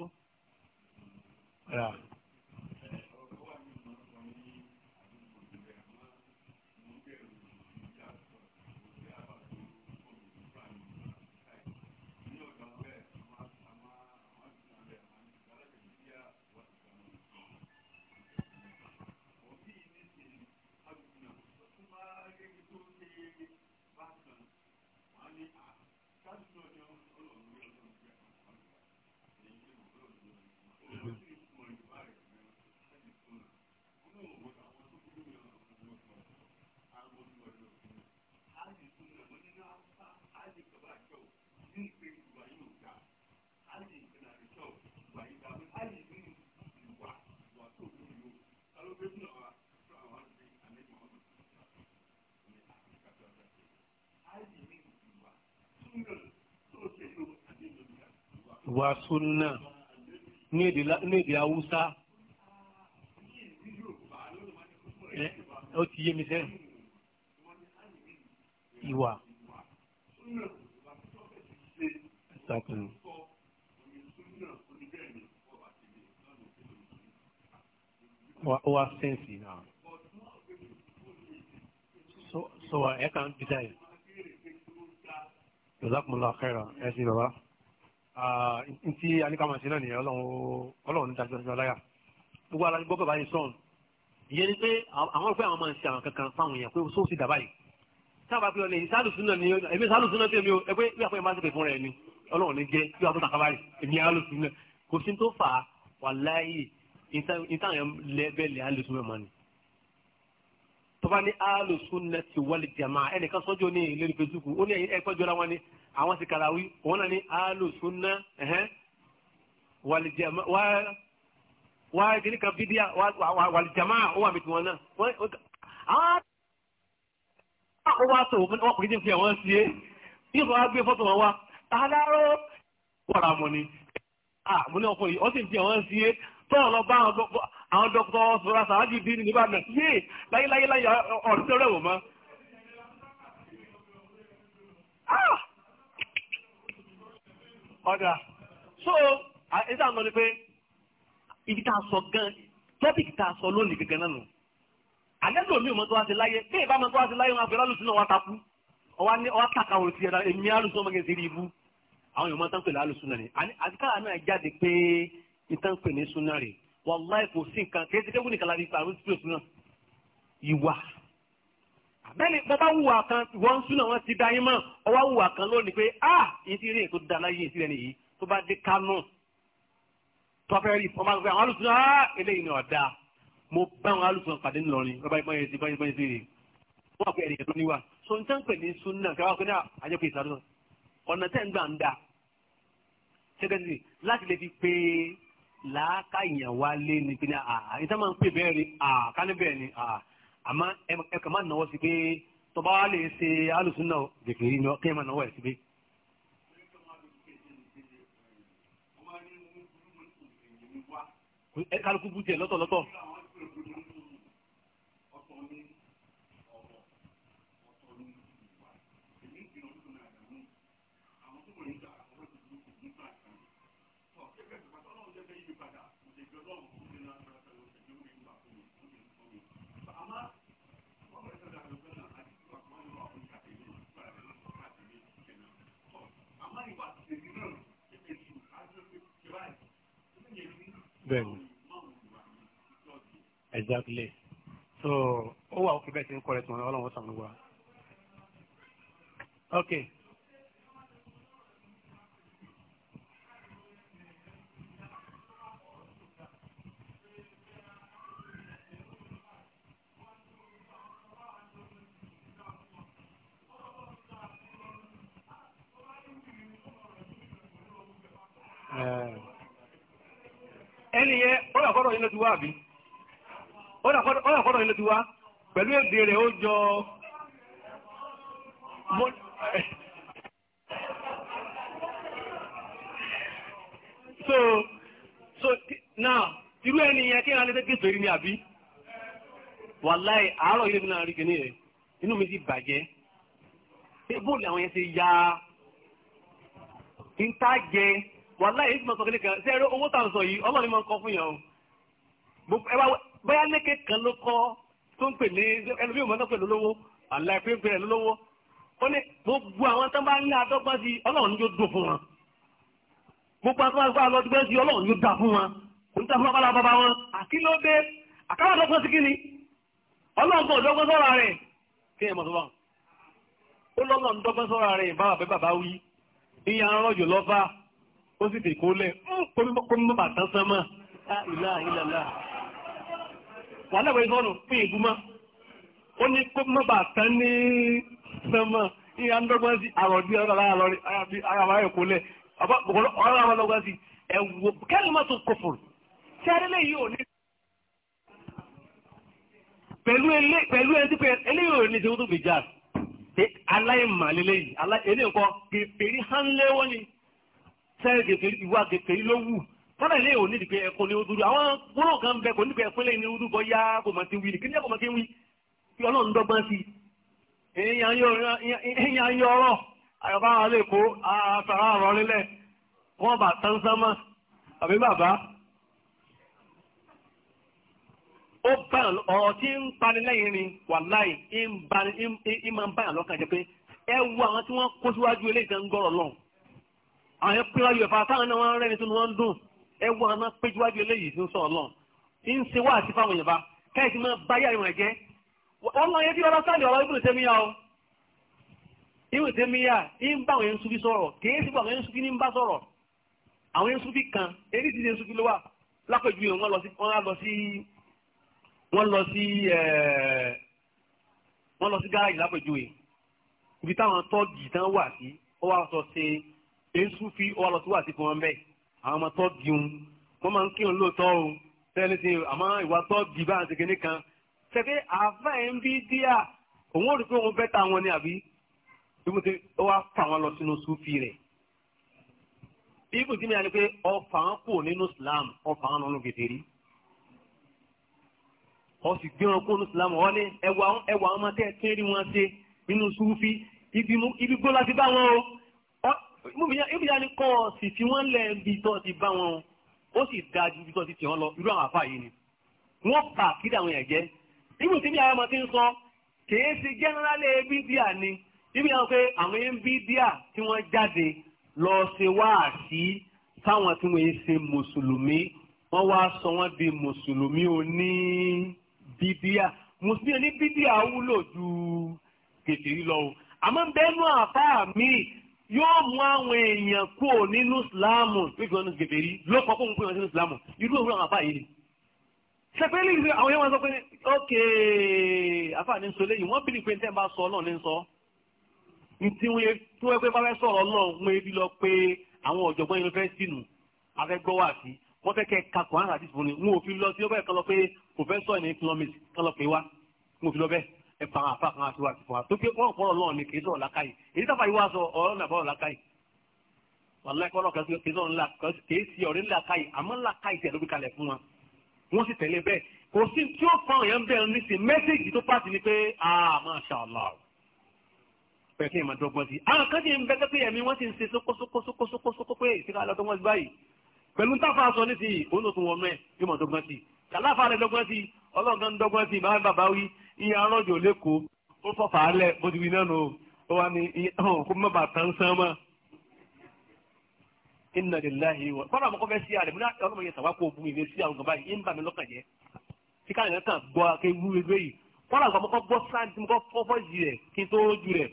wa sunna ní èdè haúsá ó ti yé mi sẹ́ ìwà. Thank you. ó wá sẹ́ǹsì náà so wà ẹ kàn bí dáyé jazakumullahu khairan ẹ sì bàbá ntí aníkàmọ̀sí náà nìyẹn ọlọ́run dájọ́ ọjọ́ láyà gbogbo alájú gbọ́ bàbá yìí sọ̀rọ̀ ìyẹn ni pé àwọn fẹ́ àwọn máa ń ṣe àwọn kankan fáwọn èèyàn pé sóòsì dàbá yìí sábà pé ọ̀nà èyí sálùsùn náà ni èmi sálùsùn náà tẹ̀mí o ẹgbẹ́ bí àpẹẹrẹ máa ń ṣèpè fún rẹ̀ ni ọlọ́run ní jẹ́ bí wàá tó tàkàbárì èmi alùsùn náà kò sí tó fà á wà láàyè ìtàyàn lẹ́bẹ̀lẹ̀ alùsùnmọ̀ mọ́ ni tó bá ní alùsùnmọ̀ ti wal jamaa ẹnìkan sọ́jọ́ ní ìlérí facebook ó ní ẹ̀kọ́ jọra wọn ni àwọn ti kàràwí òun náà ní alùsùnmọ̀ wal jamaa wá ìdílé kan fídíà wal jamaa ó wà mìtì wọn náà àwọn àwọn wá tó wọn kò kí ní fi àwọn sí é yóò fọwọ́ gbé fọ́tò wọn wá aláró wàrà mọ́ ni ah mo ní ọkọ yìí ọ tọ́ọ̀ lọ bá àwọn dọ́kítọ̀ sọ́ra sàájì bí ní Ìbàdàn yé láyéláyé láyé ọ̀rọ̀ tó rẹ̀wò mọ́. Ah! ọ̀dà so ìdá àná ni pé ibi tá a sọ gan tọ́pìkì tá a sọ lónìí gẹ́gẹ́ náà nù. àlẹ́ lòmí ò mọ tó wá sí láyé bí ìbá mọ tó wá sí láyé wọn àfẹ́ lálùsí náà wá takú ọwá ní ọwá tàkà òrò sí ẹ̀dá èmi alùsùn ọmọ gẹ̀ẹ́sì rí ibú àwọn èèyàn máa tán pẹ̀lú alùsùn náà ni àti káà náà jáde pé ìtàn pè ní súnà rẹ̀ wàláì kò sí nǹkan kì í ti kéwù nìkan láti pa àrùn sípò súnà ìwà. bẹ́ẹ̀ni bàbá wùwà kan wọ́n ń súnà wọ́n ti da yín mọ́ ọwọ́ wùwà kan lónìí pé a ah, yìí ti rí ètò dáná yìí sílẹ̀ nìyí tó bá dé kánú tọ́fẹ́rì ọmọ àgbẹ̀ àwọn alùsùn náà ah, eléyìí ni ọ̀dà mo bá àwọn alùsùn pàdé ńlọrin bàbá ìbọn yẹn ti báyìí báyìí sílẹ̀ wọ́n wà pé ẹ̀rì ìyàtọ̀ níwà so n tán pè ní sunna kí wọ́n pè ní àjẹpẹ́ ìsàdùn ọ̀nà tẹ́ làákàyàn wá lé ni pé àà ìta máa ń pè bẹ́ẹ̀ ni àà kání bẹ́ẹ̀ ni àà àmọ́ ẹ̀kọ́ máa sí pé tọba wa lè ṣe alùsùnà gègèrè ni ọkẹ́ máa náwó ẹ̀ sí pé. kálukú bú tiẹ̀ bẹ́ẹ̀ni exactly so ó wà òkè bẹ́ẹ̀ tí ń kọ́rẹ́ tí wọ́n ọlọ́run sàmì wá ok Uh... ẹni yẹn ọ làkọ́dọ̀ yẹn ló ti wá àbí ó làkọ́dọ̀ ti wá pẹ̀lú èdè rẹ̀ ó jọ so so now irú ẹni kí ẹran leta tẹ́kẹ́ sórí ni àbí wàláì àárọ̀ ilé mi rí rẹ̀ inú mi ti bàjẹ́ bóòlù àwọn wàláhì ìgbìmọ̀ sọ kìnìkan ṣe eré owó tà ń sọ yìí ọlọ́run ni mo ń kọ́ fún yàn o bóyá lékè kan ló kọ́ tó ń pè ní ẹlòmíì mọ́tò pè lólówó àlàyé pé ń pè lólówó ó ní gbogbo àwọn tó bá ń lé adọ́gbọ́n sí ọlọ́run yóò dùn fún wọn gbogbo àwọn tó bá ń gbọ́ alọ́dúgbẹ́ sí ọlọ́run yóò dà fún wọn kò ní ta fún abala bàbá wọn àkílódé bá wọn ó lọ́lọ́run ó sì fi kólẹ̀ hmm, kómi bàbà tán sán mọ́ ilá ìlàlá wà láwọn ìsọ́nù fún ìbúmọ́ ó ní kómi bàbà tán ní sán mọ́ ìyá ń dọ́gbọ́n sí àròdí ọ̀rọ̀ ara rẹ̀ kólẹ̀ ọ̀rọ̀ àwọn ọlọ́gbọ́n sí ẹ̀wọ̀ kẹ́lùmọ́ tó kòfòrò tí adélé yìí ò ní pẹ̀lú ẹni pé eléyìí ò ní ṣe wọ́n tó fi jà aláìmọ̀ lélẹ́yìí eléyìí nǹkan pèrí hánlẹ́wọ́ ni sẹ́yìn kékeré ìwà kékeré ló wù kọ́nà ilé ò nídìí pé ẹ̀kọ́ ni ó dúró àwọn gbólóhùn kan bẹ kò nídìí pé ẹ̀kọ́ lẹ́yìn ní ó dúró bọ́yá kò mọ̀ sí wí ni kí ni kò mọ̀ sí wí kí ọlọ́run dọ́gbọ́n sí i èèyàn yọ ọ̀rọ̀ àyọ̀bá wọn lè kó àfàrà ọ̀rọ̀ nílẹ̀ wọ́n bà tán sánmà àbí bàbá ó bá ọ̀rọ̀ tí ń pani lẹ́yìn rin wàláì ń bá ń máa ń báyà lọ́kàn jẹ́ pé ẹ wo àwọn tí wọ́n kó síwájú eléyìí àwọn yẹn pé wájú ẹ̀fà táwọn náà wọ́n rẹ́ni tó ní wọ́n ń dùn ẹ wọ àná péjú wájú eléyìí tó ń sọ ọlọ́run ń ṣe wá àti fáwọn yẹn bá káyìí ti máa bá yà ìwọ̀n ẹ̀jẹ̀ wọ́n lọ yẹn tí wọ́n bá sáàlì ọ̀rọ̀ ibùdó tẹ́míyà o ibùdó tẹ́míyà ń bá àwọn yẹn sufi sọ̀rọ̀ kìí sí àwọn yẹn sufi ní ń bá sọ̀rọ̀ àwọn yẹn sufi kan èyí ti yẹn sufi ló wà lápẹ̀jù yẹn wọ́n lọ sí wọ́n lọ sí wọ́n lọ sí gáràjì lápẹ̀jù yẹn ibi táwọn tọ́ọ̀gì tán wà sí ó wà sọ ṣe èésù fi ọwọ́ lọ sí wà sí fún wọn bẹ́ẹ̀ àwọn ọmọ tọ́ọ̀gì ń wọ́n máa ń kírun lóòótọ́ o sẹ́ni ti àmọ́ ìwà tọ́ọ̀gì bá àti kìnìún kan sẹ́kẹ́ àáfà ẹ̀ ń bí díà òun ò rí pé òun bẹ́ ta wọn ni àbí ibi tí ó wá fà wọn lọ sínú súfì rẹ̀ ibi tí mi à ní pé ọfà wọn kò nínú Islam ọfà wọn lọ́nu gèdèrí ọ sì gbé wọn kó nínú Islam ọ ní ẹwà àwọn ọmọ wọn ṣe nínú súfì ibi gbó láti bá wọn o ibi ya ni kọ́ ọ sì fi wọ́n lẹ̀ ibi tó ti bá wọn ó sì da ju ibi tó ti tì wọ́n lọ irú àwọn àfáà yìí ni wọ́n pa àkídà àwọn èèyàn jẹ́ tí mi àwọn ọmọ ti ń sọ kìí ṣe jẹ́nẹ́rálẹ̀ ibi díà ni ibi yàrá pé àwọn ibi díà tí wọ́n jáde lọ ṣe wáàsí táwọn tí wọ́n ṣe mùsùlùmí wọ́n wá sọ wọ́n di mùsùlùmí oní bídíà mùsùlùmí oní bídíà wúlò ju kètèrí lọ àmọ́ bẹ́ẹ̀ nú àfáà míì yóò mú àwọn èèyàn kúrò nínú ìsìláàmù nígbà wọn gègé rí ló kọ́ fóun pé wọn sínú ìsìláàmù irú òwúrọ̀ àwọn àbá yìí ni. sẹpẹ́lì ìgbé àwọn yẹn wọn sọ pé ok àfààní ń sọ lẹ́yìn wọ́n bí ní pé tẹ́ ń bá sọ náà ní sọ. ntí wọn yẹ tí wọ́n pé bá fẹ́ sọ̀rọ̀ náà wọ́n ebi lọ pé àwọn ọ̀jọ̀gbọ́n yunifásitì nù afẹ́gbọ́ wà sí wọ́n fẹ́ kẹ́ kakọ̀ àwọn àdìsí fún ni wọn ò fi lọ sí ọ ẹ pa àwọn afáàkàn àti wàásù fún wa tó pé wọn ni kìí sọ̀rọ̀ lákàyè èyí sábà yìí wá sọ ọ̀rọ̀ náà bọ̀rọ̀ lákàyè wàláì kọ́ ọlọ́kan kìí sọ̀rọ̀ ńlá kìí sí ọ̀rẹ́ ńlá káyè àmọ́ ńlá káyè tẹ̀ ló fi kalẹ̀ fún wọn wọ́n sì kò sí tí ó fa òyìn bẹ́ẹ̀ ní sí mẹ́sẹ̀gì tó pàṣẹ ni pé ah masha allah pẹ̀lú ìmọ̀ dọ́gbọ́n sí i àwọn kan ti ń bẹ́ pé ẹ̀mí wọ́n ti ń ṣe sókósókósókósókó pé ìsìnká lọ́tọ́ wọn báyìí pẹ̀lú táfà sọ ní sí i òun ló tún wọnú ẹ̀ ìmọ̀ dọ́gbọ́n sí i kàláfà rẹ̀ dọ́gbọ́n sí i ọlọ́gán dọ́gbọ́n sí i bàbá bàbá iye arọ́jò lẹ́kọ̀ọ́ ó fọ̀fà alẹ̀ bó ti wí náà nù ó wà ní iye kó má bàa tán sán mọ́. inna lillahi wa fọlá àwọn kọfẹ sí àlẹ múlá ọlọmọ yẹn tàwa kó o bu ìwé sí àwọn gbọmọ yìí ń bà mí lọ́kàn jẹ́ kí káyọ̀ náà kàn gbọ́ aké wú ewé yìí fọlá àwọn kọfẹ gbọ́ sáńtì mọ́ fọ́fọ́ jì rẹ̀ kí n tó jù rẹ̀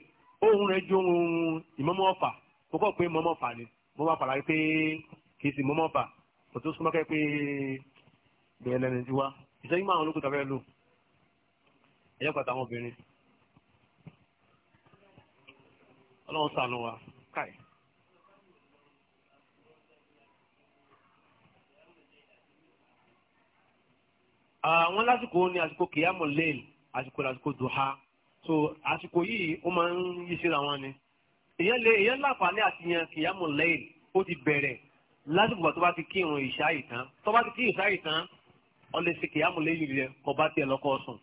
ohun rẹ̀ jó ohun ìmọ̀mọ́ ọ̀fà mo ẹ̀yọ́ pàtàkì àwọn obìnrin ọlọ́run sànù wa káì. àwọn lásìkò ní àsìkò kìyàmù lẹ́ẹ̀lì àsìkò lásìkò dùhà so àsìkò yìí ó máa ń yí síra wọn ni èèyàn lè èèyàn láǹfààní àti yan kìyàmù lẹ́ẹ̀lì ó ti bẹ̀rẹ̀ lásìkò tó bá ti kírun ìṣá ìtàn tó bá ti kírun ìṣá ìtàn ó lè ṣe kìyàmù lẹ́ẹ̀lì rẹ̀ kó bá tiẹ̀ lọ́kọ́ sùn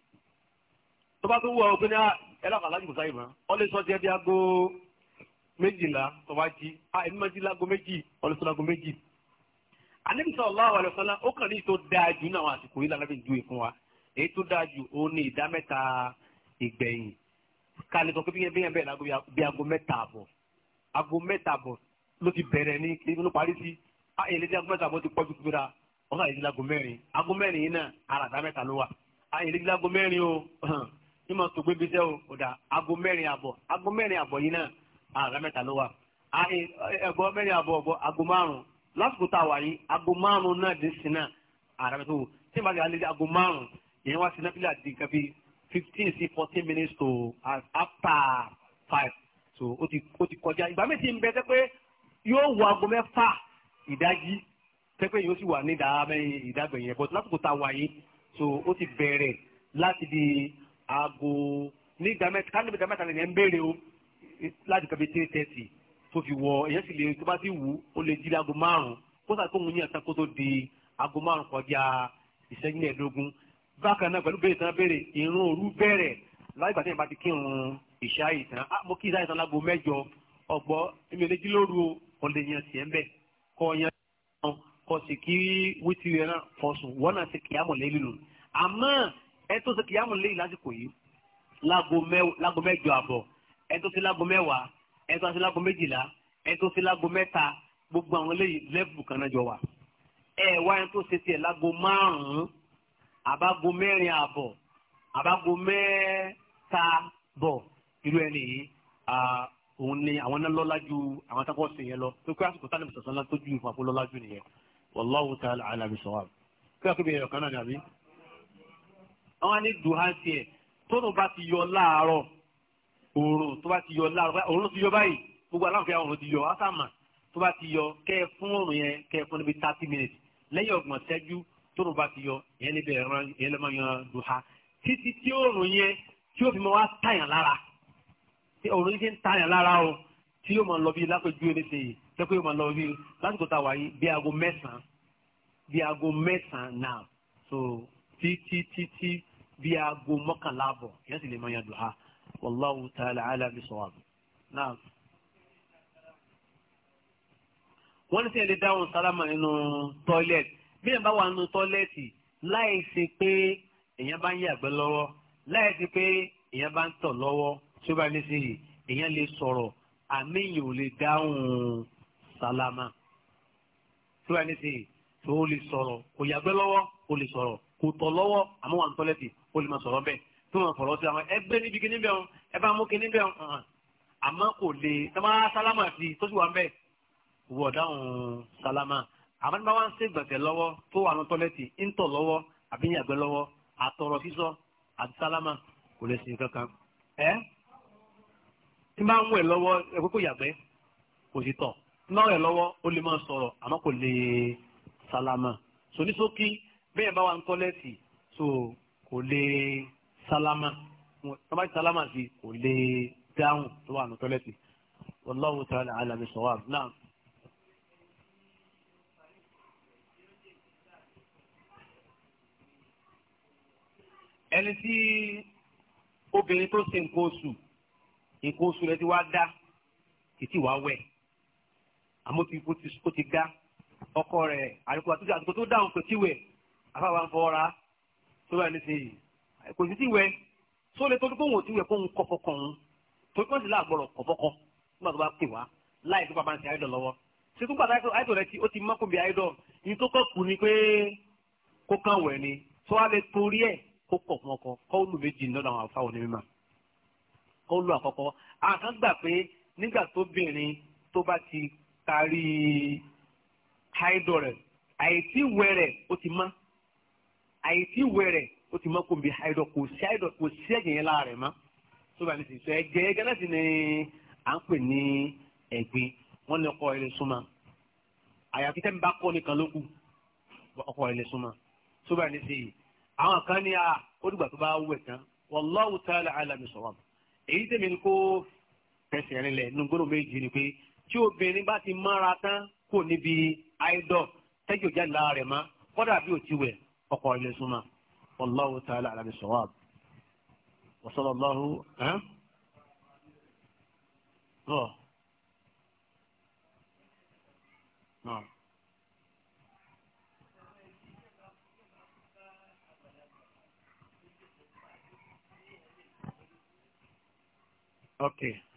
tó bá tó wọ ọ pé ní ah, ẹlọ́kà alájú musa yìí mọ́ ọ lè sọ díẹ̀ bí aago méjìlá tó bá jí a ah, èmi máa jí láago méjì ọ lè sọ láago méjì. àníbi sọ ọlọ́wọ́ àlọ́ sọ́lá ó kàn ní èyí tó náà àsìkò yìí lálẹ́ ju ìfún wa èyí tó dáa jù ó ní ìdá mẹ́ta ìgbẹ̀yìn kálí sọ pé bí yẹn bẹ́ẹ̀ láago bí aago mẹ́ta àbọ̀ aago mẹ́ta àbọ̀ ló ti bẹ̀rẹ̀ ní kí ló parí sí ayẹlẹ́dẹ́ ah, aago mẹ́ta àbọ̀ ti pọ́jú kúra ọ̀gá ìdílé aago mẹ́rin aago mẹ́rin yìí náà ní ma sògbé bí sẹ́wọ̀ ọ̀dà aago mẹ́rin àbọ̀ aago mẹ́rin àbọ̀ yìí náà ààrẹ mẹ́ta ló wà ẹ̀bọ mẹ́rin àbọ̀ ọ̀bọ aago márùn-ún lásìkò tá a wà yìí aago márùn-ún náà dé sí náà ààrẹ mẹ́ta wò tí ìbá yà lé aago márùn-ún èyí wá sí nápìlà di nǹkan bíi fifteen sí fourteen minutes to after five so ó ti ó ti kọjá ìgbà mi ti ń bẹ tẹ́ pé yóò wọ aago mẹ́fà ìdájí tẹ́ pé yóò sì wà ní ìdá mẹ́rin ìdágbẹ̀yìn ẹ̀bọ aago ní ìgbà mẹ́ta ká níbi ìgbà mẹ́ta lè ní ẹ̀ ń béèrè o láti kàbí three thirty tó fi wọ èyàn sì lè tó bá sì wù ó lè di aago márùn kó sàkóhun yẹn tán kó tó di aago márùn kọjá ìṣẹ́jú mẹ́ẹ̀ẹ́dógún bákan náà pẹ̀lú béèrè tán béèrè ìrun òru bẹ̀rẹ̀ láì gbàtẹ́yìn bá ti kírun ìṣá ìtàn ah, mo kí ìṣá ìtàn lágbo mẹ́jọ ọ̀gbọ́ èmi olè jílóru o ọ̀lẹ̀ yẹn tiẹ̀ ń bẹ̀ kọ́ yẹn kọ́ sì kí wítìrì náà fọ̀sùn wọ́n náà ti kì í àmọ̀lẹ́ àmọ́ ẹ tó ṣe kìyàmù lẹ́yìn lásìkò yìí láago mẹ́jọ àbọ̀ ẹ tó ṣe láago mẹ́wàá ẹ tó ṣe láago méjìlá ẹ tó ṣe láago mẹ́ta gbogbo àwọn lẹ́yìn lẹ́bù kan náà jọ wà ẹ wá ẹ tó ṣe tiẹ̀ láago márùn-ún àbágo mẹ́rin àbọ̀ àbágo mẹ́ta bọ̀ irú ẹni yìí òun ni àwọn náà lọ́lá ju àwọn atakọ̀ sí yẹn lọ tó kí àsìkò tálẹ̀ mùsàlá tó ju ìfọ̀ àpò lọ́lá ju nìyẹn wallahu ta'ala a'lam bis kí wàá kébìyàn kan náà ni àbí àwọn ní dùhà tiẹ̀ tóun bá ti yọ láàárọ̀ òòrùn tó bá ti yọ láàárọ̀ òòrùn ti yọ báyìí gbogbo aláǹfẹ́ àwọn òòrùn ti yọ ásàmà tó bá ti yọ kẹ́ ẹ fún òòrùn yẹn kẹ́ ẹ fún níbi thirty minutes lẹ́yìn ọgbọ̀n ṣẹ́jú tóun bá ti yọ ìyẹn níbẹ̀ ìyẹn lè máa yan dùhà títí tí òòrùn yẹn tí ó fi máa wá tàyàn lára tí òòrùn yìí ti ń tàyàn lára o tí yóò máa lọ bí lápẹjú ẹni sèyí tẹ́kọ̀ yóò máa lọ bí lásìkò tá a yìí bí bíi aago mọ́kànlá àbọ̀ yẹn sì lè máa yan duha ala bi na. wọ́n ní sẹ́yìn lè dáhùn sálámà nínú tọ́ílẹ̀tì bí èèyàn bá wà nínú tọ́ílẹ̀tì láì ṣe pé èèyàn bá ń yàgbẹ́ lọ́wọ́ láì ṣe pé èèyàn bá ń tọ̀ lọ́wọ́ tí ó bá ní sí yìí èèyàn lè sọ̀rọ̀ àmì èèyàn ò lè dáhùn sálámà tí ó bá ní ó lè máa sọ̀rọ̀ bẹ́ẹ̀ tó máa fọ̀rọ̀ sí àwọn ẹgbẹ́ níbi kíní bẹ́ẹ̀ hàn ẹ bá mú kíní bẹ́ẹ̀ hàn àmọ́ kò lè sábà sálámà sí tó sì wà ń bẹ́ẹ̀ wọ̀ dáhùn sálámà àmọ́ nígbà wọn ń ṣe gbẹ̀gẹ̀ lọ́wọ́ tó wà ní tọ́lẹ́tì ń tọ̀ lọ́wọ́ àbí ń yàgbẹ́ lọ́wọ́ àtọ̀rọ̀ sísọ àti sálámà kò lè sìn kankan ẹ́ tí bá ń wẹ̀ lọ́wọ́ ẹ̀kọ́ kò yàgbẹ́ kò sì tọ̀ náà rẹ̀ lọ́wọ́ ó lè máa sọ̀rọ̀ àmọ́ kò lè sálámà so ní ṣókí bẹ́ẹ̀ bá wà ní tọ́lẹ́tì so kò lè sálámà tó bá ti sálámà sí kò lè dáhùn tó wà ní tọ́lẹ́tì wallahu ta'ala a'lam bis-sawab náà. ẹni tí obìnrin tó ṣe nǹkan oṣù nǹkan oṣù rẹ ti wá dá kìtì wá wẹ̀ àmọ́ tí ó ti dá ọkọ rẹ̀ àdìpọ̀ àti àdìpọ̀ tó dáhùn kò tí wẹ̀ tó bá nísìn yìí kò sí ti wẹ só lè torí kóhùn ò ti wẹ kóhùn kọfọ kan òun torí kóhùn sì láàgbọrọ kọfọkọ nígbà tó bá pè wá láì tó bá máa ń ṣe idol lọ́wọ́ ṣètò gbàdá idol rẹ ó ti mọ́kùn bí idol yìí tó kàn kù ni pé kó kàn wẹ̀ ni tó wá lè torí ẹ̀ kó kọ̀ fún ọkọ kó lù méjì lọ́dọ̀ àwọn afáwọn onímọ̀ kó lù àkọ́kọ́ àkàn gbà pé nígbà tóbìnrin tó bá ti kárí idol àìsí yi ó ti mọ́kò bí bi kò ko si kò ko ẹ̀jẹ̀ yẹn láàrẹ̀ mọ́ tó bá ní sísọ ẹ̀jẹ̀ ni a ń pè ní ẹ̀gbin wọ́n ni ọkọ̀ ilé súnmọ́ àyàfi tẹ́mi bá kọ́ nìkan ló kù ọkọ̀ ilé soba tó àwọn kan a tó bá wẹ̀ tán ta'ala a'lamu sawab èyí tẹ̀mí ni kó fẹsẹ̀ ni pé tí obìnrin bá ti mara tán kò níbi tẹ́jọ́ وقوع إليهما والله تعالى على بالصواب وصلى الله ها أوه. نعم اوكي okay.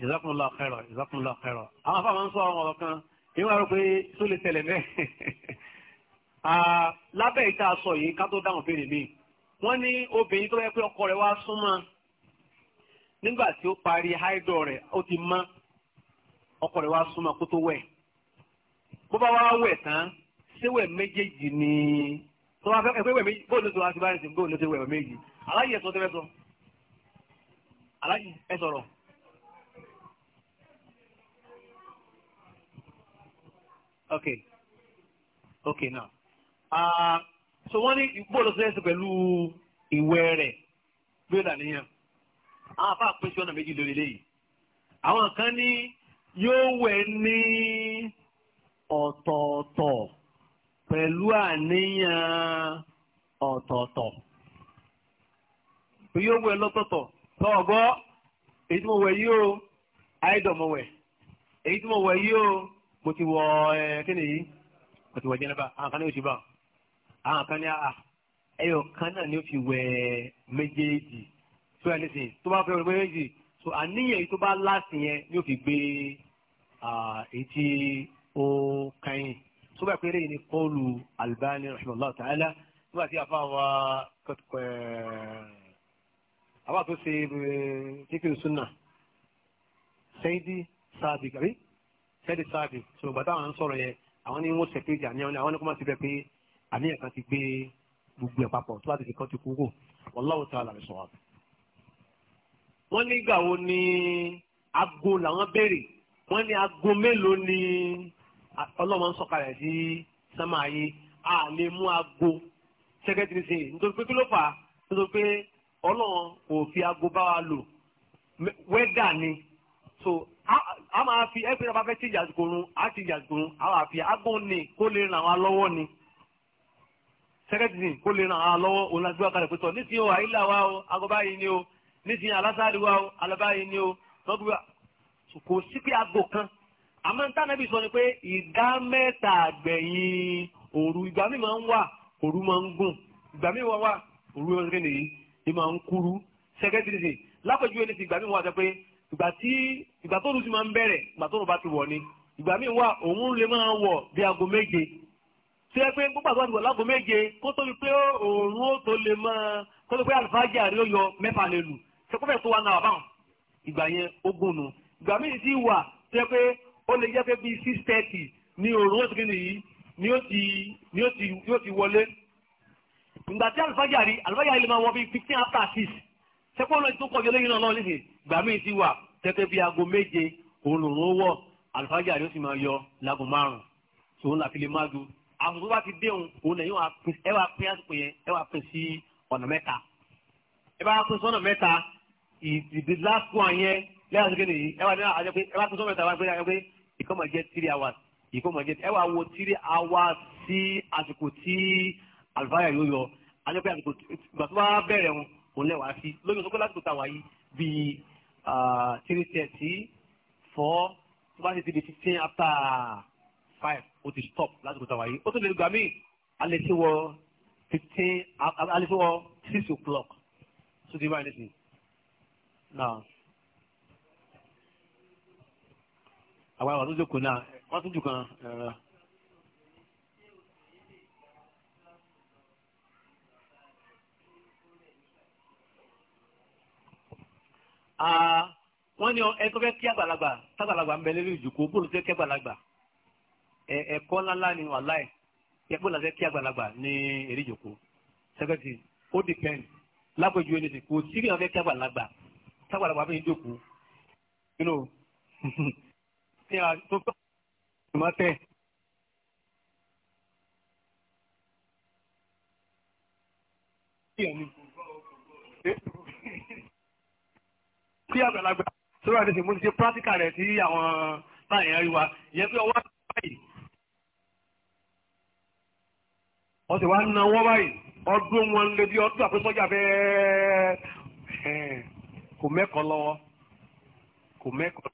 jazakumullahu khairan jazakumullahu khairan àwọn afáàmà ń sọ ọ̀rọ̀ ọ̀rọ̀ kan ìwọ́n rẹ̀ pé tó lè tẹ̀lẹ̀ bẹ́ẹ̀ lábẹ́ ìta sọ yìí ká tó dáhùn béèrè mi wọ́n ní obìnrin tó yẹ pé ọkọ rẹ̀ wá súnmọ́ nígbà tí ó parí háídọ̀ rẹ̀ ó ti mọ́ ọkọ rẹ̀ wá súnmọ́ kó tó wẹ̀ bó bá wá wẹ̀ tán séwẹ̀ méjèèjì ni tó wá fẹ́ ẹgbẹ́ wẹ̀ méjì bóòlù tó wá ti bá rìn sí bóòlù tó wẹ̀ méjì aláyè ẹ̀sọ́ tẹ́fẹ́ sọ aláyè ẹ̀sọ̀rọ̀. okay okay now uh, so wọ́n ní ìgbóòlù sí ẹ̀sìn pẹ̀lú ìwẹ̀ rẹ̀ gbé dàníyàn àwọn afá pín sí ọ̀nà méjì lórí eléyìí àwọn kan ní yóò wẹ̀ ní ọ̀tọ̀ọ̀tọ̀ pẹ̀lú àníyàn ọ̀tọ̀ọ̀tọ̀ yóò wẹ̀ lọ́tọ̀ọ̀tọ̀ tọ́ọ̀gbọ́ èyí tí mo wẹ̀ yìí o àìdọ̀mọ̀wẹ̀ èyí tí mo wẹ̀ yìí o. mo ti wọ ẹ kíni yìí mo ti wọ jẹnaba àwọn kan ní oṣù bá àwọn kan ní àà ah, ẹyọ kan náà ni ó fi wẹ méjèèjì tó yà nísìnyí tó bá fẹ́ wẹ méjèèjì so àníyàn yìí tó bá láti yẹn ni ó fi gbé èyí tí ó kẹ́yìn tó bá péré ni kọ́ọ̀lù Albani rahimahullah ta'ala tó bá ti àfa wa kẹ́kọ̀ọ́ àbá tó ṣe sunna Saidi Sadiq àbí sẹ́ẹ̀dì sáàbì tó bàtà àwọn sọ̀rọ̀ yẹn àwọn ní wọ́n ṣẹ̀kéjì àníyàn àwọn ní kó má ti bẹ́ pé àníyàn kan ti gbé gbogbo ẹ̀ papọ̀ tó bá ti fi kọ́ ti kú kò wallahu ta'ala sọ̀rọ̀. wọ́n nígbà wo ni aago làwọn béèrè wọ́n ní aago mélòó ni ọlọ́mọ ń sọ̀kalẹ̀ sí sámà ayé a lè mú aago sẹ́kẹ́tìrì sí nítorí pé kí ló fà á nítorí pé a máa fi ẹgbẹ́ ìjọba fẹ́ a gbòòrùn a tíjà gbòòrùn a wà fi agbóhùn ni kó lè ràn wá ni sẹ́kẹ́tìrì kó lè ràn wá lọ́wọ́ òun la gbé nísìnyí o àyílà wa o agọba yìí ni o nísìnyí alásàárì wa ni o kò sí pé agbo kan sọ ni pé ìdá mẹ́ta àgbẹ̀yìn òru ìgbà mi máa ń wà òru máa ń gùn ìgbà mi wà wà òru máa ń yìí ń kúrú ìgbà tí ìgbà tó lù ti máa ń bẹ̀rẹ̀ ìgbà tó lù bá ti wọ̀ ni ìgbà míì wà òun lè máa wọ̀ bí aago méje ṣé pé púpà tó wọ̀ láago méje kó tó pé òòrùn ó tó lè máa kó tó pé àlùfáàjà rí ó yọ mẹ́fà lè lù ṣe kó fẹ́ tó wa náà báwọn ìgbà yẹn ó gùn nù ìgbà míì sì wà ṣé pé ó lè jẹ́ pé bíi six thirty ni òòrùn ó ti kí nìyí ni ó ti ni ó ti yóò ti wọlé ìgbà tí àlùfáàjà sẹ́kọ̀ọ́ náà tó kọjọ lẹ́yìn náà lọ́ọ́ gbà mí ti wà gẹ́gẹ́ bí aago méje òòrùn wọ̀ àlùfáàjà yóò sì máa yọ láago márùn-ún tòun làfi lè má du tó bá ti dé òun òun lẹ́yìn ẹ wá pín àsìkò yẹn ẹ wá pín sí ọ̀nà mẹ́ta ẹ bá pín sọ́nà mẹ́ta ìdí lásìkò àyẹn lẹ́yìn àsìkò nìyí ẹ wá pín sọ́nà mẹ́ta wá pín àyẹn ìkọ́ máa jẹ́ three hours ìkọ́ máa jẹ́ ẹ wá wo three hours sí àsìkò tí àlùfáàjà yóò yọ àyẹ̀pẹ́ àsìkò ìgbà tó bẹ̀rẹ̀ wọn olẹ́wàá sí lóyún tó kọ́ láti kóta wáyé bíi three thirty four tó bá ti di fifteen after five o ti stop láti kóta wáyé ó tún lè gbà mí alẹ́ tí wọ fifteen alẹ́ tí wọ six o'clock so do you mind listening now. àwọn àwọn àtúntò kò náà wọ́n tún jù kan. wọ́n ní ẹ tó fẹ́ kí àgbàlagbà tágbàlagbà ń bẹ lórí ìjòkó bóòlù tó kẹ́ àgbàlagbà ẹ̀kọ́ ńláńlá ni wàláì ẹ̀kọ́ làṣẹ kí àgbàlagbà ní èrè ìjòkó sẹ́kẹ́tì ó dìpẹ́ǹd lápẹ̀jù ẹni tí kò sí bí wọ́n fẹ́ kí àgbàlagbà tágbàlagbà fi ń jòkó nínú tí a tó fẹ́ ìmọ̀ tẹ́. Thank you tí àgbàlagbà sọ́rọ́ àti tèmó ti ṣe pírátíkà rẹ̀ sí àwọn báyìí rí wa ìyẹn pé ọwọ́ báyìí wọ́n sì wá na wọ́n báyìí ọdún wọn lè di ọdún àpésọ́jà bẹ́ẹ̀ kò mẹ́kọ̀ọ́ lọ́wọ́ kò mẹ́kọ̀ọ́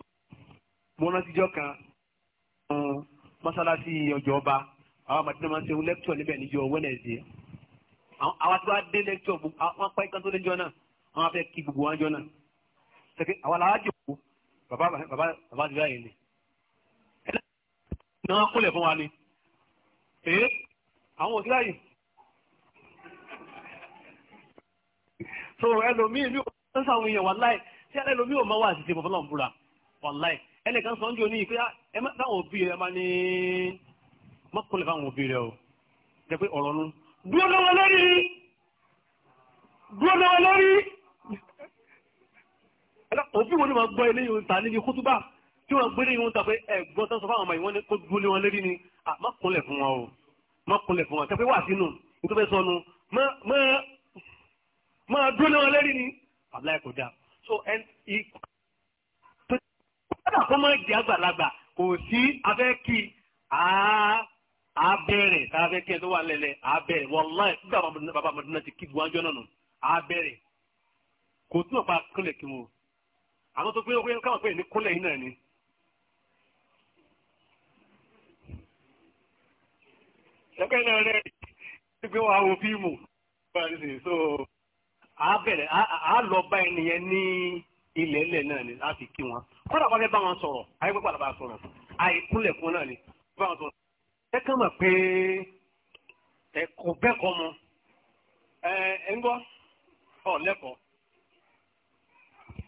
mo rántí jọ́ kan mọ́sálásí ọjọ́ ọba àwọn àmàdínà máa ń ṣe lẹ́kítọ̀ níbẹ̀ níjọ́ wẹ́nẹ̀sì àwọn àti wá dé lẹ́kítọ̀ gbogbo àwọn apá ìkan tó lé náà àwọn afẹ́ kí gbogbo wọn jọ náà sẹ́kẹ́ àwọn aláàjò kú bàbá bàbá bàbá àdúrà yẹn ni ẹlẹ́yìn náà kúlẹ̀ fún wa ni ee àwọn òsì láyè so ẹlòmíì mi ò ń sàwọn èèyàn wà láì tí ẹlòmíì ò máa wà àṣìṣe bàbá náà búra wà láì ẹnìkan sọ ń jò ní ìpé ah, ẹ má táwọn òbí rẹ má ní mọ́kànlẹ̀ fáwọn òbí rẹ o jẹ́ pé ọ̀rọ̀ nu dúró lọ́wọ́ lórí dúró lọ́wọ́ lórí òfin wo ni wọ́n gbọ́ eléyìí ń ta níbi kútúbà tí wọ́n gbé eléyìí ń ta pé ẹ̀gbọ́n tó sọ fáwọn ọmọ yìí wọ́n ní kó dúró lé wọn lérí ni má kúnlẹ̀ fún wọn o má kúnlẹ̀ fún wọn tẹ́pẹ́ wà sínú nítorí sọnù má dúró lé wọn lérí ni àbúláyé kò dáa so kódà kó má jẹ́ àgbàlagbà kò sí abẹ́ kí a bẹ̀rẹ̀ tá a fẹ́ kí ẹ tó wà lẹ́lẹ̀ a bẹ̀rẹ̀ wàláhì nígbà bàbá mọ̀dúnà ti kí gbọ́njọ́ náà nù a bẹ̀rẹ̀ kò tún ọ̀pá kílẹ̀ kí wọn àwọn tó gbé owó yẹn káwọn pè ní kúnlẹ̀ yìí náà ni. ṣẹ́pẹ́ náà rẹ̀ ṣe pé wàá wo fíìmù so a bẹ̀rẹ̀ a lọ bá ẹnìyẹn ní ilẹ̀ ilẹ̀ náà ni láti kí wọn kọ́dà bá fẹ́ bá wọn sọ̀rọ̀ ayé pé padà bá sọ̀rọ̀ àìkúnlẹ̀ fún náà ni bá wọn sọ̀rọ̀ ẹ kàn mọ̀ pé ẹ̀kọ́ bẹ́ẹ̀ kọ́ mọ ẹ̀ ń gbọ́ ọ̀ lẹ́kọ̀ọ́.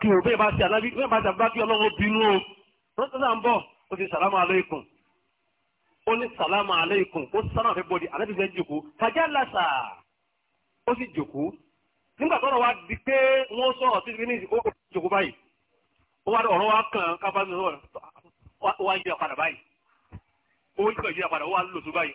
kí o bẹ́ẹ̀ bá ṣe alábí bẹ́ẹ̀ bá ṣàbá kí ọlọ́wọ́ bínú o wọ́n tó sàn bọ̀ ó ti sàlámù aláìkùn ó ní sàlámù aláìkùn ó sàlámù àfẹ́ bọ́dì alábí fẹ́ jòkó kàjá làṣà ó sì jòkó nígbà tó ọ̀rọ̀ wa di pé wọ́n sọ̀rọ̀ títí ní ìsìnkú ó jòkó báyìí ó wá ọ̀rọ̀ wa kàn káfá mi sọ̀rọ̀ wá yí apàdà báyìí ó yí kọ̀ ó wá lòtú báyìí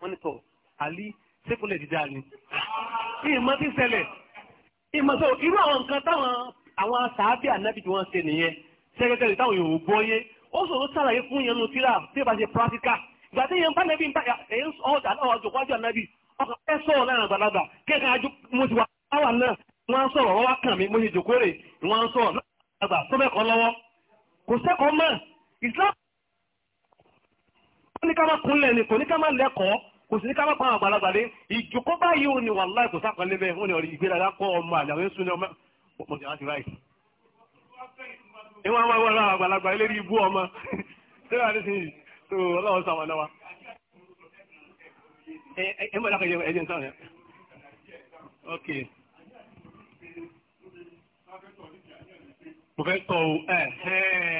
wọ́n ní tọ̀ àlí sékúlẹ̀ dídá ni. ìmọ̀ ti ṣẹlẹ̀ ìmọ̀ sọ irú àwọn nǹkan táwọn àwọn sàábì ànábì tí wọ́n ṣe nìyẹn ṣẹ́gẹ́gẹ́ lè táwọn yòówó gbọ́ yé ó sọ̀rọ̀ sàlàyé fún yẹn nu tíra tí ìbá ṣe pàtíkà ìgbà tí yẹn bá nàbí ń bá èyí ọ̀dà náà ọjọ́ wájú ànábì ọkọ̀ fẹ́ sọ̀rọ̀ láàrin àgbàlagbà kẹ́kẹ́ ajú mo ti wà áwà náà wọ́n á sọ̀rọ̀ wọ́n wá kàn mí mo ṣe jòkó rè wọ́n á sọ̀rọ̀ àgbà tó mẹ́kọ̀ọ́ lọ́wọ́ kò sí ká má pa àwọn àgbàlagbà lé ìjókòó báyìí ò ní wàláì kò sápẹ́lẹ́ bẹ́ẹ̀ wọ́n ní ọ̀rẹ́ ìgbéraga kọ́ ọmọ àjàwé sún ní ọmọ mo jẹ́ láti ráì. ìwọ̀n àwọn àwọn àgbàlagbà eléré ibú ọmọ síra ní sí tó ọlọ́run sàwọn náà wa. ẹ ẹ mọ̀ lákàyè ẹ̀jẹ̀ nǹkan rẹ̀ ok. mo fẹ́ tọ̀ ọ́ ẹ̀ ẹ́.